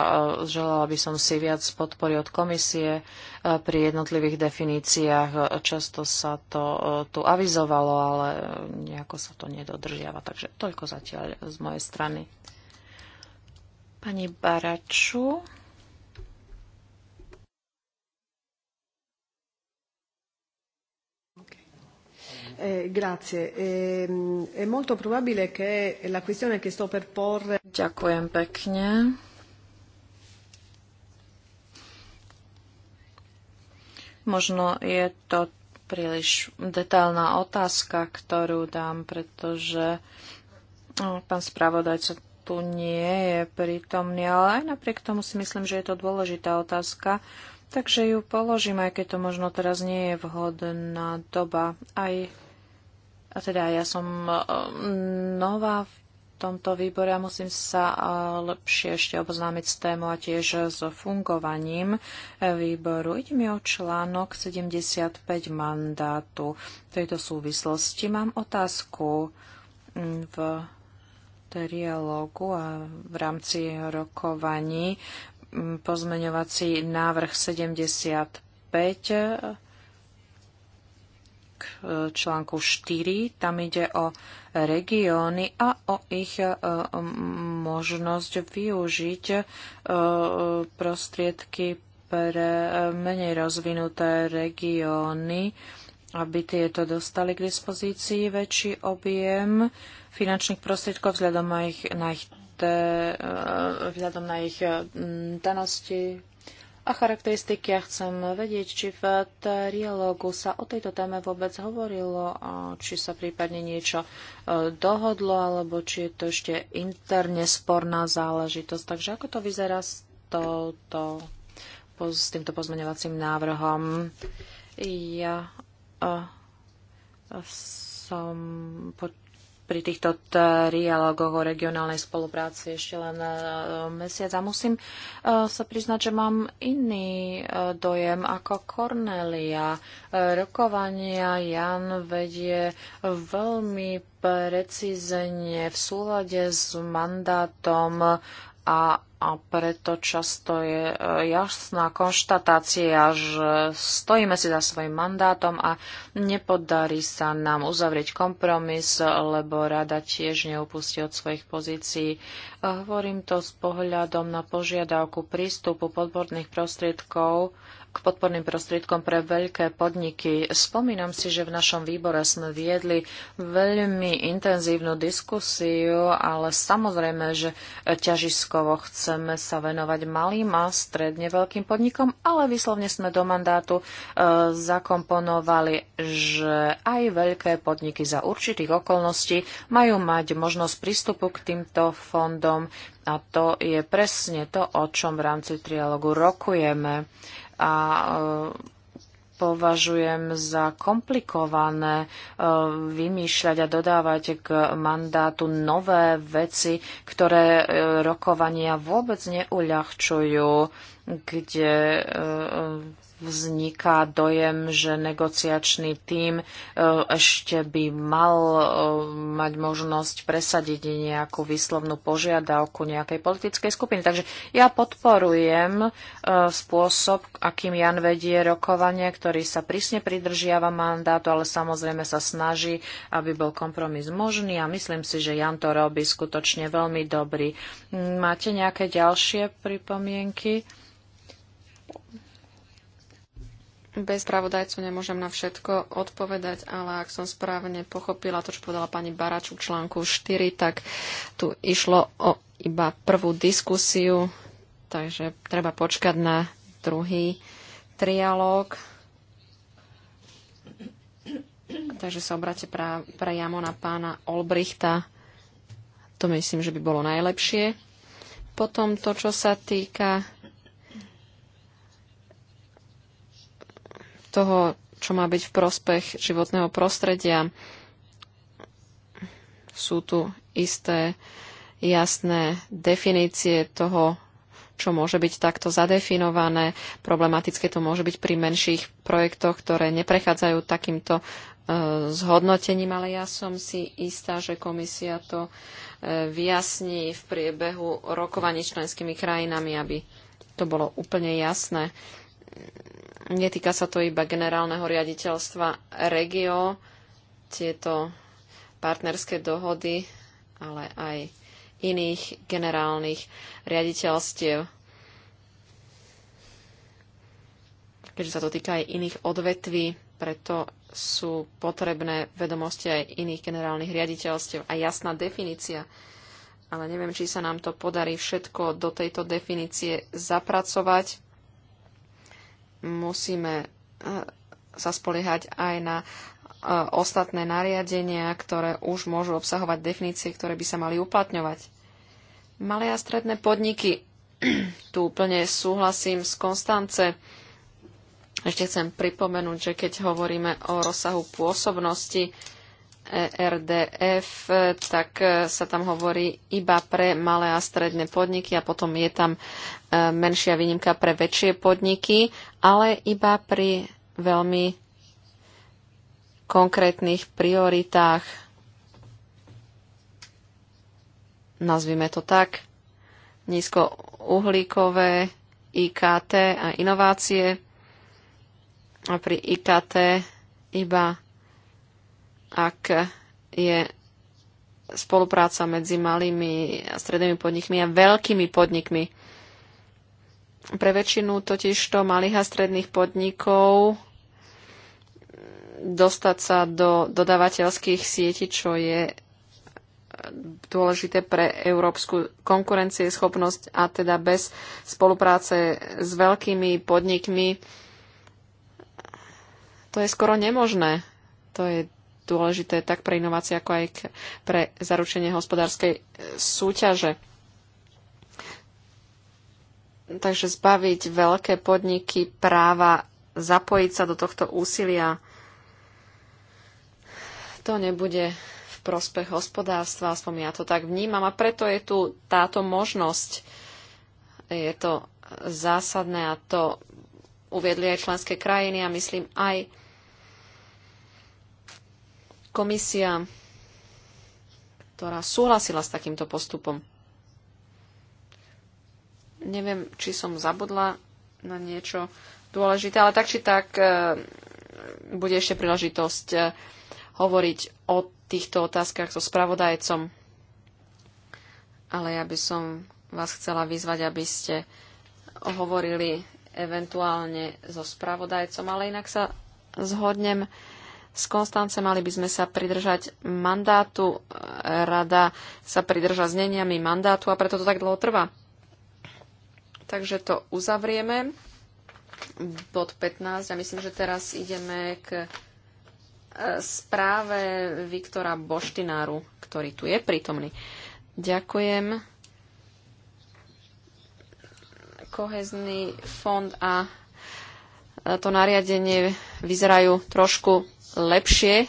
želala by som si viac podpory od komisie pri jednotlivých definíciách. Často sa to tu avizovalo, ale nejako sa to nedodržiava. Takže toľko zatiaľ z mojej strany Pani Baraču. Eh, ehm, Ďakujem pekne. Možno je to príliš detailná otázka, ktorú dám, pretože no, pán spravodajca tu nie je prítomný, ale aj napriek tomu si myslím, že je to dôležitá otázka, takže ju položím, aj keď to možno teraz nie je vhodná doba. Aj a teda ja som eh, nová v tomto výbore a musím sa eh, lepšie ešte oboznámiť s témou a tiež eh, s fungovaním výboru. Ide mi o článok 75 mandátu. V tejto súvislosti mám otázku mm, v trialógu a v rámci rokovaní mm, pozmeňovací návrh 75 k e, článku 4. Tam ide o regióny a o ich e, možnosť využiť e, prostriedky pre menej rozvinuté regióny, aby tieto dostali k dispozícii väčší objem finančných prostriedkov vzhľadom na ich, na ich vzhľadom na ich danosti, a charakteristiky. Ja chcem vedieť, či v trialógu sa o tejto téme vôbec hovorilo, a či sa prípadne niečo e, dohodlo, alebo či je to ešte interne sporná záležitosť. Takže ako to vyzerá s, touto, s týmto pozmeňovacím návrhom? Ja e, som počula pri týchto trialógoch o regionálnej spolupráci ešte len e, mesiac a musím e, sa priznať, že mám iný e, dojem ako Cornelia. Rokovania Jan vedie veľmi precízne v súlade s mandátom a a preto často je e, jasná konštatácia, že stojíme si za svojim mandátom a nepodarí sa nám uzavrieť kompromis, lebo rada tiež neupustí od svojich pozícií. E, hovorím to s pohľadom na požiadavku prístupu podborných prostriedkov k podporným prostriedkom pre veľké podniky. Spomínam si, že v našom výbore sme viedli veľmi intenzívnu diskusiu, ale samozrejme, že ťažiskovo chceme sa venovať malým a stredne veľkým podnikom, ale vyslovne sme do mandátu e, zakomponovali, že aj veľké podniky za určitých okolností majú mať možnosť prístupu k týmto fondom a to je presne to, o čom v rámci trialogu rokujeme a e, považujem za komplikované e, vymýšľať a dodávať k mandátu nové veci, ktoré e, rokovania vôbec neuľahčujú, kde vzniká dojem, že negociačný tím e, ešte by mal e, mať možnosť presadiť nejakú výslovnú požiadavku nejakej politickej skupiny. Takže ja podporujem e, spôsob, akým Jan vedie rokovanie, ktorý sa prísne pridržiava mandátu, ale samozrejme sa snaží, aby bol kompromis možný a myslím si, že Jan to robí skutočne veľmi dobrý. Máte nejaké ďalšie pripomienky? bez pravodajcu nemôžem na všetko odpovedať, ale ak som správne pochopila to, čo povedala pani Baraču článku 4, tak tu išlo o iba prvú diskusiu, takže treba počkať na druhý trialóg. Takže sa obráte priamo na pána Olbrichta. To myslím, že by bolo najlepšie. Potom to, čo sa týka toho, čo má byť v prospech životného prostredia. Sú tu isté jasné definície toho, čo môže byť takto zadefinované. Problematické to môže byť pri menších projektoch, ktoré neprechádzajú takýmto e, zhodnotením, ale ja som si istá, že komisia to e, vyjasní v priebehu rokovaní členskými krajinami, aby to bolo úplne jasné. Netýka sa to iba generálneho riaditeľstva Regio, tieto partnerské dohody, ale aj iných generálnych riaditeľstiev. Keďže sa to týka aj iných odvetví, preto sú potrebné vedomosti aj iných generálnych riaditeľstiev a jasná definícia. Ale neviem, či sa nám to podarí všetko do tejto definície zapracovať musíme e, sa spoliehať aj na e, ostatné nariadenia, ktoré už môžu obsahovať definície, ktoré by sa mali uplatňovať. Malé a stredné podniky. Tu úplne súhlasím s Konstance. Ešte chcem pripomenúť, že keď hovoríme o rozsahu pôsobnosti, ERDF, tak e, sa tam hovorí iba pre malé a stredné podniky a potom je tam e, menšia výnimka pre väčšie podniky, ale iba pri veľmi konkrétnych prioritách. Nazvime to tak. Nízkouhlíkové IKT a inovácie. A pri IKT iba ak je spolupráca medzi malými a strednými podnikmi a veľkými podnikmi. Pre väčšinu totiž to malých a stredných podnikov dostať sa do dodávateľských sietí, čo je dôležité pre európsku konkurencieschopnosť a teda bez spolupráce s veľkými podnikmi to je skoro nemožné. To je dôležité tak pre inovácie, ako aj pre zaručenie hospodárskej e, súťaže. Takže zbaviť veľké podniky práva zapojiť sa do tohto úsilia, to nebude v prospech hospodárstva, aspoň ja to tak vnímam. A preto je tu táto možnosť. Je to zásadné a to uviedli aj členské krajiny a myslím aj komisia, ktorá súhlasila s takýmto postupom. Neviem, či som zabudla na niečo dôležité, ale tak či tak e, bude ešte príležitosť e, hovoriť o týchto otázkach so spravodajcom. Ale ja by som vás chcela vyzvať, aby ste hovorili eventuálne so spravodajcom, ale inak sa zhodnem z Konstance, mali by sme sa pridržať mandátu. Rada sa pridrža zneniami mandátu a preto to tak dlho trvá. Takže to uzavrieme. Bod 15. Ja myslím, že teraz ideme k e, správe Viktora Boštináru, ktorý tu je prítomný. Ďakujem. Kohezný fond a e, to nariadenie vyzerajú trošku lepšie.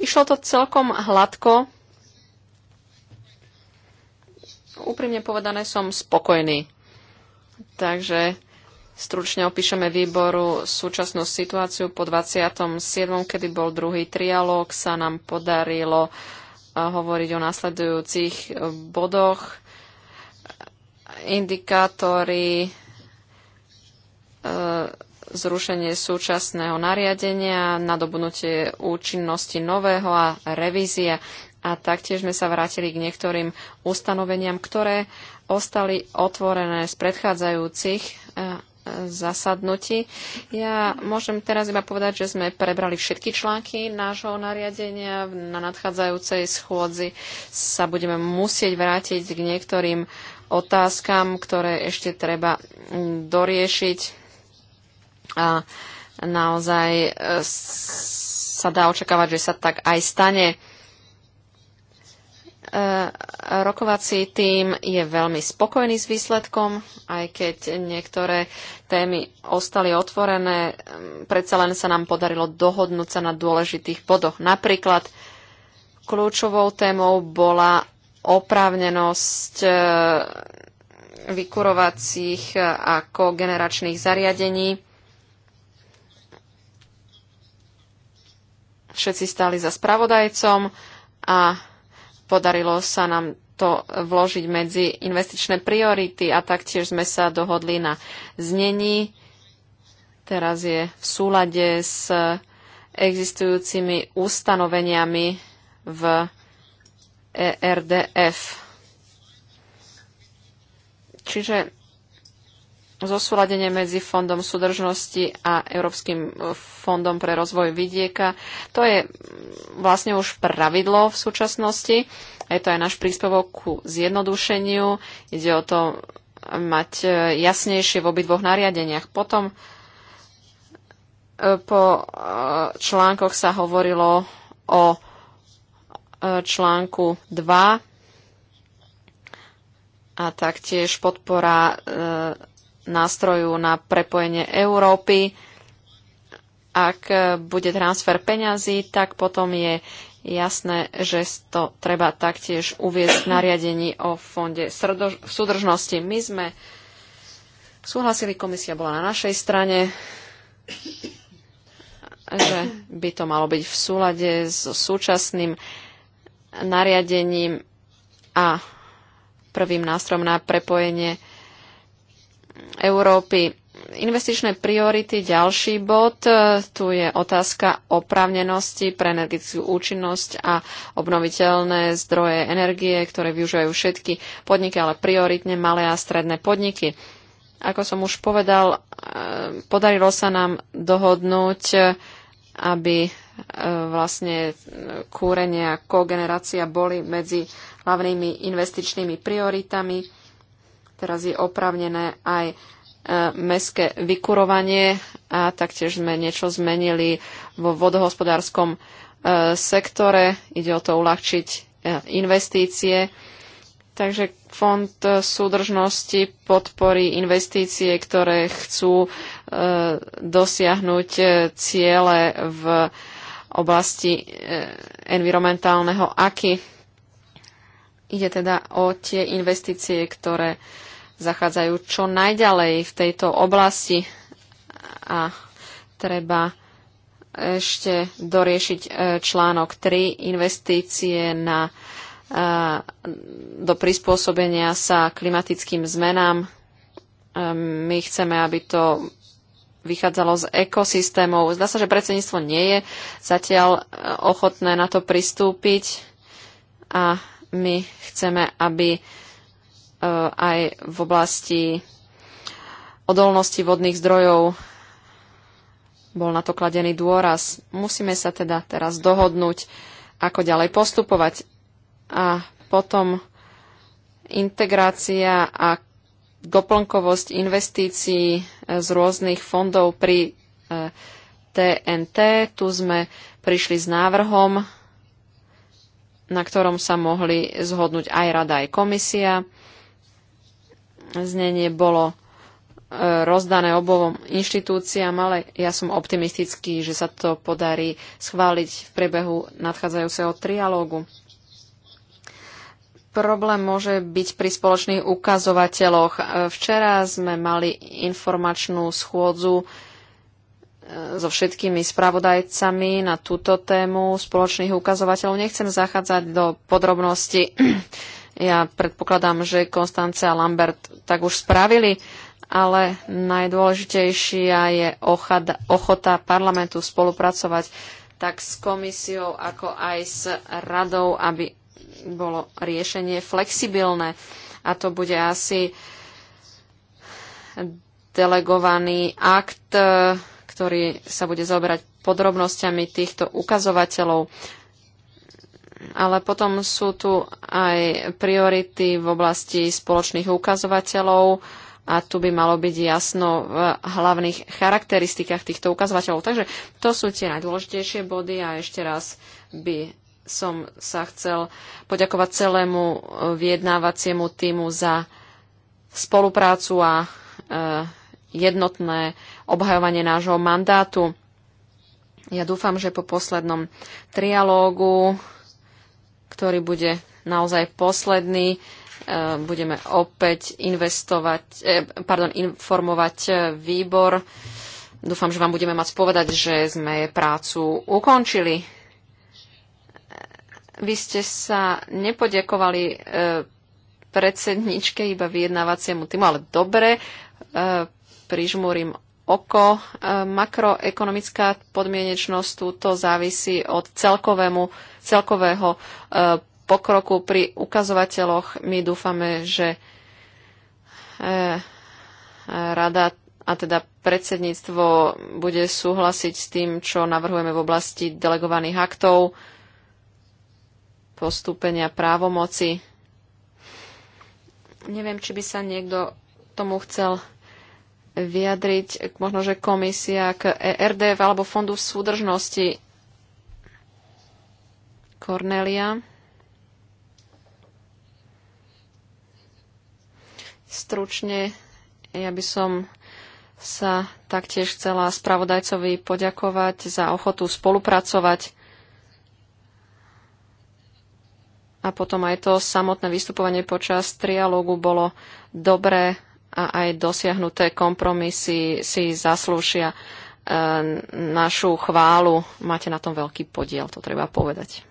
Išlo to celkom hladko. Úprimne povedané som spokojný. Takže stručne opíšeme výboru súčasnú situáciu. Po 27., kedy bol druhý trialóg, sa nám podarilo eh, hovoriť o nasledujúcich eh, bodoch. Indikátory eh, zrušenie súčasného nariadenia, nadobudnutie účinnosti nového a revízia. A taktiež sme sa vrátili k niektorým ustanoveniam, ktoré ostali otvorené z predchádzajúcich eh, zasadnutí. Ja môžem teraz iba povedať, že sme prebrali všetky články nášho nariadenia. Na nadchádzajúcej schôdzi sa budeme musieť vrátiť k niektorým otázkam, ktoré ešte treba mm, doriešiť a naozaj e, sa dá očakávať, že sa tak aj stane. E, rokovací tým je veľmi spokojný s výsledkom, aj keď niektoré témy ostali otvorené, predsa len sa nám podarilo dohodnúť sa na dôležitých bodoch. Napríklad kľúčovou témou bola oprávnenosť e, vykurovacích ako generačných zariadení všetci stáli za spravodajcom a podarilo sa nám to vložiť medzi investičné priority a taktiež sme sa dohodli na znení. Teraz je v súlade s existujúcimi ustanoveniami v ERDF. Čiže zosúladenie medzi Fondom súdržnosti a Európskym eh, fondom pre rozvoj vidieka. To je vlastne už pravidlo v súčasnosti. Je to aj náš príspevok ku zjednodušeniu. Ide o to mať eh, jasnejšie v obidvoch nariadeniach. Potom eh, po článkoch sa hovorilo o článku 2 a taktiež podpora nástroju na prepojenie Európy. Ak bude transfer peňazí, tak potom je jasné, že to treba taktiež uviezť v nariadení o fonde súdržnosti. My sme súhlasili, komisia bola na našej strane, že by to malo byť v súlade so súčasným nariadením a prvým nástrojom na prepojenie Európy. Investičné priority, ďalší bod, e, tu je otázka oprávnenosti pre energetickú účinnosť a obnoviteľné zdroje energie, ktoré využívajú všetky podniky, ale prioritne malé a stredné podniky. Ako som už povedal, e, podarilo sa nám dohodnúť, e, aby vlastne kúrenie a kogenerácia boli medzi hlavnými investičnými prioritami Teraz je opravnené aj e, meské vykurovanie a taktiež sme niečo zmenili vo vodohospodárskom e, sektore. Ide o to uľahčiť e, investície. Takže fond súdržnosti podporí investície, ktoré chcú dosiahnuť ciele v oblasti environmentálneho aky. Ide teda o tie investície, ktoré zachádzajú čo najďalej v tejto oblasti a treba ešte doriešiť e, článok 3 investície na, e, do prispôsobenia sa klimatickým zmenám. E, my chceme, aby to vychádzalo z ekosystémov. Zdá sa, že predsedníctvo nie je zatiaľ ochotné na to pristúpiť a my chceme, aby Eh, aj v oblasti odolnosti vodných zdrojov bol na to kladený dôraz. Musíme sa teda teraz dohodnúť, ako ďalej postupovať. A potom integrácia a doplnkovosť investícií eh, z rôznych fondov pri TNT. Eh, tu sme prišli s návrhom, na ktorom sa mohli zhodnúť aj rada, aj komisia znenie bolo e, rozdané obovom inštitúciám, ale ja som optimistický, že sa to podarí schváliť v priebehu nadchádzajúceho trialógu. Problém môže byť pri spoločných ukazovateľoch. E, včera sme mali informačnú schôdzu e, so všetkými spravodajcami na túto tému spoločných ukazovateľov. Nechcem zachádzať do podrobností ja predpokladám, že Konstance a Lambert tak už spravili, ale najdôležitejšia je ochota parlamentu spolupracovať tak s komisiou, ako aj s radou, aby bolo riešenie flexibilné. A to bude asi delegovaný akt, ktorý sa bude zaoberať podrobnosťami týchto ukazovateľov ale potom sú tu aj priority v oblasti spoločných ukazovateľov a tu by malo byť jasno v hlavných charakteristikách týchto ukazovateľov. Takže to sú tie najdôležitejšie body a ešte raz by som sa chcel poďakovať celému vyjednávaciemu týmu za spoluprácu a e, jednotné obhajovanie nášho mandátu. Ja dúfam, že po poslednom trialógu ktorý bude naozaj posledný. E, budeme opäť investovať, e, pardon, informovať e, výbor. Dúfam, že vám budeme mať povedať, že sme prácu ukončili. Vy ste sa nepodiekovali predsedničke, iba vyjednávaciemu týmu, ale dobre, prižmúrim oko. Makroekonomická podmienečnosť túto závisí od celkovému celkového e, pokroku pri ukazovateľoch. My dúfame, že e, rada a teda predsedníctvo bude súhlasiť s tým, čo navrhujeme v oblasti delegovaných aktov, postúpenia právomoci. Neviem, či by sa niekto tomu chcel vyjadriť, možno, že komisia k ERDF alebo Fondu súdržnosti. Cornelia. Stručne ja by som sa taktiež chcela spravodajcovi poďakovať za ochotu spolupracovať a potom aj to samotné vystupovanie počas trialógu bolo dobré a aj dosiahnuté kompromisy si zaslúšia e, našu chválu. Máte na tom veľký podiel, to treba povedať.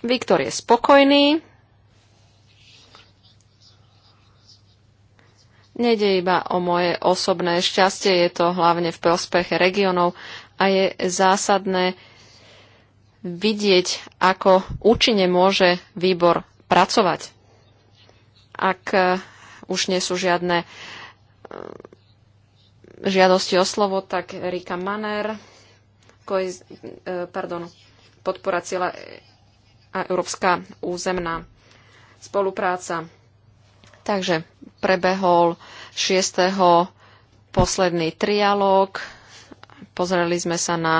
Viktor je spokojný. Nede iba o moje osobné šťastie, je to hlavne v prospech regionov a je zásadné vidieť, ako účinne môže výbor pracovať. Ak eh, už nie sú žiadne eh, žiadosti o slovo, tak Rika Manner. Eh, pardon, podpora cieľa a európska územná spolupráca. Takže prebehol 6. posledný trialóg. Pozreli sme sa na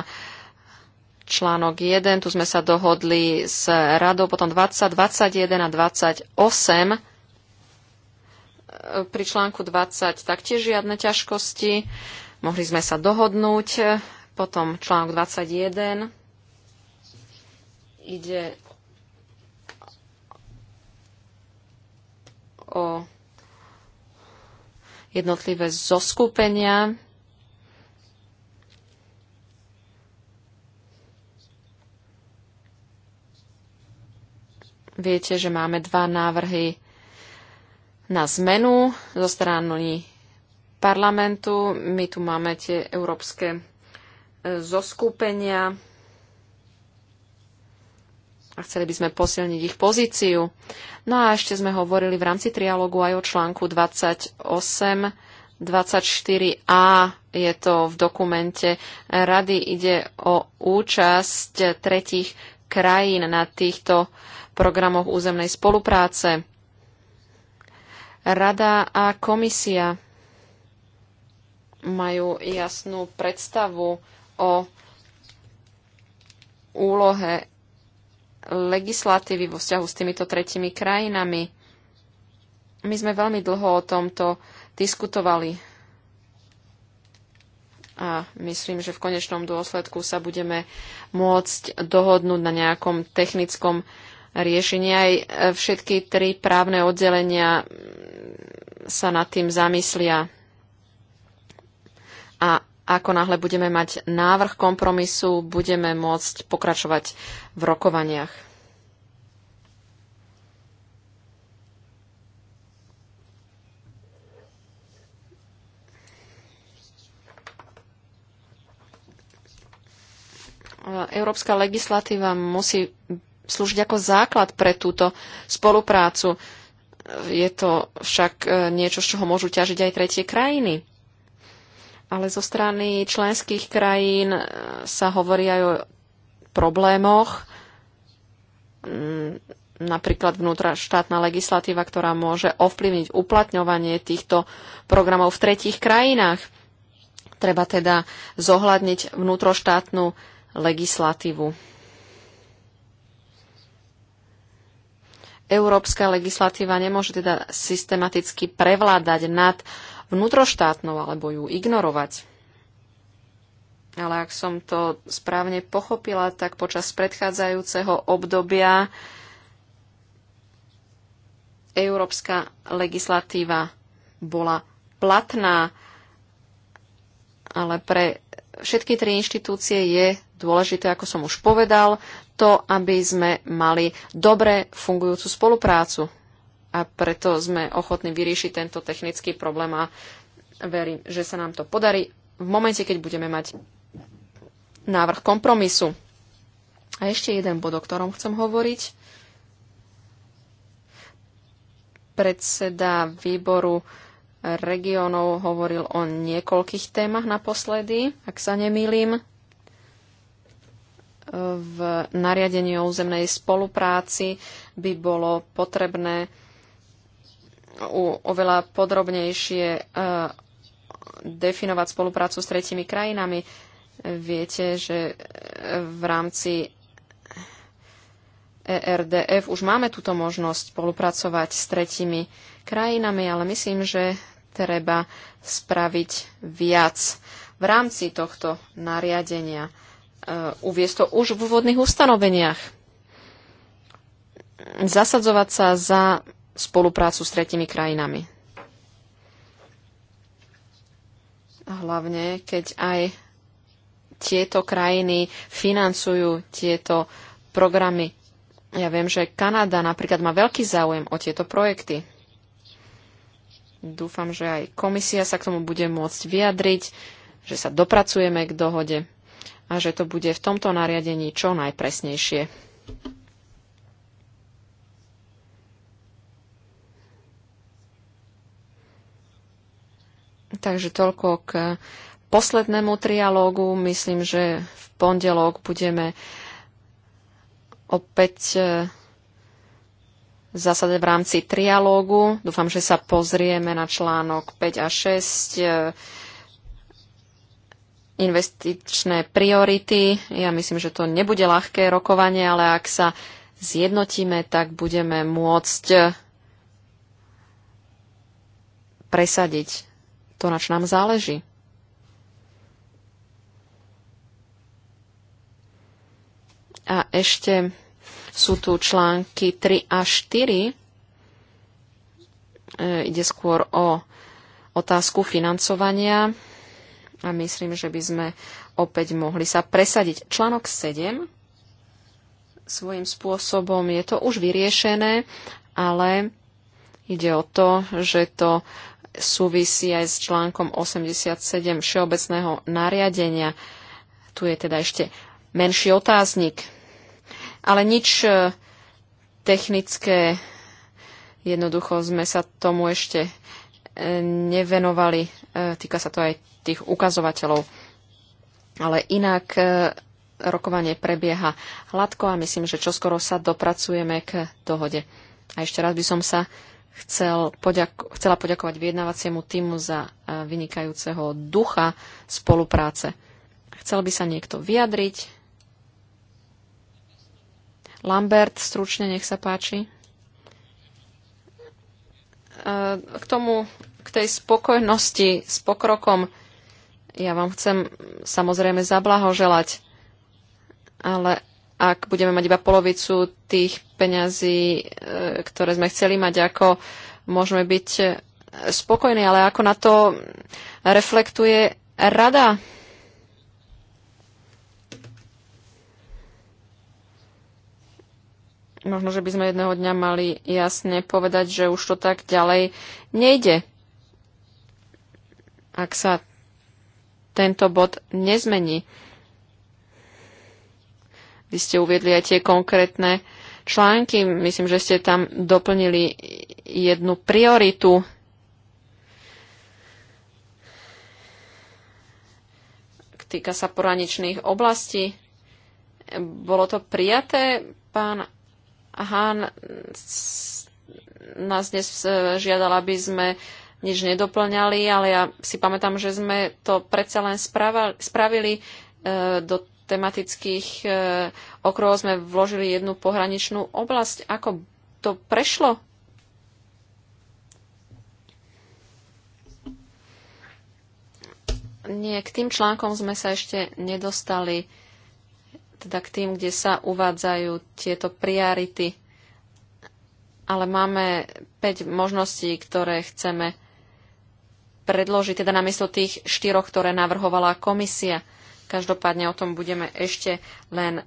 článok 1, tu sme sa dohodli s radou, potom 20, 21 a 28. Pri článku 20 taktiež žiadne ťažkosti. Mohli sme sa dohodnúť. Potom článok 21 ide o jednotlivé zoskupenia. Viete, že máme dva návrhy na zmenu zo strany parlamentu. My tu máme tie európske e, zoskupenia a chceli by sme posilniť ich pozíciu. No a ešte sme hovorili v rámci trialógu aj o článku 28 24a je to v dokumente rady. Ide o účasť tretich krajín na týchto programoch územnej spolupráce. Rada a komisia majú jasnú predstavu o úlohe legislatívy vo vzťahu s týmito tretimi krajinami. My sme veľmi dlho o tomto diskutovali a myslím, že v konečnom dôsledku sa budeme môcť dohodnúť na nejakom technickom riešení. Aj e, všetky tri právne oddelenia sa nad tým zamyslia. A ako náhle budeme mať návrh kompromisu, budeme môcť pokračovať v rokovaniach. Európska legislatíva musí slúžiť ako základ pre túto spoluprácu. Je to však eh, niečo, z čoho môžu ťažiť aj tretie krajiny ale zo strany členských krajín eh, sa hovorí aj o problémoch, mm, napríklad vnútraštátna legislatíva, ktorá môže ovplyvniť uplatňovanie týchto programov v tretích krajinách. Treba teda zohľadniť vnútroštátnu legislatívu. Európska legislatíva nemôže teda systematicky prevládať nad uh, vnútroštátnou alebo ju ignorovať. Ale ak som to správne pochopila, tak počas predchádzajúceho obdobia európska legislatíva bola platná, ale pre všetky tri inštitúcie je dôležité, ako som už povedal, to, aby sme mali dobre fungujúcu spoluprácu a preto sme ochotní vyriešiť tento technický problém a verím, že sa nám to podarí v momente, keď budeme mať návrh kompromisu. A ešte jeden bod, o ktorom chcem hovoriť. Predseda výboru regionov hovoril o niekoľkých témach naposledy, ak sa nemýlim. V nariadení o územnej spolupráci by bolo potrebné oveľa podrobnejšie e, definovať spoluprácu s tretimi krajinami. Viete, že e, v rámci ERDF už máme túto možnosť spolupracovať s tretimi krajinami, ale myslím, že treba spraviť viac v rámci tohto nariadenia. E, Uviesť to už v úvodných ustanoveniach. Zasadzovať sa za spoluprácu s tretimi krajinami. A hlavne, keď aj tieto krajiny financujú tieto programy. Ja viem, že Kanada napríklad má veľký záujem o tieto projekty. Dúfam, že aj komisia sa k tomu bude môcť vyjadriť, že sa dopracujeme k dohode a že to bude v tomto nariadení čo najpresnejšie. Takže toľko k poslednému trialógu. Myslím, že v pondelok budeme opäť e, v zásade v rámci trialógu. Dúfam, že sa pozrieme na článok 5 a 6 e, investičné priority. Ja myslím, že to nebude ľahké rokovanie, ale ak sa zjednotíme, tak budeme môcť e, presadiť to, na čo nám záleží. A ešte sú tu články 3 a 4. E, ide skôr o otázku financovania a myslím, že by sme opäť mohli sa presadiť. Článok 7 svojím spôsobom je to už vyriešené, ale ide o to, že to súvisí aj s článkom 87 Všeobecného nariadenia. Tu je teda ešte menší otáznik. Ale nič e, technické, jednoducho sme sa tomu ešte e, nevenovali. E, týka sa to aj tých ukazovateľov. Ale inak rokovanie prebieha hladko a myslím, že čoskoro sa dopracujeme k dohode. A ešte raz by som sa chcel poďako- chcela poďakovať vyjednávaciemu týmu za e, vynikajúceho ducha spolupráce. Chcel by sa niekto vyjadriť? Lambert, stručne nech sa páči. E, k tomu, k tej spokojnosti s pokrokom, ja vám chcem samozrejme zablahoželať, ale ak budeme mať iba polovicu tých peňazí, e, ktoré sme chceli mať, ako môžeme byť e, spokojní, ale ako na to reflektuje rada. Možno, že by sme jedného dňa mali jasne povedať, že už to tak ďalej nejde. Ak sa tento bod nezmení. Vy ste uviedli aj tie konkrétne články. Myslím, že ste tam doplnili jednu prioritu. Týka sa poraničných oblastí. Bolo to prijaté? Pán Hán nás dnes eh, žiadala, aby sme nič nedoplňali, ale ja si pamätám, že sme to predsa len spravili eh, do tematických e, okruhov sme vložili jednu pohraničnú oblasť. Ako to prešlo? Nie, k tým článkom sme sa ešte nedostali, teda k tým, kde sa uvádzajú tieto priority. Ale máme 5 možností, ktoré chceme predložiť, teda namiesto tých štyroch, ktoré navrhovala komisia. Každopádne o tom budeme ešte len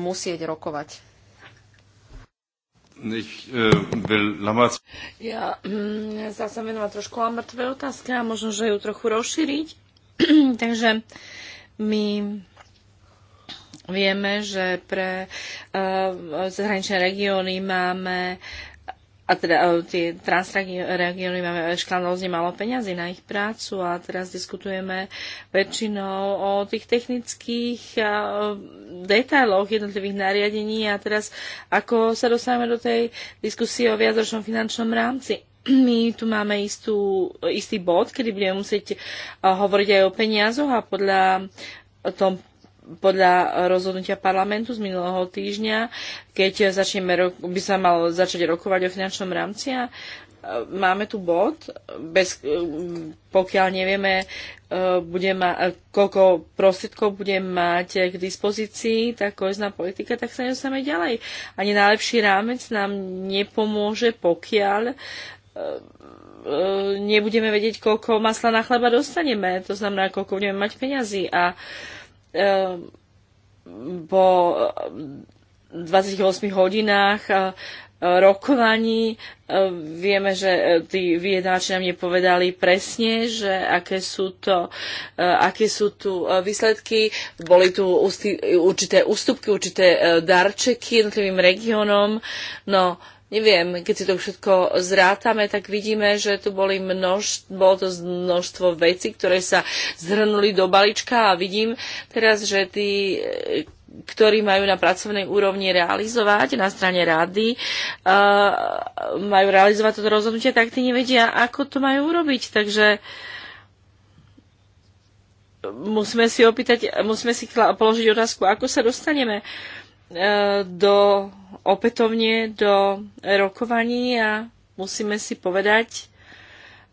musieť rokovať. E, ja sa mm, sa venovať trošku Lambertovej otázke a možno, že ju trochu rozšíriť. Takže my vieme, že pre uh, zahraničné regióny máme uh, a teda e, tie transregióny máme e, škandálne malo peňazí na ich prácu a teraz diskutujeme väčšinou o tých technických e, detailoch jednotlivých nariadení a teraz ako sa dostávame do tej diskusie o viacročnom finančnom rámci my tu máme istú, istý bod, kedy budeme musieť hovoriť aj o peniazoch a podľa tom podľa rozhodnutia parlamentu z minulého týždňa, keď začneme, by sa malo začať rokovať o finančnom rámci a e, máme tu bod, bez, e, pokiaľ nevieme, e, bude ma, koľko prostriedkov bude mať k dispozícii tá kohezná politika, tak sa nedostaneme ďalej. Ani najlepší rámec nám nepomôže, pokiaľ nebudeme vedieť, koľko masla na chleba dostaneme, to znamená, koľko budeme mať peňazí. A uh, Ehm, po 28 ehm, hodinách e, e, rokovaní. E, vieme, že tí vyjednáči nám nepovedali presne, že aké sú, to, aké sú tu výsledky. Boli tu určité ústupky, určité darčeky jednotlivým regiónom. No, neviem, keď si to všetko zrátame, tak vidíme, že tu boli množ, bolo to množstvo vecí, ktoré sa zhrnuli do balíčka a vidím teraz, že tí ktorí majú na pracovnej úrovni realizovať na strane rady, uh, majú realizovať toto rozhodnutie, tak tí nevedia, ako to majú urobiť. Takže musíme si opýtať, musíme si položiť otázku, ako sa dostaneme uh, do opätovne do rokovaní a musíme si povedať,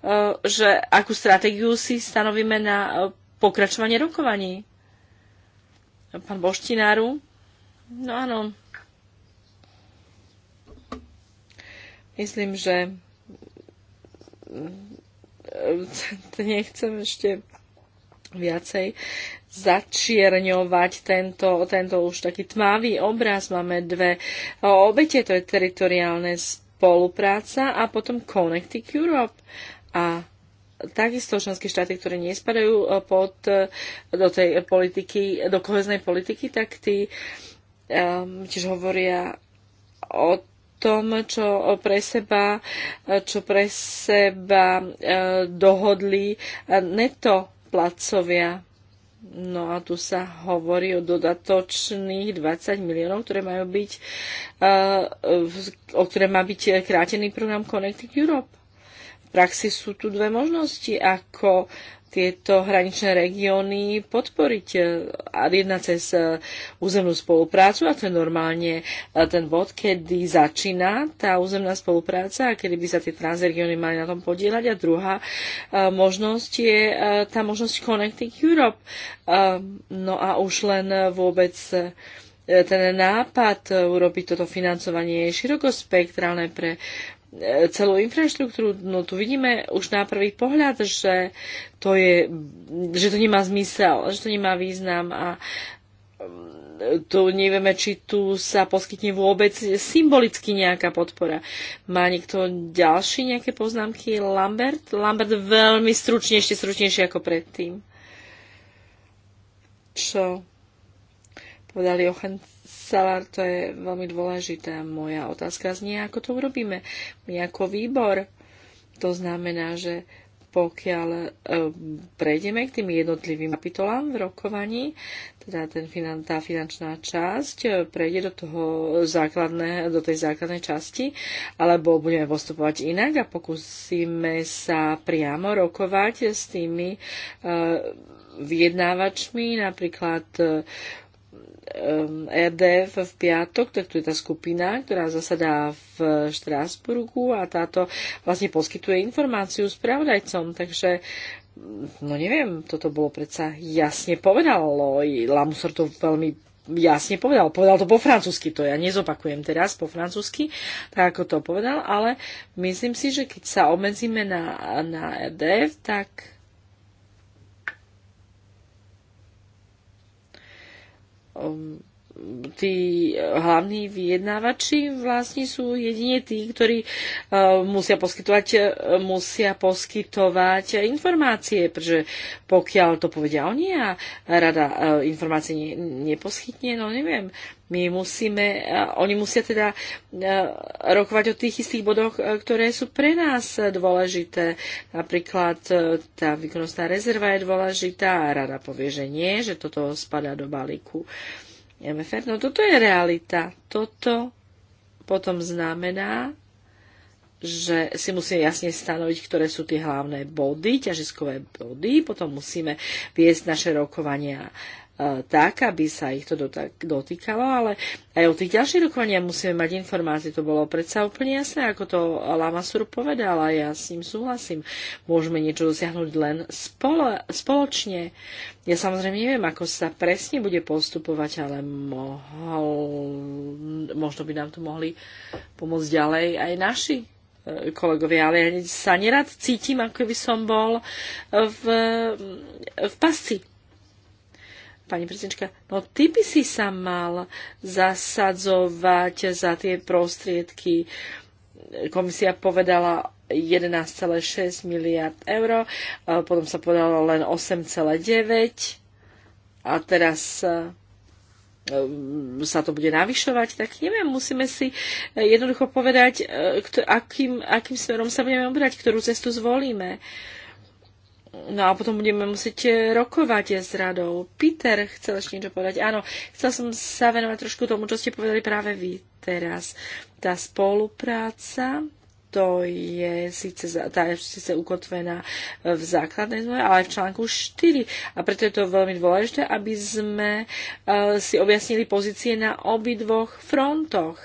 e, že akú stratégiu si stanovíme na e, pokračovanie rokovaní. Pán Boštináru? No áno. Myslím, že e, nechcem ešte viacej začierňovať tento, tento už taký tmavý obraz. Máme dve obete, to je teritoriálne spolupráca a potom Connecting Europe. A takisto členské štáty, ktoré nespadajú eh, pod, eh, do tej politiky, do koheznej politiky, tak tí um, tiež hovoria o tom, čo pre seba, čo pre seba uh, dohodli neto placovia No a tu sa hovorí o dodatočných 20 miliónov, ktoré majú byť, eh, o ktoré má byť krátený program Connecting Europe praxi sú tu dve možnosti, ako tieto hraničné regióny podporiť. E, a jedna cez e, územnú spoluprácu, a to je normálne e, ten bod, kedy začína tá územná spolupráca a kedy by sa tie transregióny mali na tom podielať. A druhá možnosť je tá možnosť Connecting Europe. No a už len vôbec ten nápad urobiť toto financovanie je širokospektrálne pre celú infraštruktúru, no tu vidíme už na prvý pohľad, že to, je, že to nemá zmysel, že to nemá význam a mm, tu nevieme, či tu sa poskytne vôbec symbolicky nejaká podpora. Má niekto ďalší nejaké poznámky? Lambert? Lambert veľmi stručne, ešte stručnejšie ako predtým. Čo? Povedali Jochen salár, to je veľmi dôležité. Moja otázka znie, ako to urobíme. My ako výbor, to znamená, že pokiaľ e, prejdeme k tým jednotlivým kapitolám v rokovaní, teda ten finan, tá finančná časť e, prejde do, toho základné, do tej základnej časti, alebo budeme postupovať inak a pokúsime sa priamo rokovať s tými e, vyjednávačmi, napríklad e, RDF um, e v piatok, tak tu je tá skupina, ktorá zasadá v Štrásburgu a táto vlastne poskytuje informáciu spravodajcom, takže mm, no neviem, toto bolo predsa jasne povedalo. Lamusor to veľmi jasne povedal. Povedal to po francúzsky, to ja nezopakujem teraz po francúzsky, tak ako to povedal, ale myslím si, že keď sa obmedzíme na, na RDF, e tak tí hlavní vyjednávači vlastne sú jedine tí, ktorí e, musia poskytovať, e, musia poskytovať informácie, pretože pokiaľ to povedia oni a rada e, informácie neposkytne, no neviem, my musíme, oni musia teda e, rokovať o tých istých bodoch, e, ktoré sú pre nás dôležité. Napríklad e, tá výkonnostná rezerva je dôležitá a rada povie, že nie, že toto spadá do balíku MFR. No toto je realita. Toto potom znamená, že si musíme jasne stanoviť, ktoré sú tie hlavné body, ťažiskové body, potom musíme viesť naše rokovania E, tak, aby sa ich to dotýkalo, ale aj o tých ďalších rokovaniach musíme mať informácie. To bolo predsa úplne jasné, ako to Lamasur povedala, ja s ním súhlasím. Môžeme niečo dosiahnuť len spolo, spoločne. Ja samozrejme neviem, ako sa presne bude postupovať, ale mohol, možno by nám to mohli pomôcť ďalej aj naši e, kolegovia, ale ja sa nerad cítim, ako by som bol v, v pasci Pani prezidentka, no ty by si sa mal zasadzovať za tie prostriedky. Komisia povedala 11,6 miliard eur, potom sa povedalo len 8,9 a teraz e, sa to bude navyšovať, tak neviem, musíme si e, jednoducho povedať, e, akým, akým smerom sa budeme obrať, ktorú cestu zvolíme. Uh, No a potom budeme musieť e, rokovať e, s radou. Peter, chcel ešte niečo povedať? Áno, chcel som sa venovať trošku tomu, čo ste povedali práve vy teraz. Tá spolupráca, to je síce, tá je síce ukotvená v základnej zmluve, ale aj v článku 4. A preto je to veľmi dôležité, aby sme e, si objasnili pozície na obidvoch frontoch.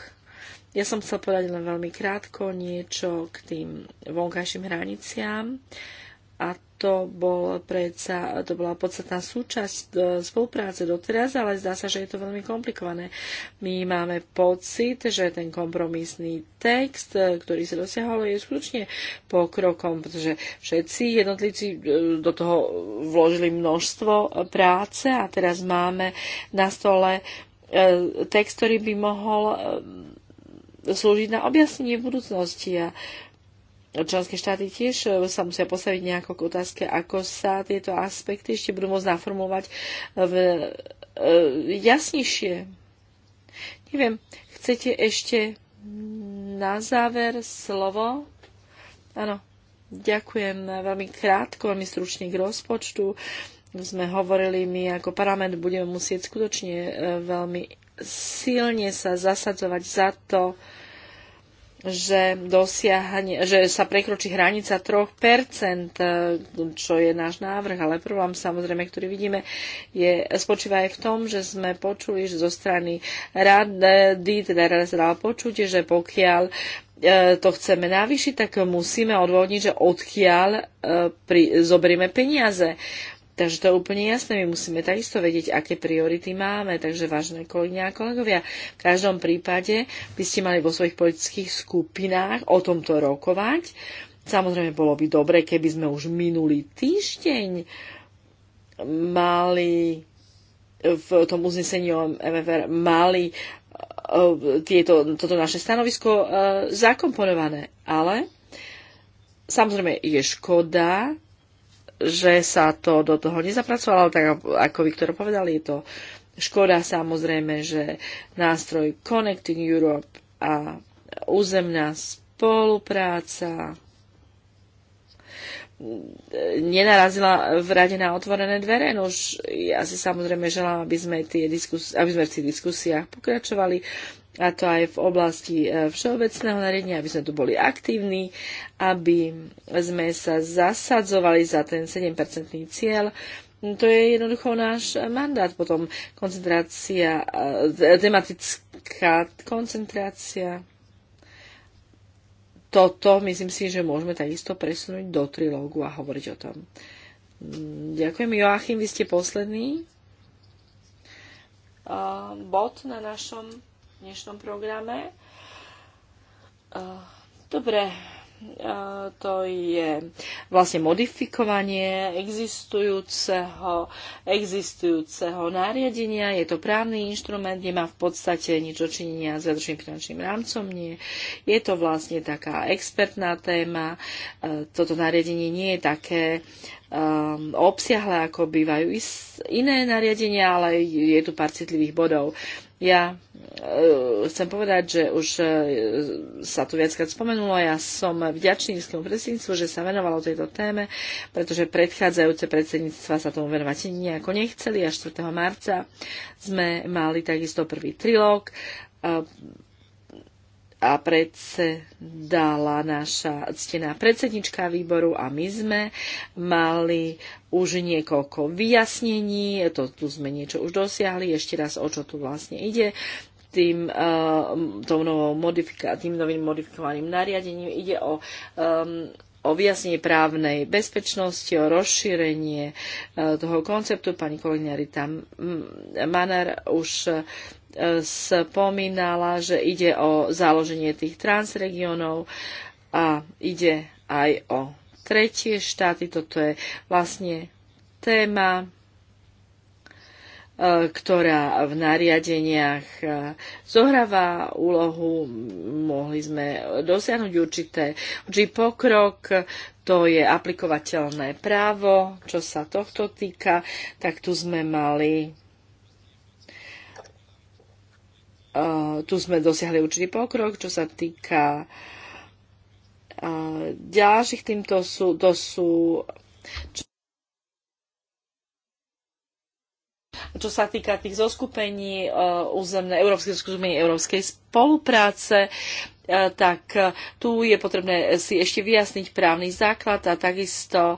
Ja som chcel povedať len veľmi krátko niečo k tým vonkajším hraniciám. Uh, a to, bol predsa, to bola podstatná súčasť e, spolupráce doteraz, ale zdá sa, že je to veľmi komplikované. My máme pocit, že ten kompromisný text, e, ktorý sa dosiahol, je skutočne pokrokom, pretože všetci jednotlivci e, do toho vložili množstvo práce a teraz máme na stole text, ktorý by mohol slúžiť na objasnenie v budúcnosti. A členské štáty tiež e, sa musia postaviť nejako k otázke, ako sa tieto aspekty ešte budú môcť naformovať v, e, jasnejšie. Neviem, chcete ešte na záver slovo? Áno, ďakujem veľmi krátko, veľmi stručne k rozpočtu. Sme hovorili, my ako parlament budeme musieť skutočne e, veľmi silne sa zasadzovať za to, že, dosiahne, že sa prekročí hranica 3%, e, čo je náš návrh, ale problém samozrejme, ktorý vidíme, je, spočíva aj v tom, že sme počuli že zo strany rady, teda raz dala počuť, že pokiaľ e, to chceme navýšiť, tak musíme odvodniť, že odkiaľ e, pri, zoberieme peniaze. Takže to je úplne jasné, my musíme takisto vedieť, aké priority máme. Takže vážne kolegyne a kolegovia, v každom prípade by ste mali vo svojich politických skupinách o tomto rokovať. Samozrejme, bolo by dobre, keby sme už minulý týždeň mali v tom uznesení o MFR mali e, tieto, toto naše stanovisko e, zakomponované. Ale samozrejme je škoda, že sa to do toho nezapracovalo, tak ako Viktor povedal, je to škoda samozrejme, že nástroj Connecting Europe a územná spolupráca nenarazila v rade na otvorené dvere. No už ja si samozrejme želám, aby sme, tie diskus- aby sme v tých diskusiách pokračovali a to aj v oblasti e, všeobecného nariadenia, aby sme tu boli aktívni, aby sme sa zasadzovali za ten 7-percentný cieľ. To je jednoducho náš mandát. Potom koncentrácia, e, tematická koncentrácia. Toto myslím si, že môžeme takisto presunúť do trilógu a hovoriť o tom. Ďakujem. Joachim, vy ste posledný e, bod na našom dnešnom programe. E, dobre, e, to je vlastne modifikovanie existujúceho, existujúceho nariadenia. Je to právny inštrument, nemá v podstate nič očinenia s vedrčným finančným rámcom. Nie. Je to vlastne taká expertná téma. E, toto nariadenie nie je také um, obsiahle, ako bývajú iné nariadenia, ale je tu pár citlivých bodov. Ja e, chcem povedať, že už e, sa tu viackrát spomenulo, ja som vďačný nízkemu predsedníctvu, že sa venovalo tejto téme, pretože predchádzajúce predsedníctva sa tomu venovať nejako nechceli a 4. marca sme mali takisto prvý trilóg. E, a predsedala naša ctená predsednička výboru a my sme mali už niekoľko vyjasnení, to, tu sme niečo už dosiahli, ešte raz o čo tu vlastne ide tým, eh, tou novou modifika- tým novým modifikovaným nariadením ide o um, o vyjasnenie právnej bezpečnosti, o rozšírenie eh, toho konceptu. Pani kolegyňa Rita Manar už spomínala, že ide o založenie tých transregiónov a ide aj o tretie štáty. Toto je vlastne téma, e, ktorá v nariadeniach e, zohráva úlohu. Mohli sme dosiahnuť určité, určitý pokrok, to je aplikovateľné právo, čo sa tohto týka, tak tu sme mali Eh, tu sme dosiahli určitý pokrok, čo sa týka eh, ďalších týmto sú, to sú čo, čo sa týka tých zoskupení eh, územnej, európskej zoskupení európskej spolupráce, tak tu je potrebné si ešte vyjasniť právny základ a takisto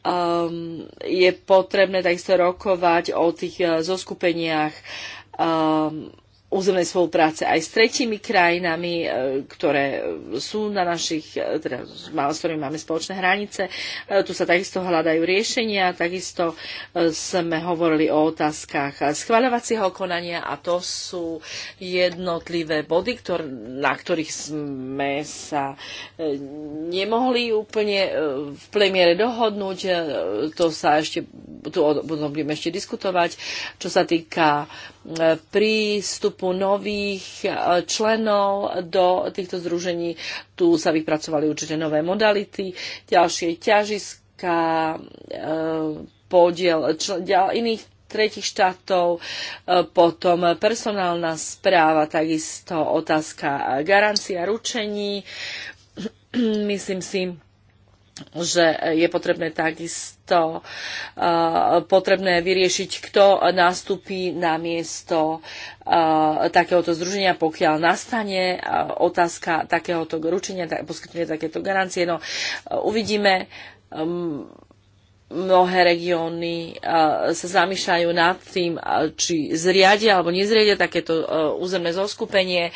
um, je potrebné takisto rokovať o tých zoskupeniach um, územnej spolupráce aj s tretími krajinami, e, ktoré sú na našich, e, teda, s ktorými máme spoločné hranice. E, tu sa takisto hľadajú riešenia, takisto sme hovorili o otázkach schváľovacieho konania a to sú jednotlivé body, ktor na ktorých sme sa nemohli úplne v premiére dohodnúť. To sa ešte, tu budeme ešte diskutovať, čo sa týka prístupu nových e, členov do týchto združení. Tu sa vypracovali určite nové modality, ďalšie ťažiska, e, podiel čl- iných tretich štátov, e, potom personálna správa, takisto otázka garancia ručení. Myslím si, že je potrebné takisto uh, potrebné vyriešiť, kto nastúpi na miesto uh, takéhoto združenia, pokiaľ nastane uh, otázka takéhoto ručenia, tak, poskytnutie takéto garancie. No, uvidíme. Um, mnohé regióny sa zamýšľajú nad tým, či zriadia alebo nezriadia takéto e, územné zoskupenie.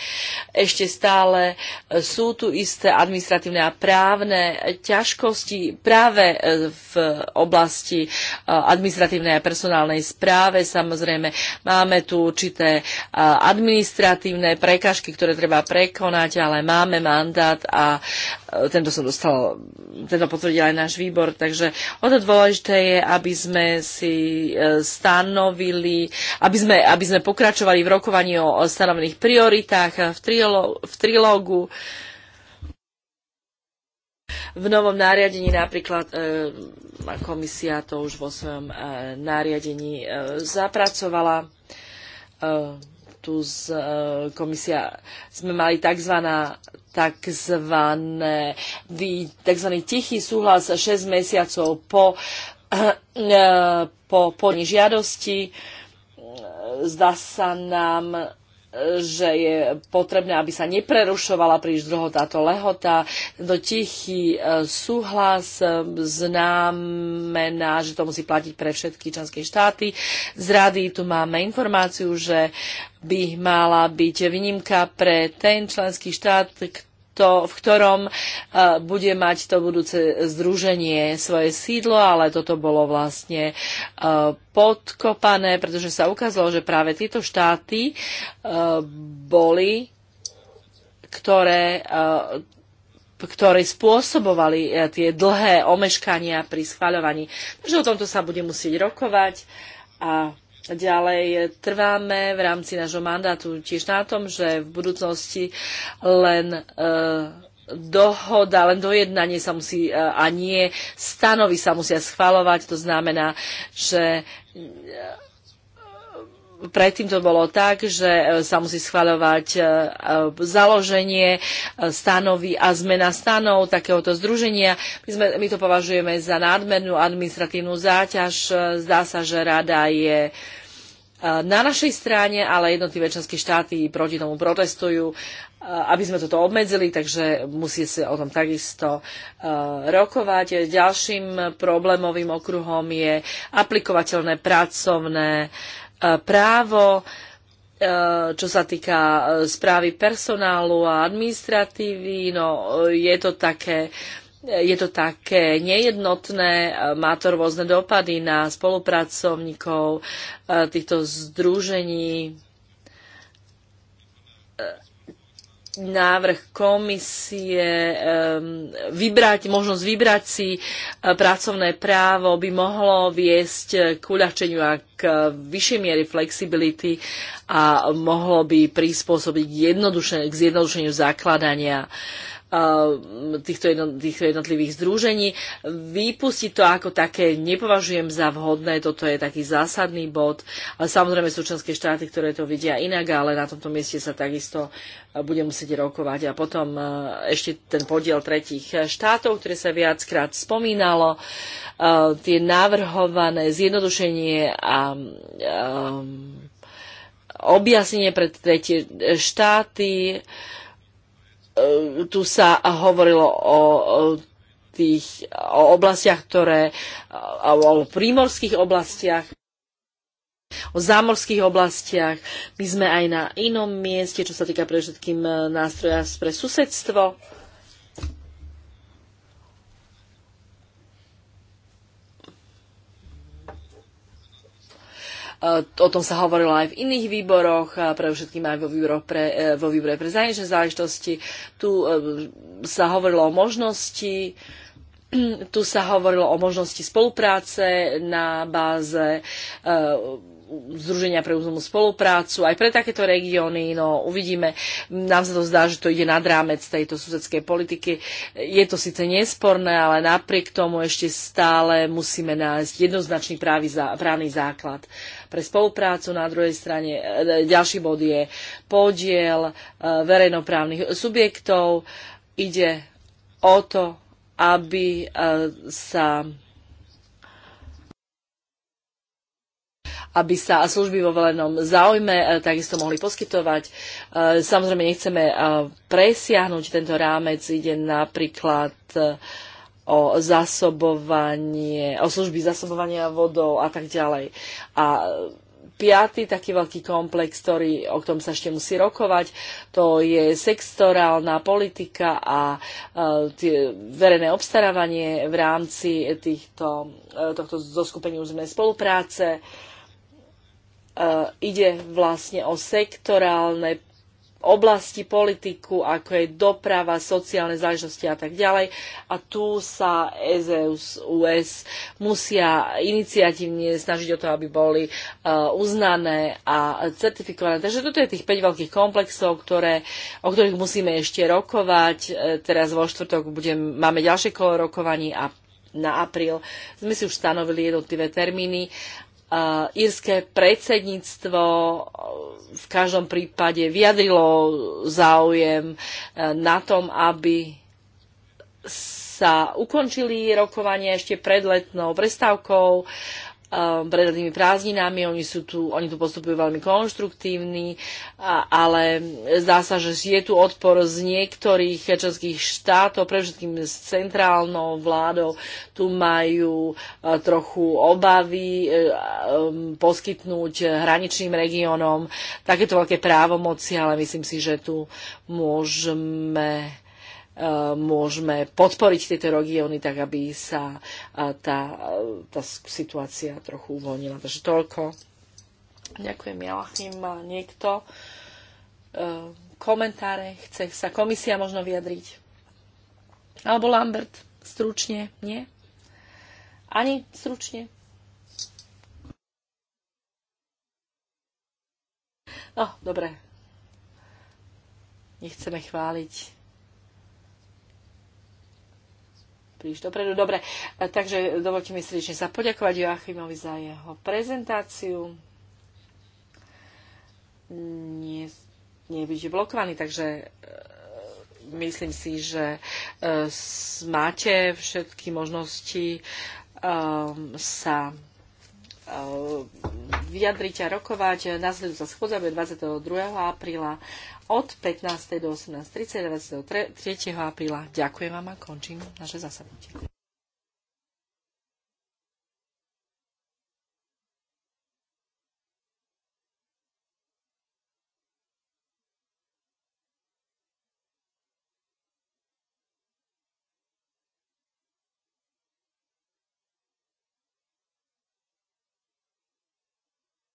Ešte stále e, sú tu isté administratívne a právne ťažkosti. Práve e, v oblasti administratívnej a personálnej správe samozrejme máme tu určité administratívne prekažky, ktoré treba prekonať, ale máme mandát a tento som dostal, tento potvrdil aj náš výbor, takže o to Dôležité je, aby sme si e, stanovili, aby sme, aby sme pokračovali v rokovaní o stanovených prioritách e, v, trilo, v trilógu. V novom nariadení napríklad e, komisia to už vo svojom nariadení zapracovala tu z e, komisia, sme mali tzv. takzvaný tzv. tichý súhlas 6 mesiacov po, e, e, po, po žiadosti. Zdá sa nám, že je potrebné, aby sa neprerušovala príliš dlho táto lehota. Do no tichý e, súhlas e, znamená, že to musí platiť pre všetky členské štáty. Z rady tu máme informáciu, že by mala byť výnimka pre ten členský štát, v ktorom e, bude mať to budúce združenie svoje sídlo, ale toto bolo vlastne e, podkopané, pretože sa ukázalo, že práve tieto štáty e, boli, ktoré ktorí spôsobovali tie dlhé omeškania pri schváľovaní. Takže o tomto sa bude musieť rokovať a Ďalej trváme v rámci nášho mandátu tiež na tom, že v budúcnosti len e, dohoda, len dojednanie sa musí e, a nie stanovy sa musia schvalovať. To znamená, že predtým to bolo tak, že e, sa musí schvaľovať e, e, založenie stanovy a zmena stanov takéhoto združenia. My, sme, my to považujeme za nadmernú administratívnu záťaž. Zdá sa, že rada je na našej strane, ale jednotlivé členské štáty proti tomu protestujú, aby sme toto obmedzili, takže musí sa o tom takisto rokovať. Ďalším problémovým okruhom je aplikovateľné pracovné E, právo, e, čo sa týka e, správy personálu a administratívy, no je to také je to také nejednotné, má to rôzne dopady na spolupracovníkov týchto združení návrh komisie vybrať, možnosť vybrať si e, pracovné právo by mohlo viesť k uľahčeniu a k vyššej miere flexibility a mohlo by prispôsobiť k zjednodušeniu zakladania uh, týchto, jednotlivých združení. Vypustiť to ako také nepovažujem za vhodné, toto je taký zásadný bod. Samozrejme sú členské štáty, ktoré to vidia inak, ale na tomto mieste sa takisto bude musieť rokovať. A potom ešte ten podiel tretích štátov, ktoré sa viackrát spomínalo, tie navrhované zjednodušenie a objasnenie pre tretie štáty, E, tu sa hovorilo o tých o oblastiach, ktoré, o, o prímorských oblastiach, o zámorských oblastiach. My sme aj na inom mieste, čo sa týka pre všetkým e, nástroja pre susedstvo. Eh, o tom sa hovorilo aj v iných výboroch, pre všetkým aj vo, výbore pre, eh, vo výbore pre zahraničné záležitosti. Tu eh, sa hovorilo o možnosti tu sa hovorilo o možnosti spolupráce na báze Združenia pre územnú spoluprácu, aj pre takéto regióny. No, uvidíme, nám sa to zdá, že to ide nad rámec tejto susedskej politiky. Je to síce nesporné, ale napriek tomu ešte stále musíme nájsť jednoznačný právny základ pre spoluprácu. Na druhej strane e, e, ďalší bod je podiel e, verejnoprávnych subjektov. Ide o to, aby sa aby sa služby vo velenom záujme e, takisto mohli poskytovať. E, samozrejme, nechceme e, presiahnuť tento rámec, ide napríklad o zasobovanie, o služby zasobovania vodou a tak ďalej. A piaty taký veľký komplex, ktorý, o ktorom sa ešte musí rokovať, to je sektorálna politika a e, verejné obstarávanie v rámci týchto, e, tohto zoskupení územnej spolupráce. E, Eh, ide vlastne o sektorálne oblasti politiku, ako je doprava, sociálne záležitosti a tak ďalej. A tu sa EZUS, e US musia iniciatívne snažiť o to, aby boli eh, uznané a certifikované. Takže toto je tých 5 veľkých komplexov, ktoré, o ktorých musíme ešte rokovať. Eh, teraz vo štvrtok budem, máme ďalšie kolo rokovaní a na apríl sme si už stanovili jednotlivé termíny Eh, írske predsedníctvo eh, v každom prípade vyjadrilo záujem eh, na tom, aby sa ukončili rokovania ešte pred letnou prestávkou. Um, pred tými prázdninami, oni, sú tu, oni tu postupujú veľmi konštruktívni, ale zdá sa, že je tu odpor z niektorých členských štátov, pre všetkým s centrálnou vládou. Tu majú uh, trochu obavy uh, um, poskytnúť hraničným regiónom takéto veľké právomoci, ale myslím si, že tu môžeme môžeme podporiť tieto regióny, tak aby sa tá, tá situácia trochu uvoľnila. Takže toľko. Ďakujem, Jalachim. Má niekto e, komentáre? Chce sa komisia možno vyjadriť? Alebo Lambert? Stručne? Nie? Ani stručne? No, dobre. Nechceme chváliť príliš dopredu. Dobre, e, takže dovolte mi srdečne sa poďakovať Joachimovi za jeho prezentáciu. Nie, je blokovaný, takže e, myslím si, že e, máte všetky možnosti sa Eh, vyjadriť a rokovať. sa schôdza bude 22. apríla od 15. do 18.30 23. apríla. Ďakujem vám a končím naše zasadnutie.